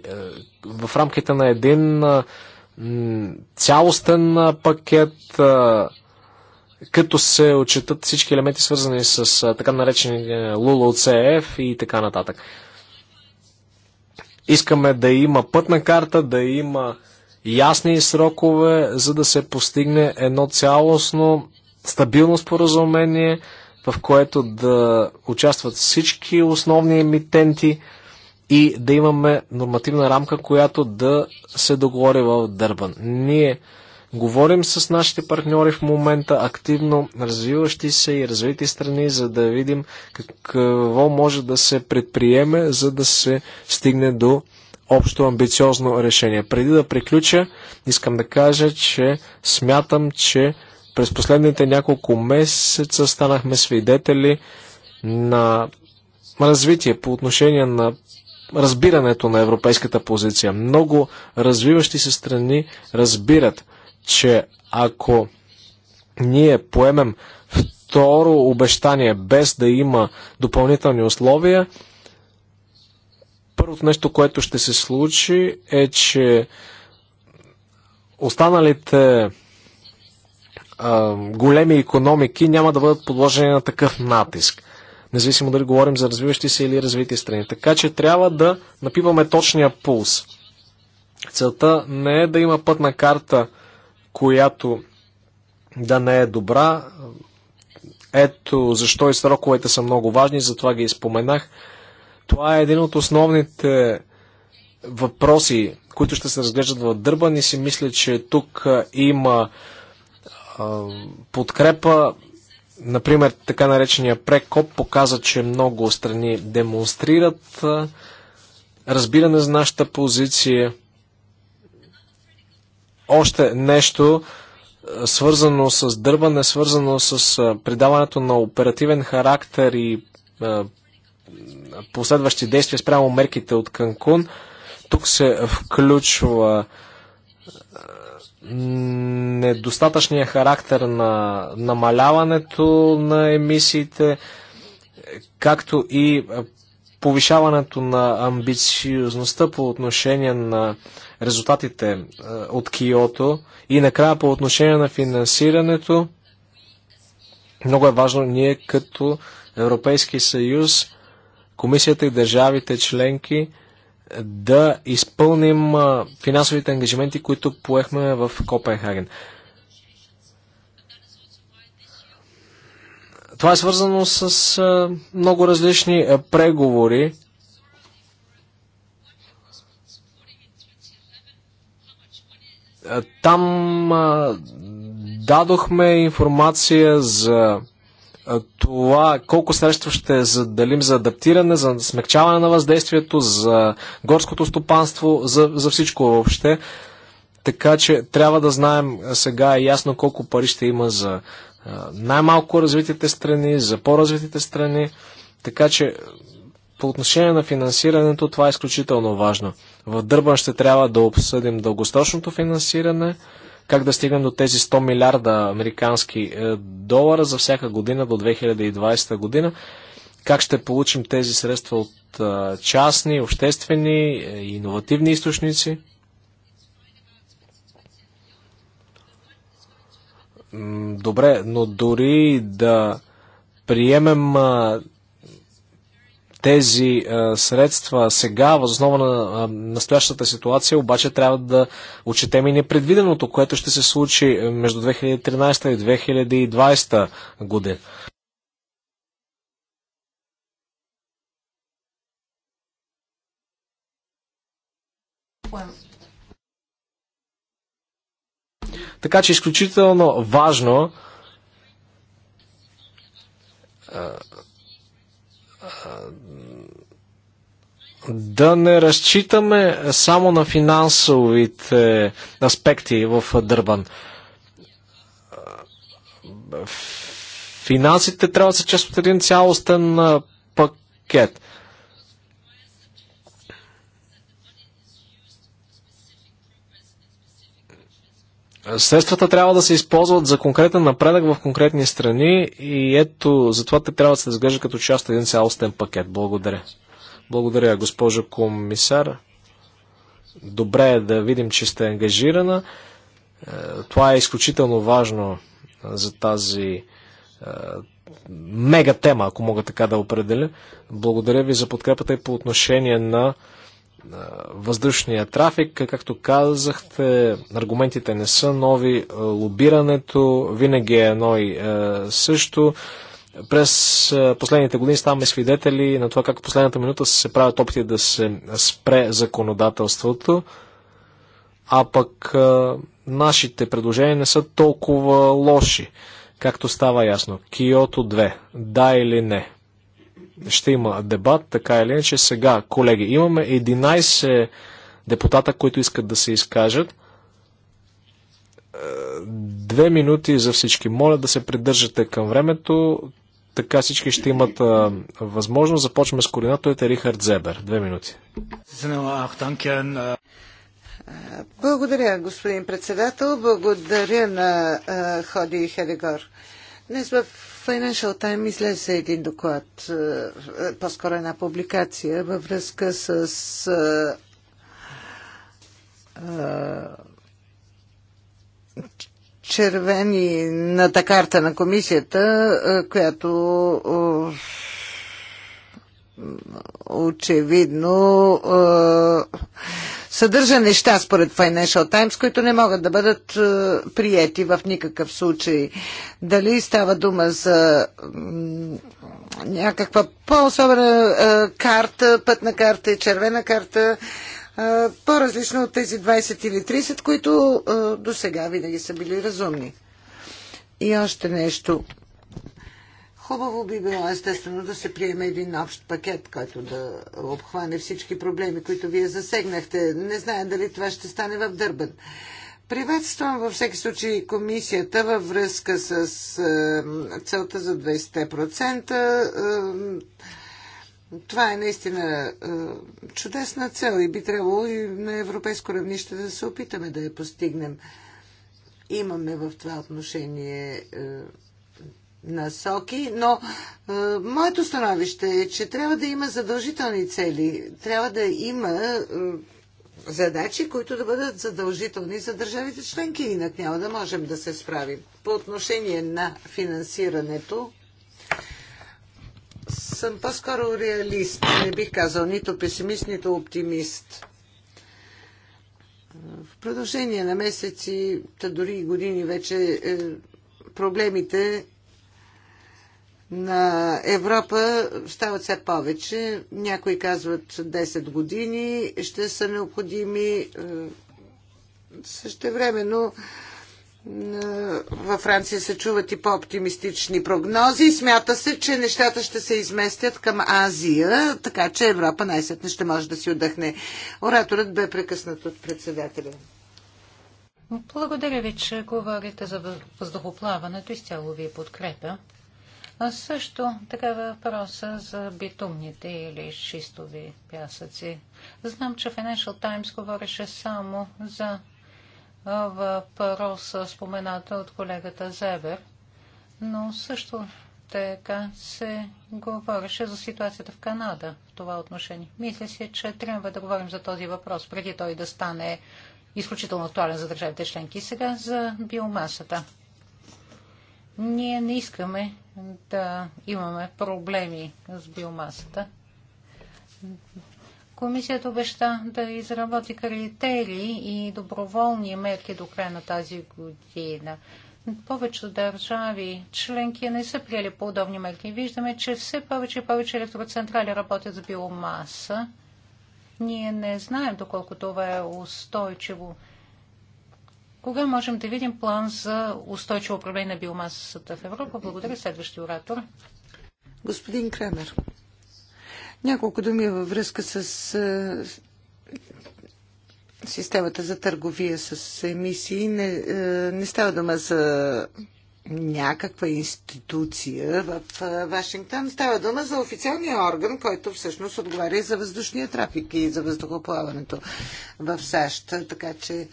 в рамките на един цялостен пакет, като се отчитат всички елементи, свързани с така наречени LULUCF е, и така нататък. Искаме да има пътна карта, да има ясни срокове, за да се постигне едно цялостно стабилно споразумение, в което да участват всички основни емитенти – и да имаме нормативна рамка, която да се договори в Дърбан. Ние говорим с нашите партньори в момента, активно развиващи се и развити страни, за да видим какво може да се предприеме, за да се стигне до общо амбициозно решение. Преди да приключа, искам да кажа, че смятам, че през последните няколко месеца станахме свидетели на развитие по отношение на разбирането на европейската позиция. Много развиващи се страни разбират, че ако ние поемем второ обещание без да има допълнителни условия, първото нещо, което ще се случи е, че останалите а, големи економики няма да бъдат подложени на такъв натиск независимо дали говорим за развиващи се или развити страни. Така че трябва да напиваме точния пулс. Целта не е да има пътна карта, която да не е добра. Ето защо и сроковете са много важни, затова ги изпоменах. Това е един от основните въпроси, които ще се разглеждат в Дърбан и си мисля, че тук има подкрепа Например, така наречения прекоп показа, че много страни демонстрират разбиране за нашата позиция. Още нещо, свързано с дърване, свързано с придаването на оперативен характер и последващи действия спрямо мерките от Канкун. Тук се включва недостатъчния характер на намаляването на емисиите, както и повишаването на амбициозността по отношение на резултатите от Киото и накрая по отношение на финансирането. Много е важно ние като Европейски съюз, комисията и държавите членки да изпълним финансовите ангажименти, които поехме в Копенхаген. Това е свързано с много различни преговори. Там дадохме информация за това колко средства ще заделим за адаптиране, за смягчаване на въздействието, за горското стопанство, за, за всичко въобще. Така че трябва да знаем сега е ясно колко пари ще има за най-малко развитите страни, за по-развитите страни. Така че по отношение на финансирането това е изключително важно. В Дърбан ще трябва да обсъдим дългосрочното финансиране, как да стигнем до тези 100 милиарда американски е, долара за всяка година до 2020 година. Как ще получим тези средства от е, частни, обществени, е, иновативни източници? Добре, но дори да приемем тези е, средства сега, възоснова на е, настоящата ситуация, обаче трябва да отчетем и непредвиденото, което ще се случи е, между 2013 и 2020 година. Така че изключително важно а, да не разчитаме само на финансовите аспекти в Дърбан. Финансите трябва да са част от един цялостен пакет. Средствата трябва да се използват за конкретен напредък в конкретни страни и ето, затова те трябва да се разглежда като част от един цялостен пакет. Благодаря. Благодаря, госпожо комисар. Добре е да видим, че сте ангажирана. Е, това е изключително важно е, за тази е, мега тема, ако мога така да определя. Благодаря ви за подкрепата и по отношение на въздушния трафик. Както казахте, аргументите не са нови. Лобирането винаги е едно и също. През последните години ставаме свидетели на това как в последната минута се правят опити да се спре законодателството, а пък нашите предложения не са толкова лоши, както става ясно. Киото 2. Да или не? Ще има дебат, така или иначе. Сега, колеги, имаме 11 депутата, които искат да се изкажат. Е, две минути за всички. Моля да се придържате към времето. Така всички ще имат а, възможност. Започваме с координаторите Рихард Зебер. Две минути. Благодаря, господин председател. Благодаря на а, Ходи Хедегор. Днес в Financial Time излезе един доклад, по-скоро една публикация във връзка с а, а, червени на карта на комисията, е, която е, очевидно е, съдържа неща според Financial Times, които не могат да бъдат приети в никакъв случай. Дали става дума за някаква по-особена карта, пътна карта и червена карта, по различно от тези 20 или 30, които до сега винаги са били разумни. И още нещо. Хубаво би било, естествено, да се приеме един общ пакет, който да обхване всички проблеми, които вие засегнахте. Не зная дали това ще стане в Дърбан. Приветствам във всеки случай комисията във връзка с е, целта за 20%. Е, това е наистина е, чудесна цел и би трябвало и на европейско равнище да се опитаме да я постигнем. Имаме в това отношение е, насоки, но е, моето становище е, че трябва да има задължителни цели, трябва да има е, задачи, които да бъдат задължителни за държавите членки, инак няма да можем да се справим. По отношение на финансирането, съм по-скоро реалист. Не бих казал нито песимист, нито оптимист. В продължение на месеци, та дори и години вече, е, проблемите на Европа стават все повече. Някои казват 10 години ще са необходими. Е, Също време, но във Франция се чуват и по-оптимистични прогнози. Смята се, че нещата ще се изместят към Азия, така че Европа най-сетне ще може да си отдъхне. Ораторът бе прекъснат от председателя. Благодаря ви, че говорите за въздухоплаването. Изцяло ви подкрепя. А също така въпроса за битумните или шистови пясъци. Знам, че Financial Times говореше само за въпрос, спомената от колегата Зебер, но също така се говореше за ситуацията в Канада в това отношение. Мисля си, че трябва да говорим за този въпрос, преди той да стане изключително актуален за държавите членки. Сега за биомасата. Ние не искаме да имаме проблеми с биомасата. Комисията обеща да изработи критерии и доброволни мерки до края на тази година. Повечето държави членки не са приели подобни мерки. Виждаме, че все повече и повече електроцентрали работят с биомаса. Ние не знаем доколко това е устойчиво. Кога можем да видим план за устойчиво управление на биомасата в Европа? Благодаря. Следващия оратор. Господин Кремер. Няколко думи във връзка с системата за търговия с емисии. Не, не става дума за някаква институция в Вашингтон. Става дума за официалния орган, който всъщност отговаря и за въздушния трафик и за въздухоплаването в САЩ. Така че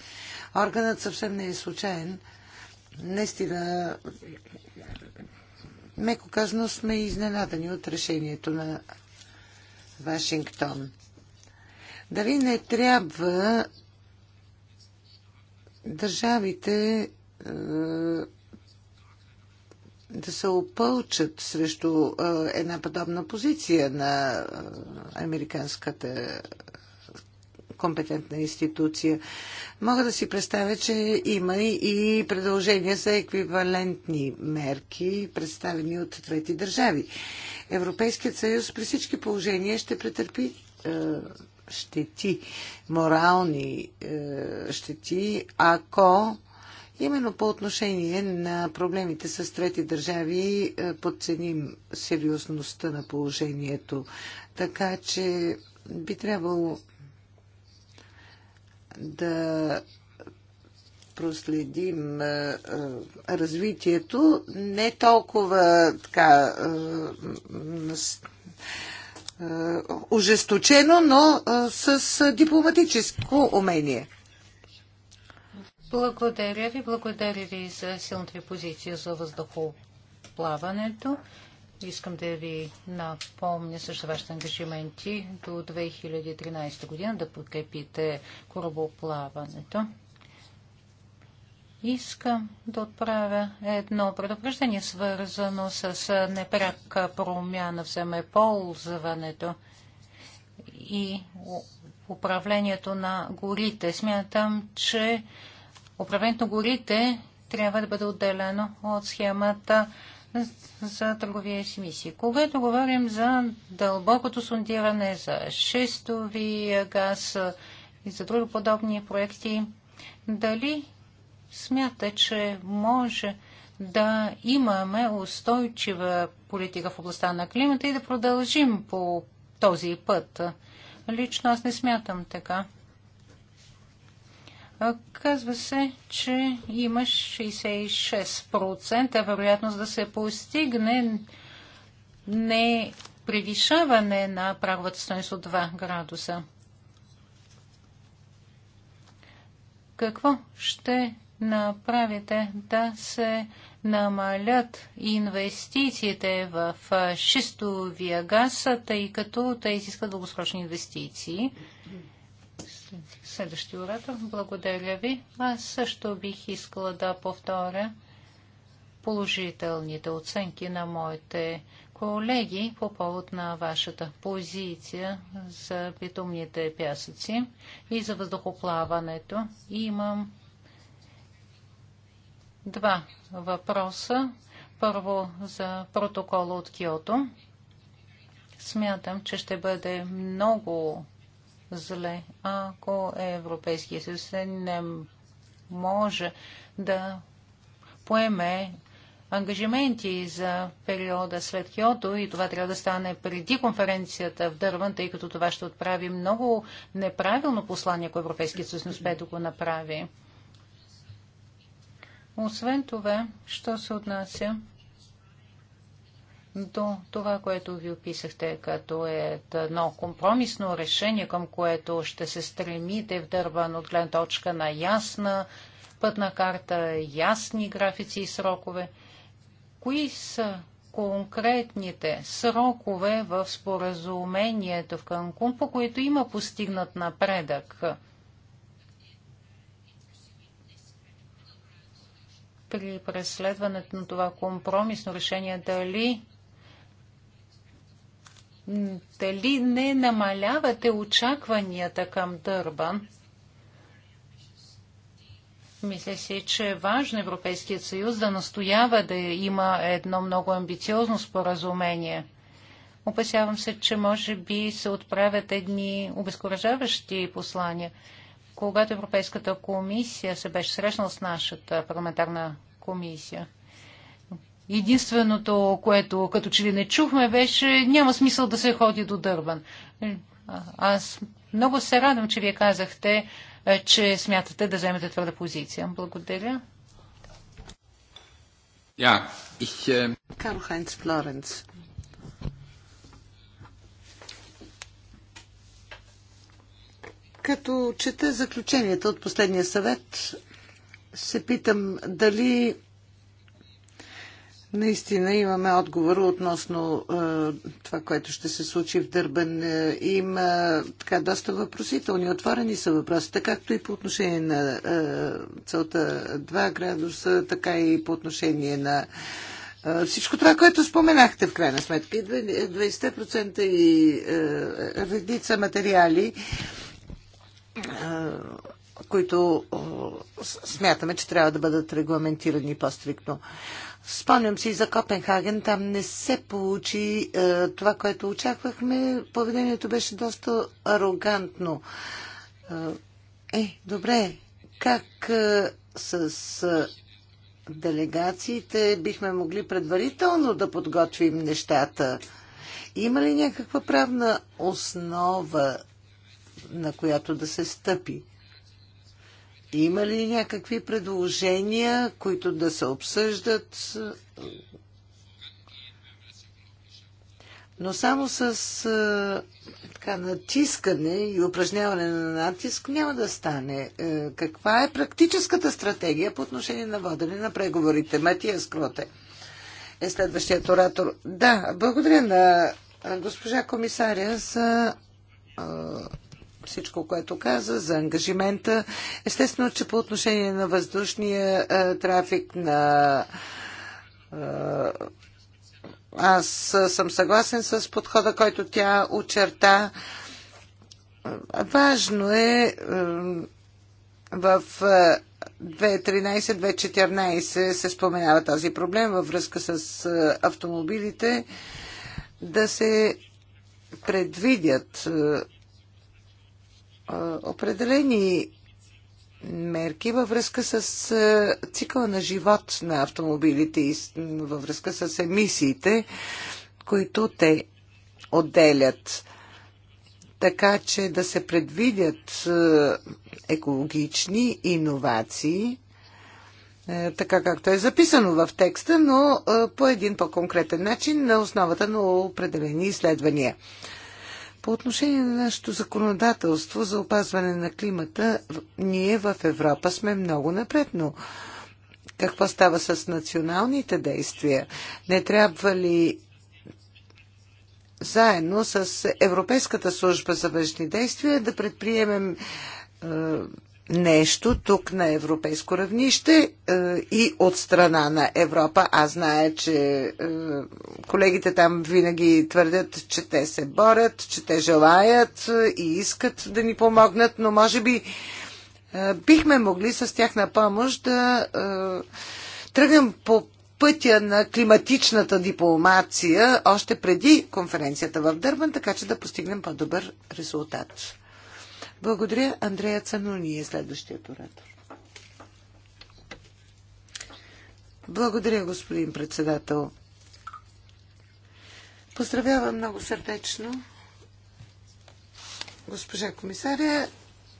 органът съвсем не е случайен. Наистина, меко казано, сме изненадани от решението на Вашингтон. Дали не трябва държавите е, да се опълчат срещу е, една подобна позиция на е, американската компетентна институция. Мога да си представя, че има и предложения за еквивалентни мерки, представени от трети държави. Европейският съюз при всички положения ще претърпи е, щети, морални е, щети, ако Именно по отношение на проблемите с трети държави е, подценим сериозността на положението. Така че би трябвало да проследим развитието, не толкова така ожесточено, но с дипломатическо умение. Благодаря ви, благодаря ви за силната ви позиция за въздухоплаването. Искам да ви напомня също вашите ангажименти до 2013 година да подкрепите корабоплаването. Искам да отправя едно предупреждение, свързано с непряка промяна в земеползването и управлението на горите. Смятам, че управлението на горите трябва да бъде отделено от схемата за търговия с емисии. Когато говорим за дълбокото сундиране, за шестови газ и за други подобни проекти, дали смята, че може да имаме устойчива политика в областта на климата и да продължим по този път. Лично аз не смятам така. Казва се, че има 66% вероятност да се постигне не превишаване на праговата стоеност от 2 градуса. Какво ще направите да се намалят инвестициите в шистовия газ, тъй като те изискват дългосрочни инвестиции? Следващия оратор. Благодаря ви. Аз също бих искала да повторя положителните оценки на моите колеги по повод на вашата позиция за битумните пясъци и за въздухоплаването. имам два въпроса. Първо за протокола от Киото. Смятам, че ще бъде много зле, ако Европейския съюз не може да поеме ангажименти за периода след Киото и това трябва да стане преди конференцията в Дърван, тъй като това ще отправи много неправилно послание, ако Европейския съюз не успее да го направи. Освен това, що се отнася до това, което ви описахте като е едно компромисно решение, към което ще се стремите в Дърбан от гледна точка на ясна пътна карта, ясни графици и срокове. Кои са конкретните срокове в споразумението в Канкун, по които има постигнат напредък? При преследването на това компромисно решение дали дали не намалявате очакванията към Дърбан? Мисля си, че е важно Европейският съюз да настоява да има едно много амбициозно споразумение. Опасявам се, че може би се отправят едни обезкуражаващи послания. Когато Европейската комисия се беше срещнала с нашата парламентарна комисия, Единственото, което като че ли не чухме, беше няма смисъл да се ходи до Дърбан. Е, аз много се радвам, че вие казахте, е, че смятате да вземете твърда позиция. Благодаря. Ja, ich, äh... Karl Heinz Florenz. Като чета заключенията от последния съвет, се питам дали Наистина имаме отговор относно е, това, което ще се случи в Дърбен. Е, има така доста въпросителни. Отворени са въпросите, както и по отношение на е, целта 2 градуса, така и по отношение на е, всичко това, което споменахте в крайна сметка. 20% и е, редица материали. Е, които смятаме, че трябва да бъдат регламентирани по-стрикно. Спомням си за Копенхаген, там не се получи е, това, което очаквахме. Поведението беше доста арогантно. Е, е добре, как е, с е, делегациите бихме могли предварително да подготвим нещата? Има ли някаква правна основа, на която да се стъпи? Има ли някакви предложения, които да се обсъждат? Но само с така, натискане и упражняване на натиск няма да стане. Каква е практическата стратегия по отношение на водене на преговорите? Матия Скроте е следващият оратор. Да, благодаря на госпожа комисаря за всичко, което каза, за ангажимента. Естествено, че по отношение на въздушния трафик, на аз съм съгласен с подхода, който тя очерта. Важно е в 2013-2014 се споменава този проблем във връзка с автомобилите да се предвидят определени мерки във връзка с цикъла на живот на автомобилите и във връзка с емисиите, които те отделят. Така че да се предвидят екологични иновации, е, така както е записано в текста, но по един по-конкретен начин на основата на определени изследвания. По отношение на нашето законодателство за опазване на климата, ние в Европа сме много напред, но какво става с националните действия? Не трябва ли заедно с Европейската служба за външни действия да предприемем е, нещо тук на европейско равнище е, и от страна на Европа. Аз зная, че е, колегите там винаги твърдят, че те се борят, че те желаят е, и искат да ни помогнат, но може би бихме могли с тяхна помощ да тръгнем по пътя на климатичната дипломация още преди конференцията в Дърбан, така че да постигнем по-добър резултат. Благодаря. Андрея Цануни е следващият оратор. Благодаря, господин председател. Поздравявам много сърдечно госпожа комисаря.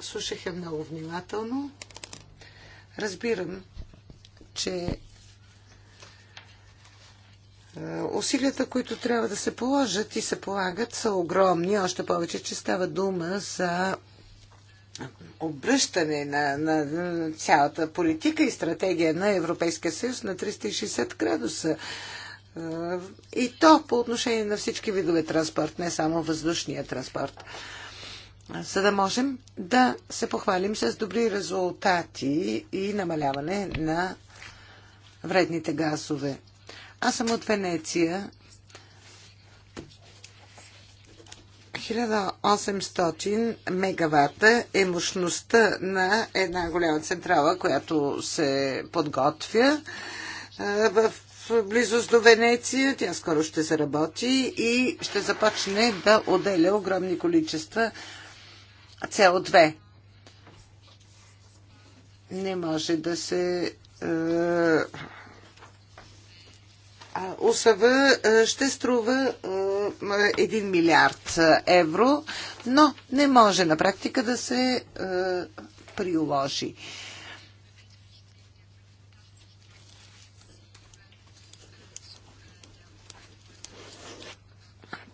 Слушах я много внимателно. Разбирам, че усилията, които трябва да се положат и се полагат, са огромни. Още повече, че става дума за обръщане на, на, на цялата политика и стратегия на Европейския съюз на 360 градуса. Е, и то по отношение на всички видове транспорт, не само въздушния транспорт. За да можем да се похвалим с добри резултати и намаляване на вредните газове. Аз съм от Венеция 1800 мегавата е мощността на една голяма централа, която се подготвя в близост до Венеция. Тя скоро ще се работи и ще започне да отделя огромни количества CO2. Не може да се ОСВ ще струва 1 милиард евро, но не може на практика да се приложи.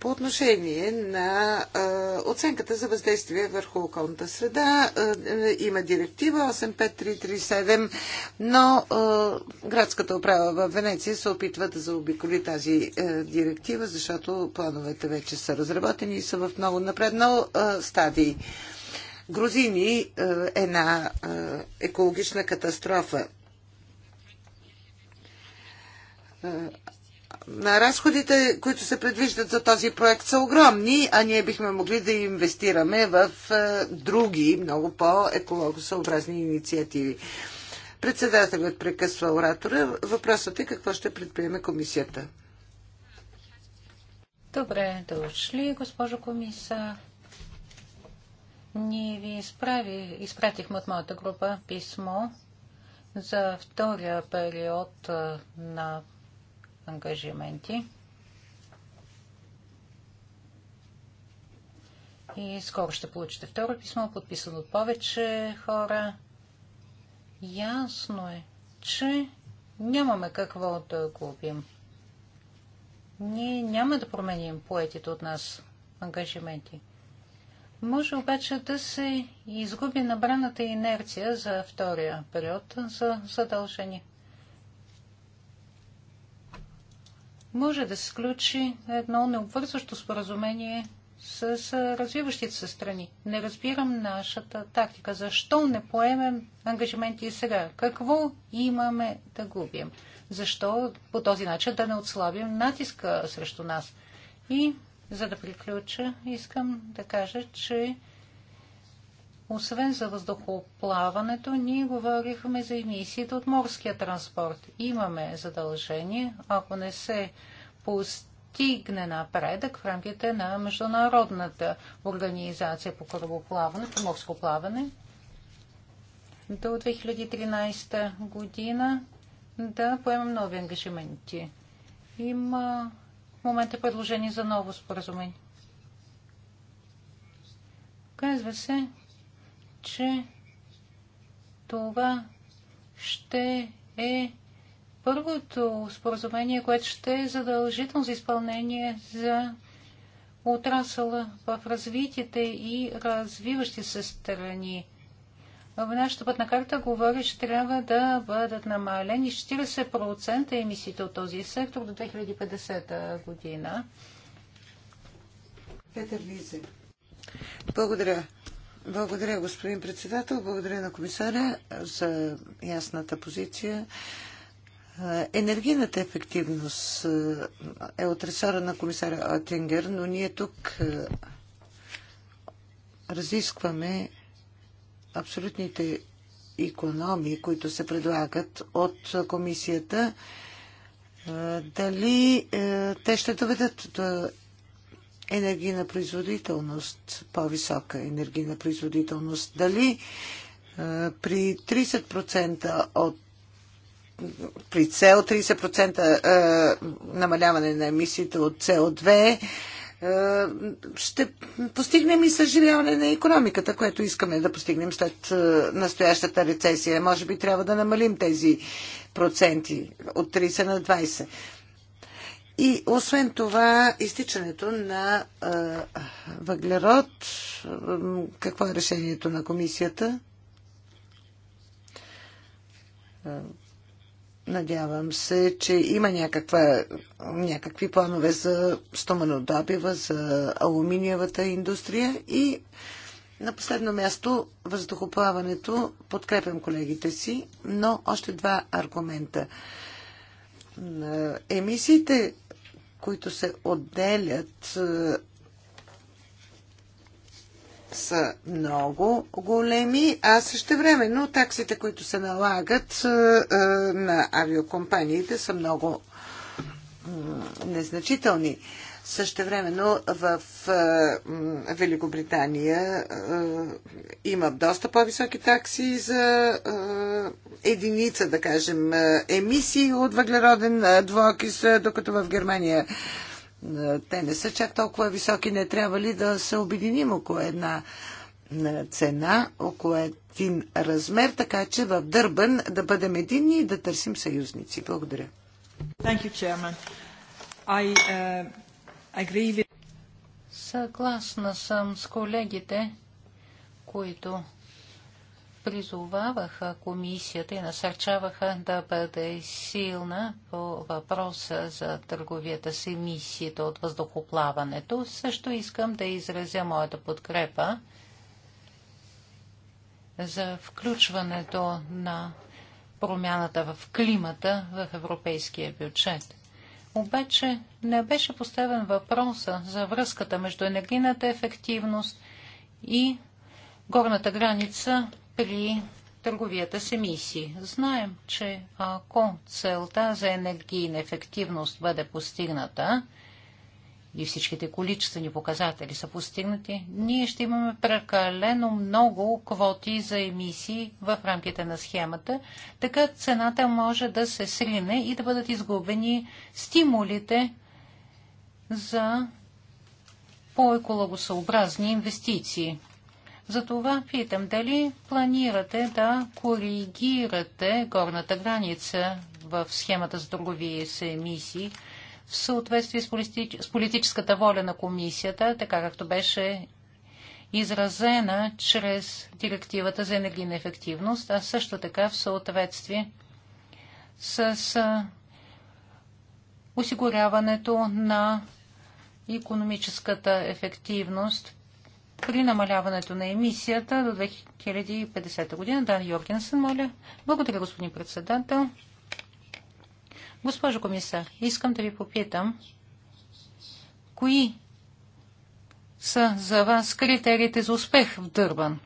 по отношение на оценката за въздействие върху околната среда. Е, има директива 85337, но градската управа в Венеция се опитва да заобиколи тази е, директива, защото плановете вече са разработени и са в много напреднал стадии. Грузини е една екологична катастрофа разходите, които се предвиждат за този проект, са огромни, а ние бихме могли да инвестираме в е, други, много по-екологосъобразни инициативи. Председателят прекъсва оратора. Въпросът е какво ще предприеме комисията. Добре дошли, госпожо комиса. Ние ви изправи, изпратихме от моята група писмо за втория период е, на ангажименти. И скоро ще получите второ писмо, подписано от повече хора. Ясно е, че нямаме какво да губим. Ние няма да променим поетите от нас ангажименти. Може обаче да се изгуби набраната инерция за втория период за задължение. може да се сключи едно необвързващо споразумение с развиващите се страни. Не разбирам нашата тактика. Защо не поемем ангажименти сега? Какво имаме да губим? Защо по този начин да не отслабим натиска срещу нас? И за да приключа, искам да кажа, че освен за въздухоплаването, ние говорихме за емисиите от морския транспорт. Имаме задължение, ако не се постигне напредък в рамките на Международната организация по корабоплаване, по морско плаване, до 2013 година да поемем нови ангажименти. Има в момента предложение за ново споразумение. Казва се, че това ще е първото споразумение, което ще е задължително за изпълнение за отрасъла в развитите и развиващи се страни. В нашата пътна карта говори, че трябва да бъдат намалени 40% емисиите от този сектор до 2050 година. Петър Лизе. Благодаря. Благодаря, господин председател. Благодаря на комисаря за ясната позиция. Енергийната ефективност е от ресора на комисаря Оттингер, но ние тук е, разискваме абсолютните економии, които се предлагат от комисията. Е, дали е, те ще доведат до енергийна производителност, по-висока енергийна производителност. Дали е, при 30% от при цел 30% е, намаляване на емисиите от СО2 е, ще постигнем и съживяване на економиката, което искаме да постигнем след настоящата рецесия. Може би трябва да намалим тези проценти от 30 на 20. И освен това, изтичането на а, въглерод, какво е решението на комисията? Надявам се, че има някаква, някакви планове за стоманодобива, за алуминиевата индустрия и на последно място въздухоплаването. Подкрепям колегите си, но още два аргумента. Емисиите които се отделят, е, са много големи, а също но таксите, които се налагат е, е, на авиокомпаниите, са много незначителни. Същевременно в е, Великобритания е, има доста по-високи такси за е, единица, да кажем, емисии от въглероден двуокис, докато в Германия те не са чак толкова високи. Не трябва ли да се обединим около една цена, около един размер, така че в Дърбън да бъдем единни и да търсим съюзници? Благодаря. Thank you, Chairman. I, uh... Съгласна съм с колегите, които призоваваха комисията и насърчаваха да бъде силна по въпроса за търговията с емисиите от въздухоплаването. Също искам да изразя моята подкрепа за включването на промяната в климата в европейския бюджет. Обаче не беше поставен въпроса за връзката между енергийната ефективност и горната граница при търговията с емисии. Знаем, че ако целта за енергийна ефективност бъде постигната, и всичките количествени показатели са постигнати, ние ще имаме прекалено много квоти за емисии в рамките на схемата, така цената може да се срине и да бъдат изгубени стимулите за по-екологосъобразни инвестиции. Затова питам, дали планирате да коригирате горната граница в схемата за търговия с емисии, в съответствие с политическата воля на комисията, така както беше изразена чрез директивата за енергийна ефективност, а също така в съответствие с осигуряването на економическата ефективност при намаляването на емисията до 2050 година. Дан Йоргенсен, моля. Благодаря, господин председател. Госпожо комисар, искам да ви попитам, кои са за вас критериите за успех в Дърбан?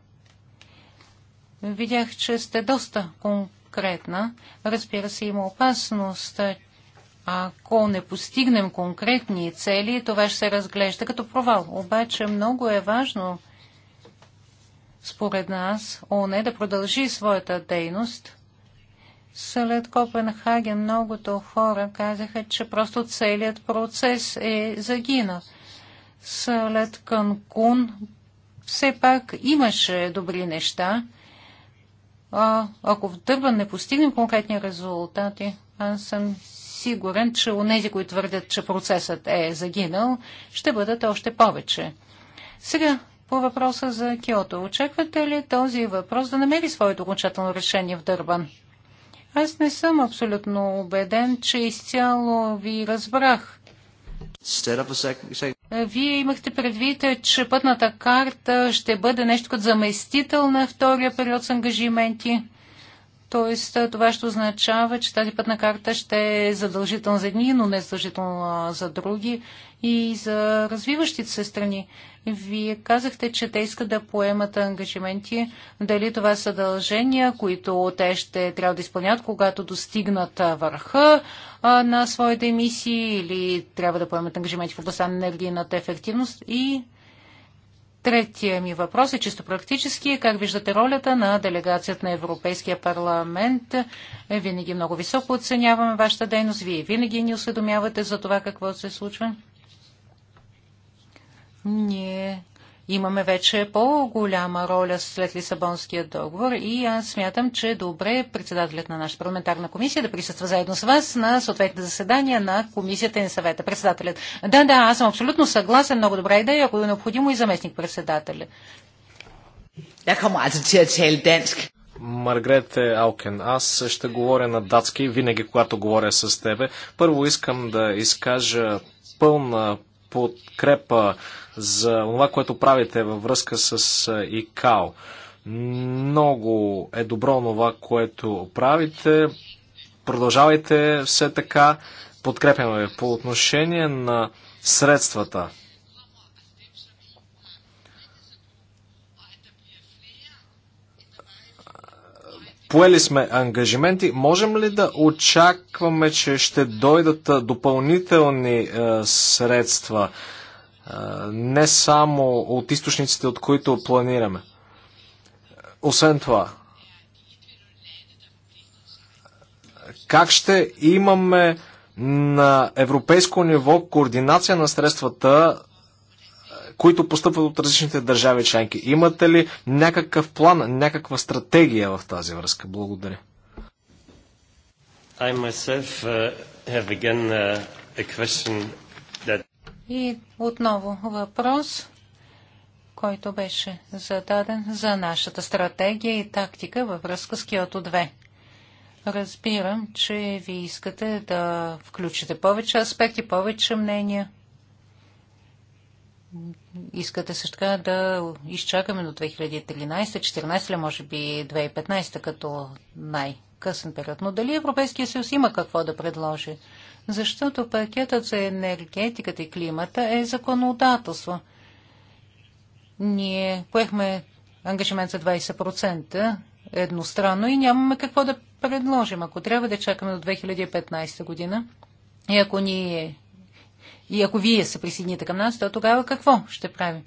Видях, че сте доста конкретна. Разбира се, има опасност, ако не постигнем конкретни цели, това ще се разглежда като провал. Обаче много е важно, според нас, ОНЕ да продължи своята дейност – след Копенхаген многото хора казаха, че просто целият процес е загинал. След Канкун все пак имаше добри неща. А, ако в Дърбан не постигнем конкретни резултати, аз съм сигурен, че нези, които твърдят, че процесът е загинал, ще бъдат още повече. Сега по въпроса за Киото. Очаквате ли този въпрос да намери своето окончателно решение в Дърбан? Аз не съм абсолютно убеден, че изцяло ви разбрах. Вие имахте предвид, е, че пътната карта ще бъде нещо като заместител на втория период с ангажименти. Тоест, е, това ще означава, че тази пътна карта ще е задължителна за едни, но не задължителна за други и за развиващите се страни. Вие казахте, че те искат да поемат ангажименти. Дали това са дължения, които те ще трябва да изпълнят, когато достигнат върха на своите емисии или трябва да поемат ангажименти в областта на енергийната ефективност и Третия ми въпрос е чисто практически. Как виждате ролята на делегацията на Европейския парламент? Винаги много високо оценяваме вашата дейност. Вие винаги ни осведомявате за това какво се случва ние имаме вече по-голяма роля след Лисабонския договор и аз смятам, че е добре председателят на нашата парламентарна комисия да присъства заедно с вас на съответните заседания на комисията и на съвета. Председателят. Да, да, аз съм абсолютно съгласен. Много добра идея, ако е необходимо и заместник председателя. Я kommer аз да at tale Маргрете Алкен, аз ще говоря на датски, винаги когато говоря с тебе. Първо искам да изкажа пълна подкрепа за това, което правите във връзка с ИКАО. Много е добро това, което правите. Продължавайте все така. Подкрепяме ви по отношение на средствата. Поели сме ангажименти. Можем ли да очакваме, че ще дойдат допълнителни е, средства, е, не само от източниците, от които планираме? Освен това, как ще имаме на европейско ниво координация на средствата които постъпват от различните държави членки. Имате ли някакъв план, някаква стратегия в тази връзка? Благодаря. I myself uh, have again uh, a question that... И отново въпрос, който беше зададен за нашата стратегия и тактика във връзка с Киото 2. Разбирам, че ви искате да включите повече аспекти, повече мнения искате също така да изчакаме до 2013-2014, или може би 2015 като най-късен период. Но дали Европейския съюз има какво да предложи? Защото пакетът за енергетиката и климата е законодателство. Ние поехме ангажимент за 20% едностранно и нямаме какво да предложим. Ако трябва да чакаме до 2015 година и ако ние и ако вие се присъедините към нас, то тогава какво ще правим?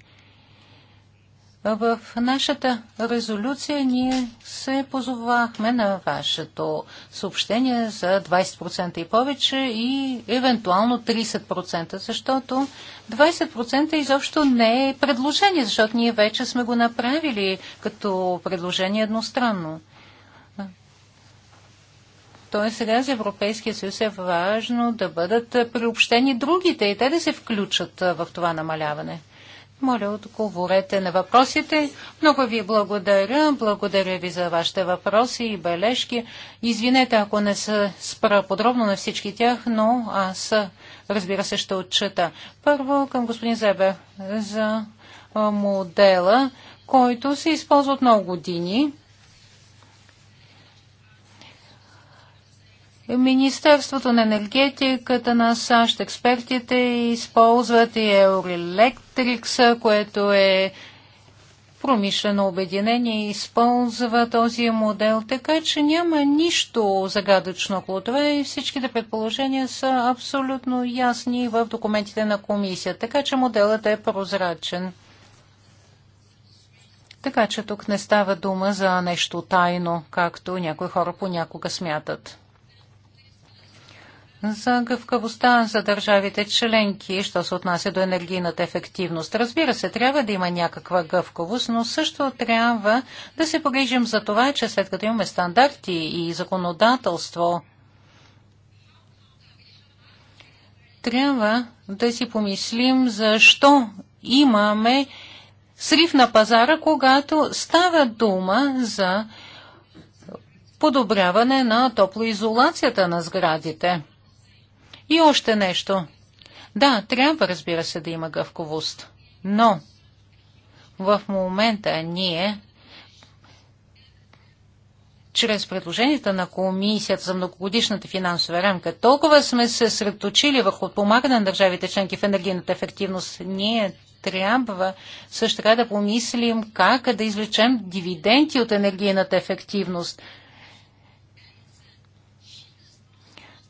В нашата резолюция ние се позовахме на вашето съобщение за 20% и повече и евентуално 30%, защото 20% изобщо не е предложение, защото ние вече сме го направили като предложение едностранно т.е. сега за Европейския съюз е важно да бъдат приобщени другите и те да се включат в това намаляване. Моля, отговорете на въпросите. Много ви благодаря. Благодаря ви за вашите въпроси и бележки. Извинете, ако не се спра подробно на всички тях, но аз, разбира се, ще отчета. Първо към господин Зебе за модела, който се използва от много години Министерството на енергетиката на САЩ, експертите използват и Eurelectrics, което е промишлено обединение, и използва този модел, така че няма нищо загадъчно около това и всичките предположения са абсолютно ясни в документите на комисията, така че моделът е прозрачен. Така че тук не става дума за нещо тайно, както някои хора понякога смятат за гъвкавостта за държавите членки, що се отнася до енергийната ефективност. Разбира се, трябва да има някаква гъвкавост, но също трябва да се погрижим за това, че след като имаме стандарти и законодателство, трябва да си помислим защо имаме срив на пазара, когато става дума за подобряване на топлоизолацията на сградите. И още нещо. Да, трябва, разбира се, да има гъвковост. Но в момента ние чрез предложенията на Комисията за многогодишната финансова рамка, толкова сме се средоточили върху помагане на държавите членки в енергийната ефективност, ние трябва също така да помислим как да извлечем дивиденти от енергийната ефективност –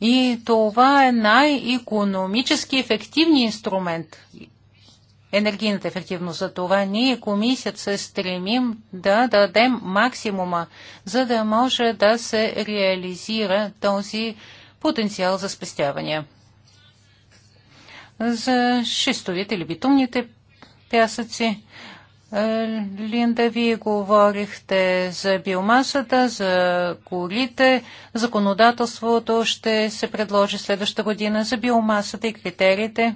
И това е най-економически ефективният инструмент. Енергийната ефективност за това ние, комисията, се стремим да дадем максимума, за да може да се реализира този потенциал за спестяване. За шестовите или битумните пясъци Линда, вие говорихте за биомасата, за колите, Законодателството ще се предложи следващата година за биомасата и критериите.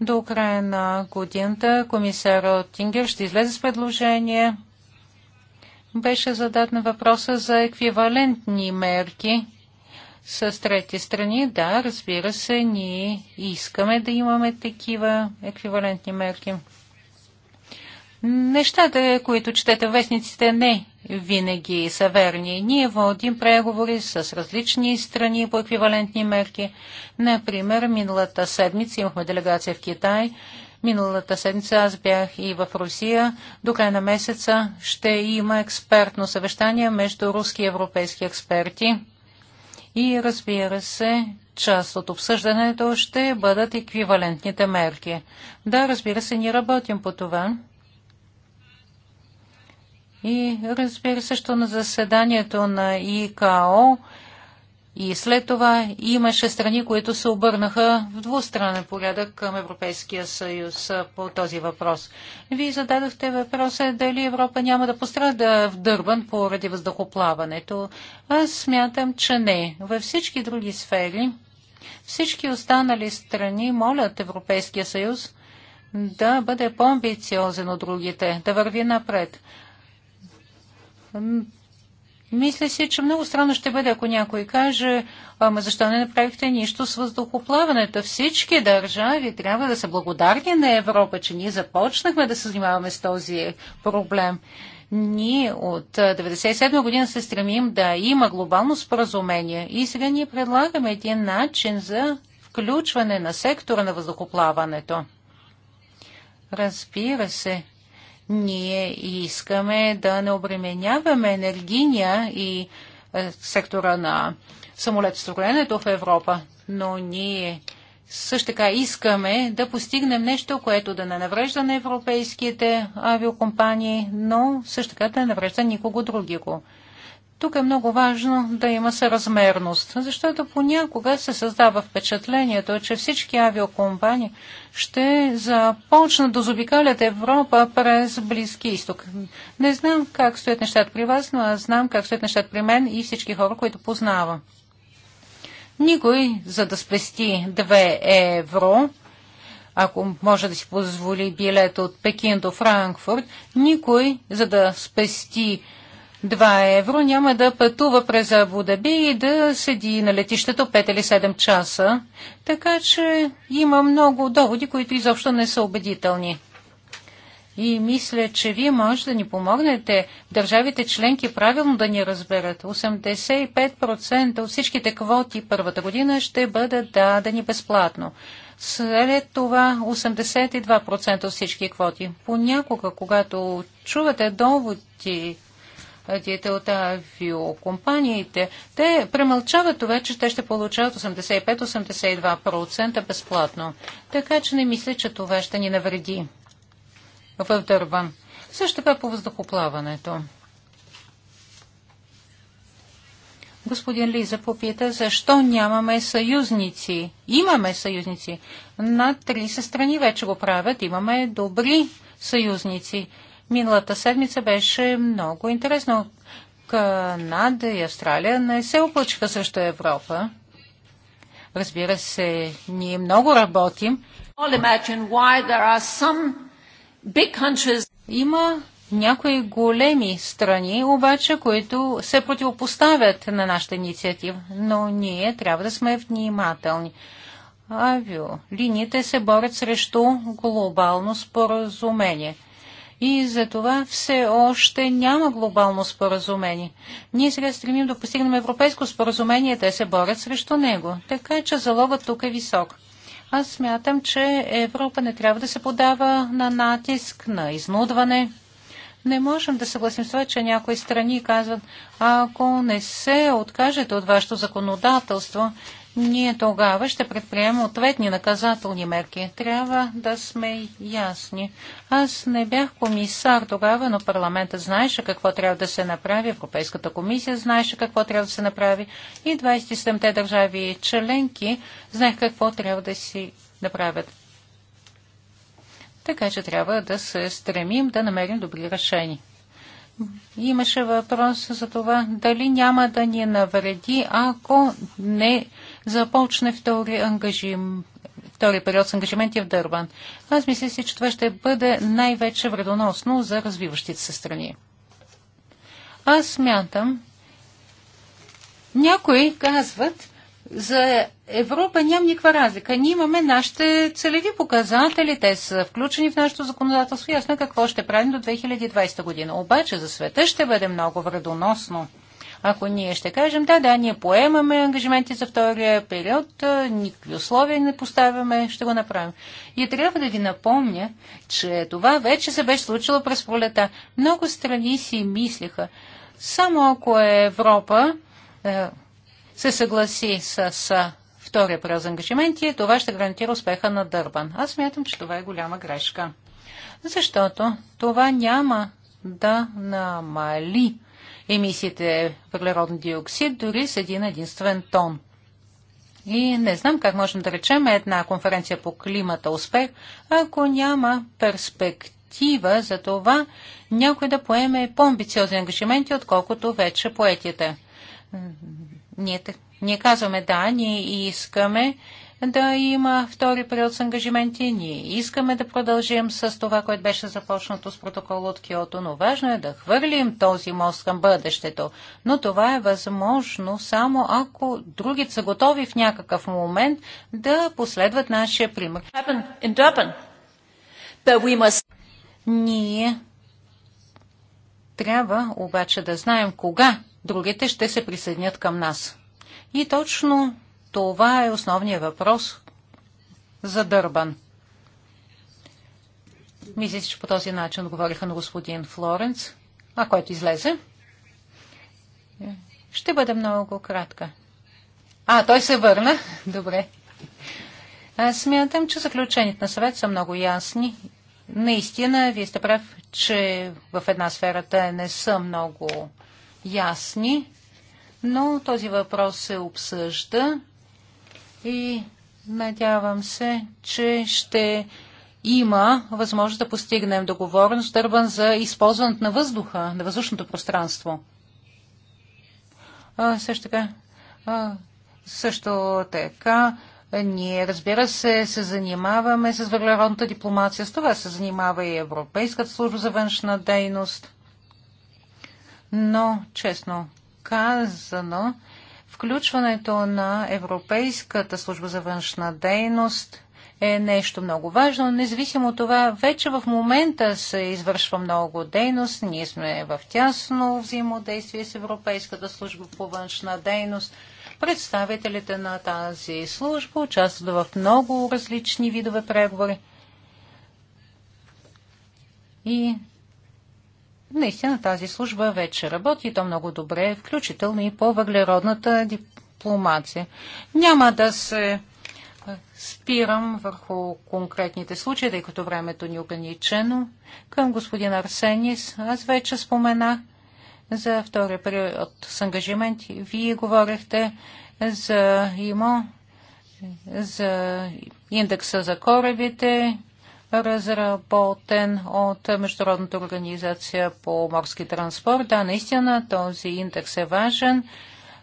До края на годината комисар Тингер ще излезе с предложение. Беше зададен въпроса за еквивалентни мерки с трети страни. Да, разбира се, ние искаме да имаме такива еквивалентни мерки. Нещата, които четете вестниците, не винаги са верни. Ние водим преговори с различни страни по еквивалентни мерки. Например, миналата седмица имахме делегация в Китай. Миналата седмица аз бях и в Русия. До края на месеца ще има експертно съвещание между руски и европейски експерти. И разбира се, част от обсъждането ще бъдат еквивалентните мерки. Да, разбира се, ние работим по това. И разбира се, що на заседанието на ИКАО и след това имаше страни, които се обърнаха в двустранен порядък към Европейския съюз по този въпрос. Вие зададохте въпроса дали Европа няма да пострада в Дърбан поради въздухоплаването. Аз смятам, че не. Във всички други сфери всички останали страни молят Европейския съюз да бъде по-амбициозен от другите, да върви напред. Мисля си, че много странно ще бъде, ако някой каже, ама защо не направихте нищо с въздухоплаването? Всички държави трябва да са благодарни на Европа, че ние започнахме да се занимаваме с този проблем. Ние от 1997 година се стремим да има глобално споразумение и сега ние предлагаме един начин за включване на сектора на въздухоплаването. Разбира се, ние искаме да не обременяваме енергийния и е, сектора на самолетостроенето в Европа, но ние също така искаме да постигнем нещо, което да не наврежда на европейските авиокомпании, но също така да не наврежда никого другиго. Тук е много важно да има съразмерност, защото понякога се създава впечатлението, че всички авиокомпании ще започнат да заобикалят Европа през Близки изток. Не знам как стоят нещата при вас, но аз знам как стоят нещата при мен и всички хора, които познавам. Никой, за да спести 2 евро, ако може да си позволи билет от Пекин до Франкфурт, никой, за да спести 2 евро, няма да пътува през Абудаби и да седи на летището 5 или 7 часа. Така че има много доводи, които изобщо не са убедителни. И мисля, че вие може да ни помогнете държавите членки правилно да ни разберат. 85% от всичките квоти първата година ще бъдат дадени безплатно. След това 82% от всички квоти. Понякога, когато чувате доводи дите от авиокомпаниите, те премълчават това, че те ще получават 85-82% безплатно. Така че не мисля, че това ще ни навреди в Дърбан. Също така по въздухоплаването. Господин Лиза попита, защо нямаме съюзници. Имаме съюзници. Над 30 страни вече го правят. Имаме добри съюзници. Миналата седмица беше много интересно. Канада и Австралия не се оплачиха срещу Европа. Разбира се, ние много работим. Има някои големи страни, обаче, които се противопоставят на нашата инициатива, но ние трябва да сме внимателни. Авиолиниите се борят срещу глобално споразумение – и за това все още няма глобално споразумение. Ние сега стремим да постигнем европейско споразумение, те се борят срещу него. Така че залогът тук е висок. Аз смятам, че Европа не трябва да се подава на натиск, на изнудване. Не можем да съгласим с това, че някои страни казват, ако не се откажете от вашето законодателство, ние тогава ще предприемем ответни наказателни мерки. Трябва да сме ясни. Аз не бях комисар тогава, но парламентът знаеше какво трябва да се направи, Европейската комисия знаеше какво трябва да се направи и 27-те държави членки знаех какво трябва да си направят. Така че трябва да се стремим да намерим добри решения. Имаше въпрос за това дали няма да ни навреди, ако не започне втори ангажим, втори период с ангажименти в Дърбан. Аз мисля си, че това ще бъде най-вече вредоносно за развиващите се страни. Аз смятам, някои казват, за Европа няма никаква разлика. Ние имаме нашите целеви показатели, те са включени в нашето законодателство. Ясно е какво ще правим до 2020 година. Обаче за света ще бъде много вредоносно ако ние ще кажем, да, да, ние поемаме ангажименти за втория период, никакви условия не поставяме, ще го направим. И трябва да ви напомня, че това вече се беше случило през пролета. Много страни си мислиха, само ако Европа е, се съгласи с, втория период за ангажименти, това ще гарантира успеха на Дърбан. Аз смятам, че това е голяма грешка. Защото това няма да намали емисиите въглероден диоксид дори с един единствен тон. И не знам как можем да речем една конференция по климата успех, ако няма перспектива за това някой да поеме по-амбициозни ангажименти, отколкото вече поетите. Ние, ние казваме да, ние искаме да има втори период с ангажименти. Ние искаме да продължим с това, което беше започнато с протокол от Киото, но важно е да хвърлим този мост към бъдещето. Но това е възможно само ако другите са готови в някакъв момент да последват нашия пример. Ние трябва обаче да знаем кога другите ще се присъединят към нас. И точно това е основният въпрос за Дърбан. Мисля, че по този начин отговориха на господин Флоренц, а който излезе. Ще бъде много кратка. А, той се върна. *laughs* Добре. Аз смятам, че заключенията на съвет са много ясни. Наистина, вие сте прав, че в една сферата не са много ясни, но този въпрос се обсъжда и надявам се, че ще има възможност да постигнем договорност Дърбан за използването на въздуха, на въздушното пространство. А, също така, а, също така, ние, разбира се, се занимаваме с въглеродната дипломация. С това се занимава и Европейската служба за външна дейност. Но, честно казано, Включването на Европейската служба за външна дейност е нещо много важно. Независимо от това, вече в момента се извършва много дейност. Ние сме в тясно взаимодействие с Европейската служба по външна дейност. Представителите на тази служба участват в много различни видове преговори. И Наистина тази служба вече работи, то много добре, включително и по въглеродната дипломация. Няма да се е, спирам върху конкретните случаи, тъй като времето ни е ограничено. Към господин Арсенис, аз вече споменах за втория период с ангажименти. Вие говорихте за ИМО, за индекса за корабите разработен от Международната организация по морски транспорт. Да, наистина този индекс е важен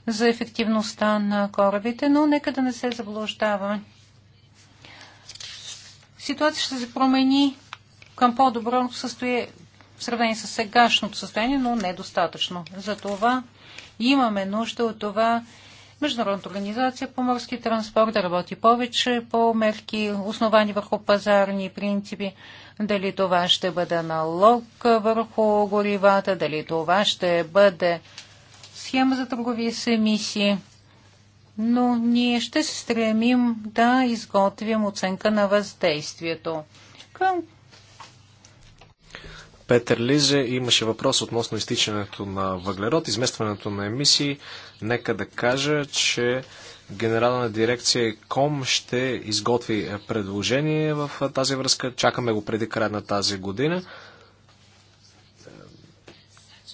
за ефективността на корабите, но нека да не се заблуждаваме. Ситуация ще се промени към по-добро състояние в сравнение с сегашното състояние, но недостатъчно. Затова имаме нужда от това Международната организация по морски транспорт да работи повече по мерки, основани върху пазарни принципи. Дали това ще бъде налог върху горивата, дали това ще бъде схема за търговия с емисии. Но ние ще се стремим да изготвим оценка на въздействието. Към Петър Лизе имаше въпрос относно изтичането на въглерод, изместването на емисии. Нека да кажа, че Генерална дирекция КОМ ще изготви предложение в тази връзка. Чакаме го преди края на тази година.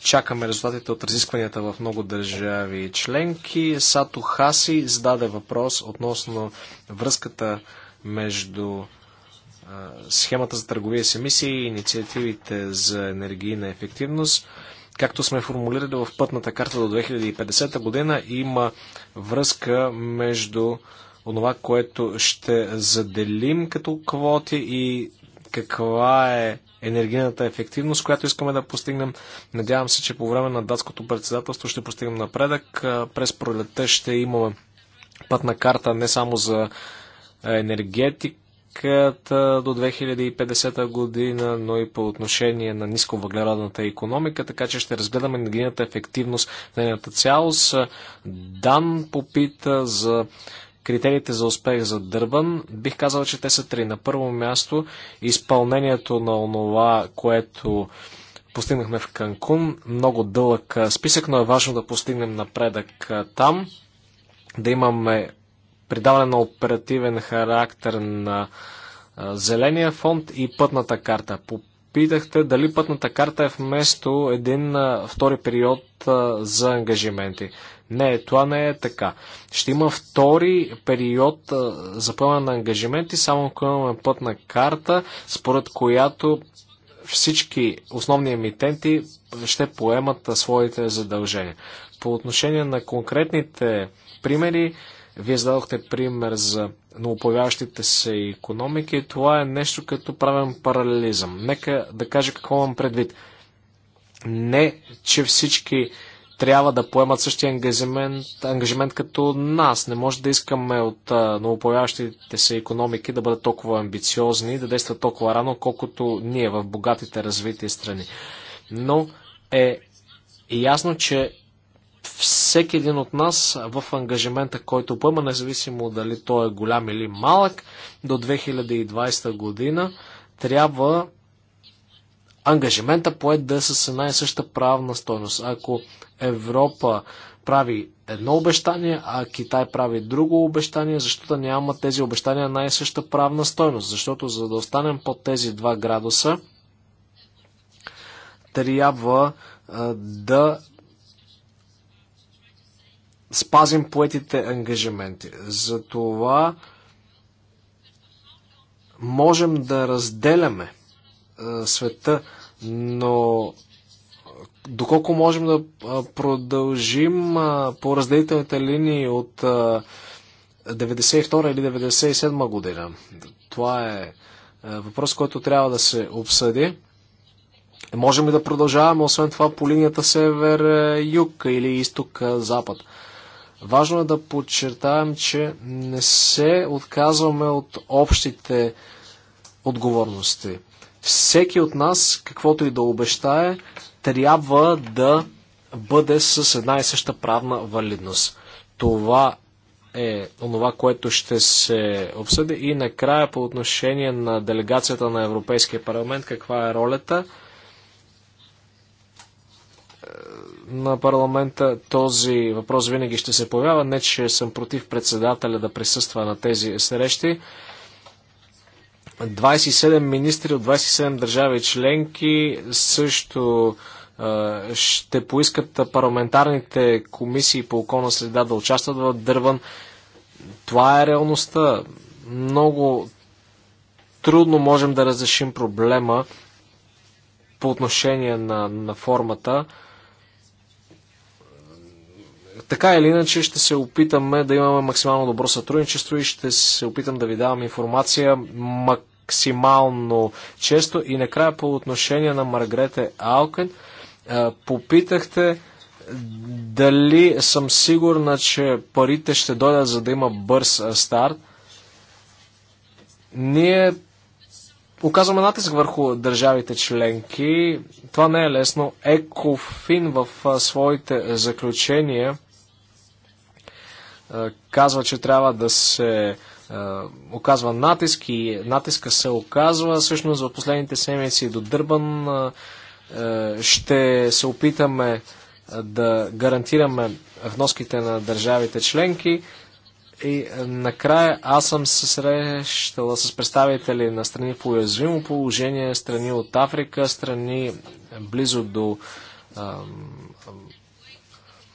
Чакаме резултатите от разискванията в много държави и членки. Сато Хаси зададе въпрос относно връзката между схемата за търговия с емисии и инициативите за енергийна ефективност. Както сме формулирали в пътната карта до 2050 година, има връзка между онова, което ще заделим като квоти и каква е енергийната ефективност, която искаме да постигнем. Надявам се, че по време на датското председателство ще постигнем напредък. През пролетта ще имаме пътна карта не само за енергетика, енергетиката до 2050 година, но и по отношение на нисковъглеродната економика, така че ще разгледаме енергийната ефективност на нейната цялост. Дан попита за критериите за успех за Дърбан, бих казал, че те са три. На първо място изпълнението на онова, което постигнахме в Канкун. Много дълъг списък, но е важно да постигнем напредък там, да имаме придаване на оперативен характер на Зеления фонд и пътната карта. Попитахте дали пътната карта е вместо един втори период за ангажименти. Не, това не е така. Ще има втори период за поемане на ангажименти, само ако имаме пътна карта, според която всички основни емитенти ще поемат своите задължения. По отношение на конкретните примери, вие зададохте пример за новопоявяващите се економики. Това е нещо като правен паралелизъм. Нека да кажа какво имам предвид. Не, че всички трябва да поемат същия ангажимент, ангажимент като нас. Не може да искаме от новопоявяващите се економики да бъдат толкова амбициозни и да действат толкова рано, колкото ние в богатите развити страни. Но е ясно, че всеки един от нас в ангажимента, който поема, независимо дали той е голям или малък, до 2020 година трябва ангажимента поет да е с една и съща правна стойност. Ако Европа прави едно обещание, а Китай прави друго обещание, защото няма тези обещания най съща правна стойност. Защото за да останем под тези 2 градуса, трябва да спазим поетите ангажименти. Затова можем да разделяме е, света, но доколко можем да е, продължим е, по разделителните линии от 92 или 97 година? Това е въпрос, който трябва да се обсъди. Можем ли да продължаваме, освен това, по линията север-юг или изток-запад? Важно е да подчертаем, че не се отказваме от общите отговорности. Всеки от нас, каквото и да обещае, трябва да бъде с една и съща правна валидност. Това е онова, което ще се обсъди. И накрая по отношение на делегацията на Европейския парламент, каква е ролята? на парламента. Този въпрос винаги ще се появява. Не, че съм против председателя да присъства на тези срещи. 27 министри от 27 държави членки също ще поискат парламентарните комисии по околна среда да участват в Дърван. Това е реалността. Много трудно можем да разрешим проблема по отношение на, на формата. Така или иначе ще се опитаме да имаме максимално добро сътрудничество и ще се опитам да ви давам информация максимално често. И накрая по отношение на Маргрете Алкен, попитахте дали съм сигурна, че парите ще дойдат за да има бърз старт. Ние оказваме натиск върху държавите членки. Това не е лесно. Екофин в своите заключения е, казва, че трябва да се е, оказва натиск и натиска се оказва. Всъщност в последните седмици до Дърбан е, ще се опитаме да гарантираме вноските на държавите членки. И накрая аз съм се срещала с представители на страни по уязвимо положение, страни от Африка, страни близо до ам,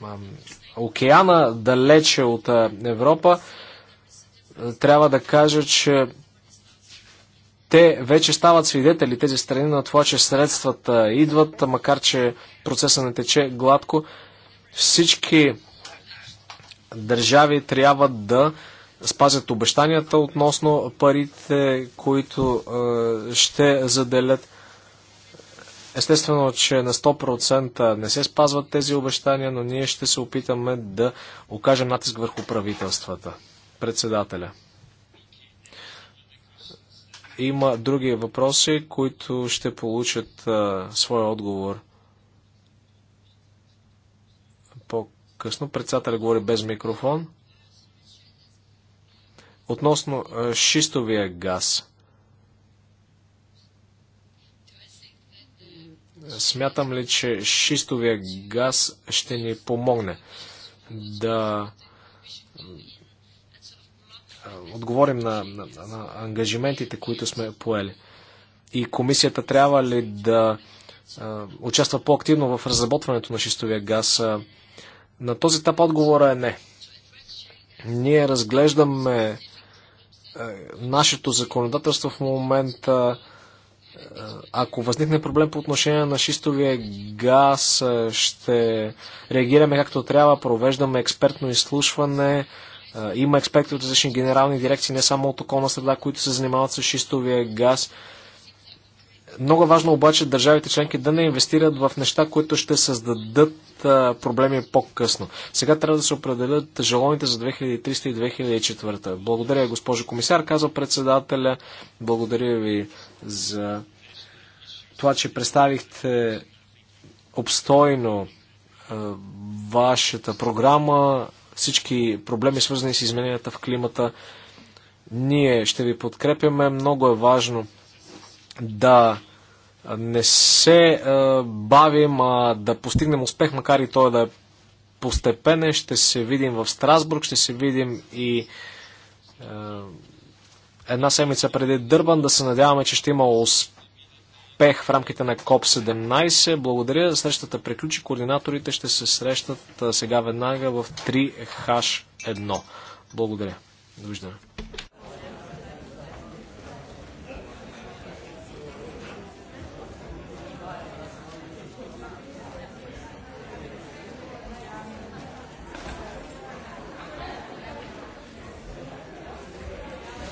ам, океана, далече от Европа, трябва да кажа, че те вече стават свидетели тези страни на това, че средствата идват, макар че процеса не тече гладко. Всички държави трябва да спазят обещанията относно парите, които ще заделят. Естествено, че на 100% не се спазват тези обещания, но ние ще се опитаме да окажем натиск върху правителствата. Председателя. Има други въпроси, които ще получат а, своя отговор. По-късно председателя говори без микрофон. Относно а, шистовия газ. Смятам ли, че шистовия газ ще ни помогне да отговорим на, на, на ангажиментите, които сме поели? И комисията трябва ли да а, участва по-активно в разработването на шистовия газ? А, на този етап отговора е не. Ние разглеждаме нашето законодателство в момента, е, ако възникне проблем по отношение на шистовия газ, е, ще реагираме както трябва, провеждаме експертно изслушване. Е, има експерти от различни генерални дирекции, не само от околна среда, които се занимават с шистовия газ. Много важно обаче държавите членки да не инвестират в неща, които ще създадат проблеми по-късно. Сега трябва да се определят жалоните за 2300 и 2004. Благодаря, госпожо комисар, казва председателя. Благодаря ви за това, че представихте обстойно вашата програма, всички проблеми свързани с измененията в климата. Ние ще ви подкрепяме. Много е важно да не се бавим, а да постигнем успех, макар и той да е постепенен. Ще се видим в Страсбург, ще се видим и една седмица преди Дърбан. Да се надяваме, че ще има успех в рамките на КОП-17. Благодаря. Срещата приключи. Координаторите ще се срещат сега веднага в 3H1. Благодаря. Довиждане.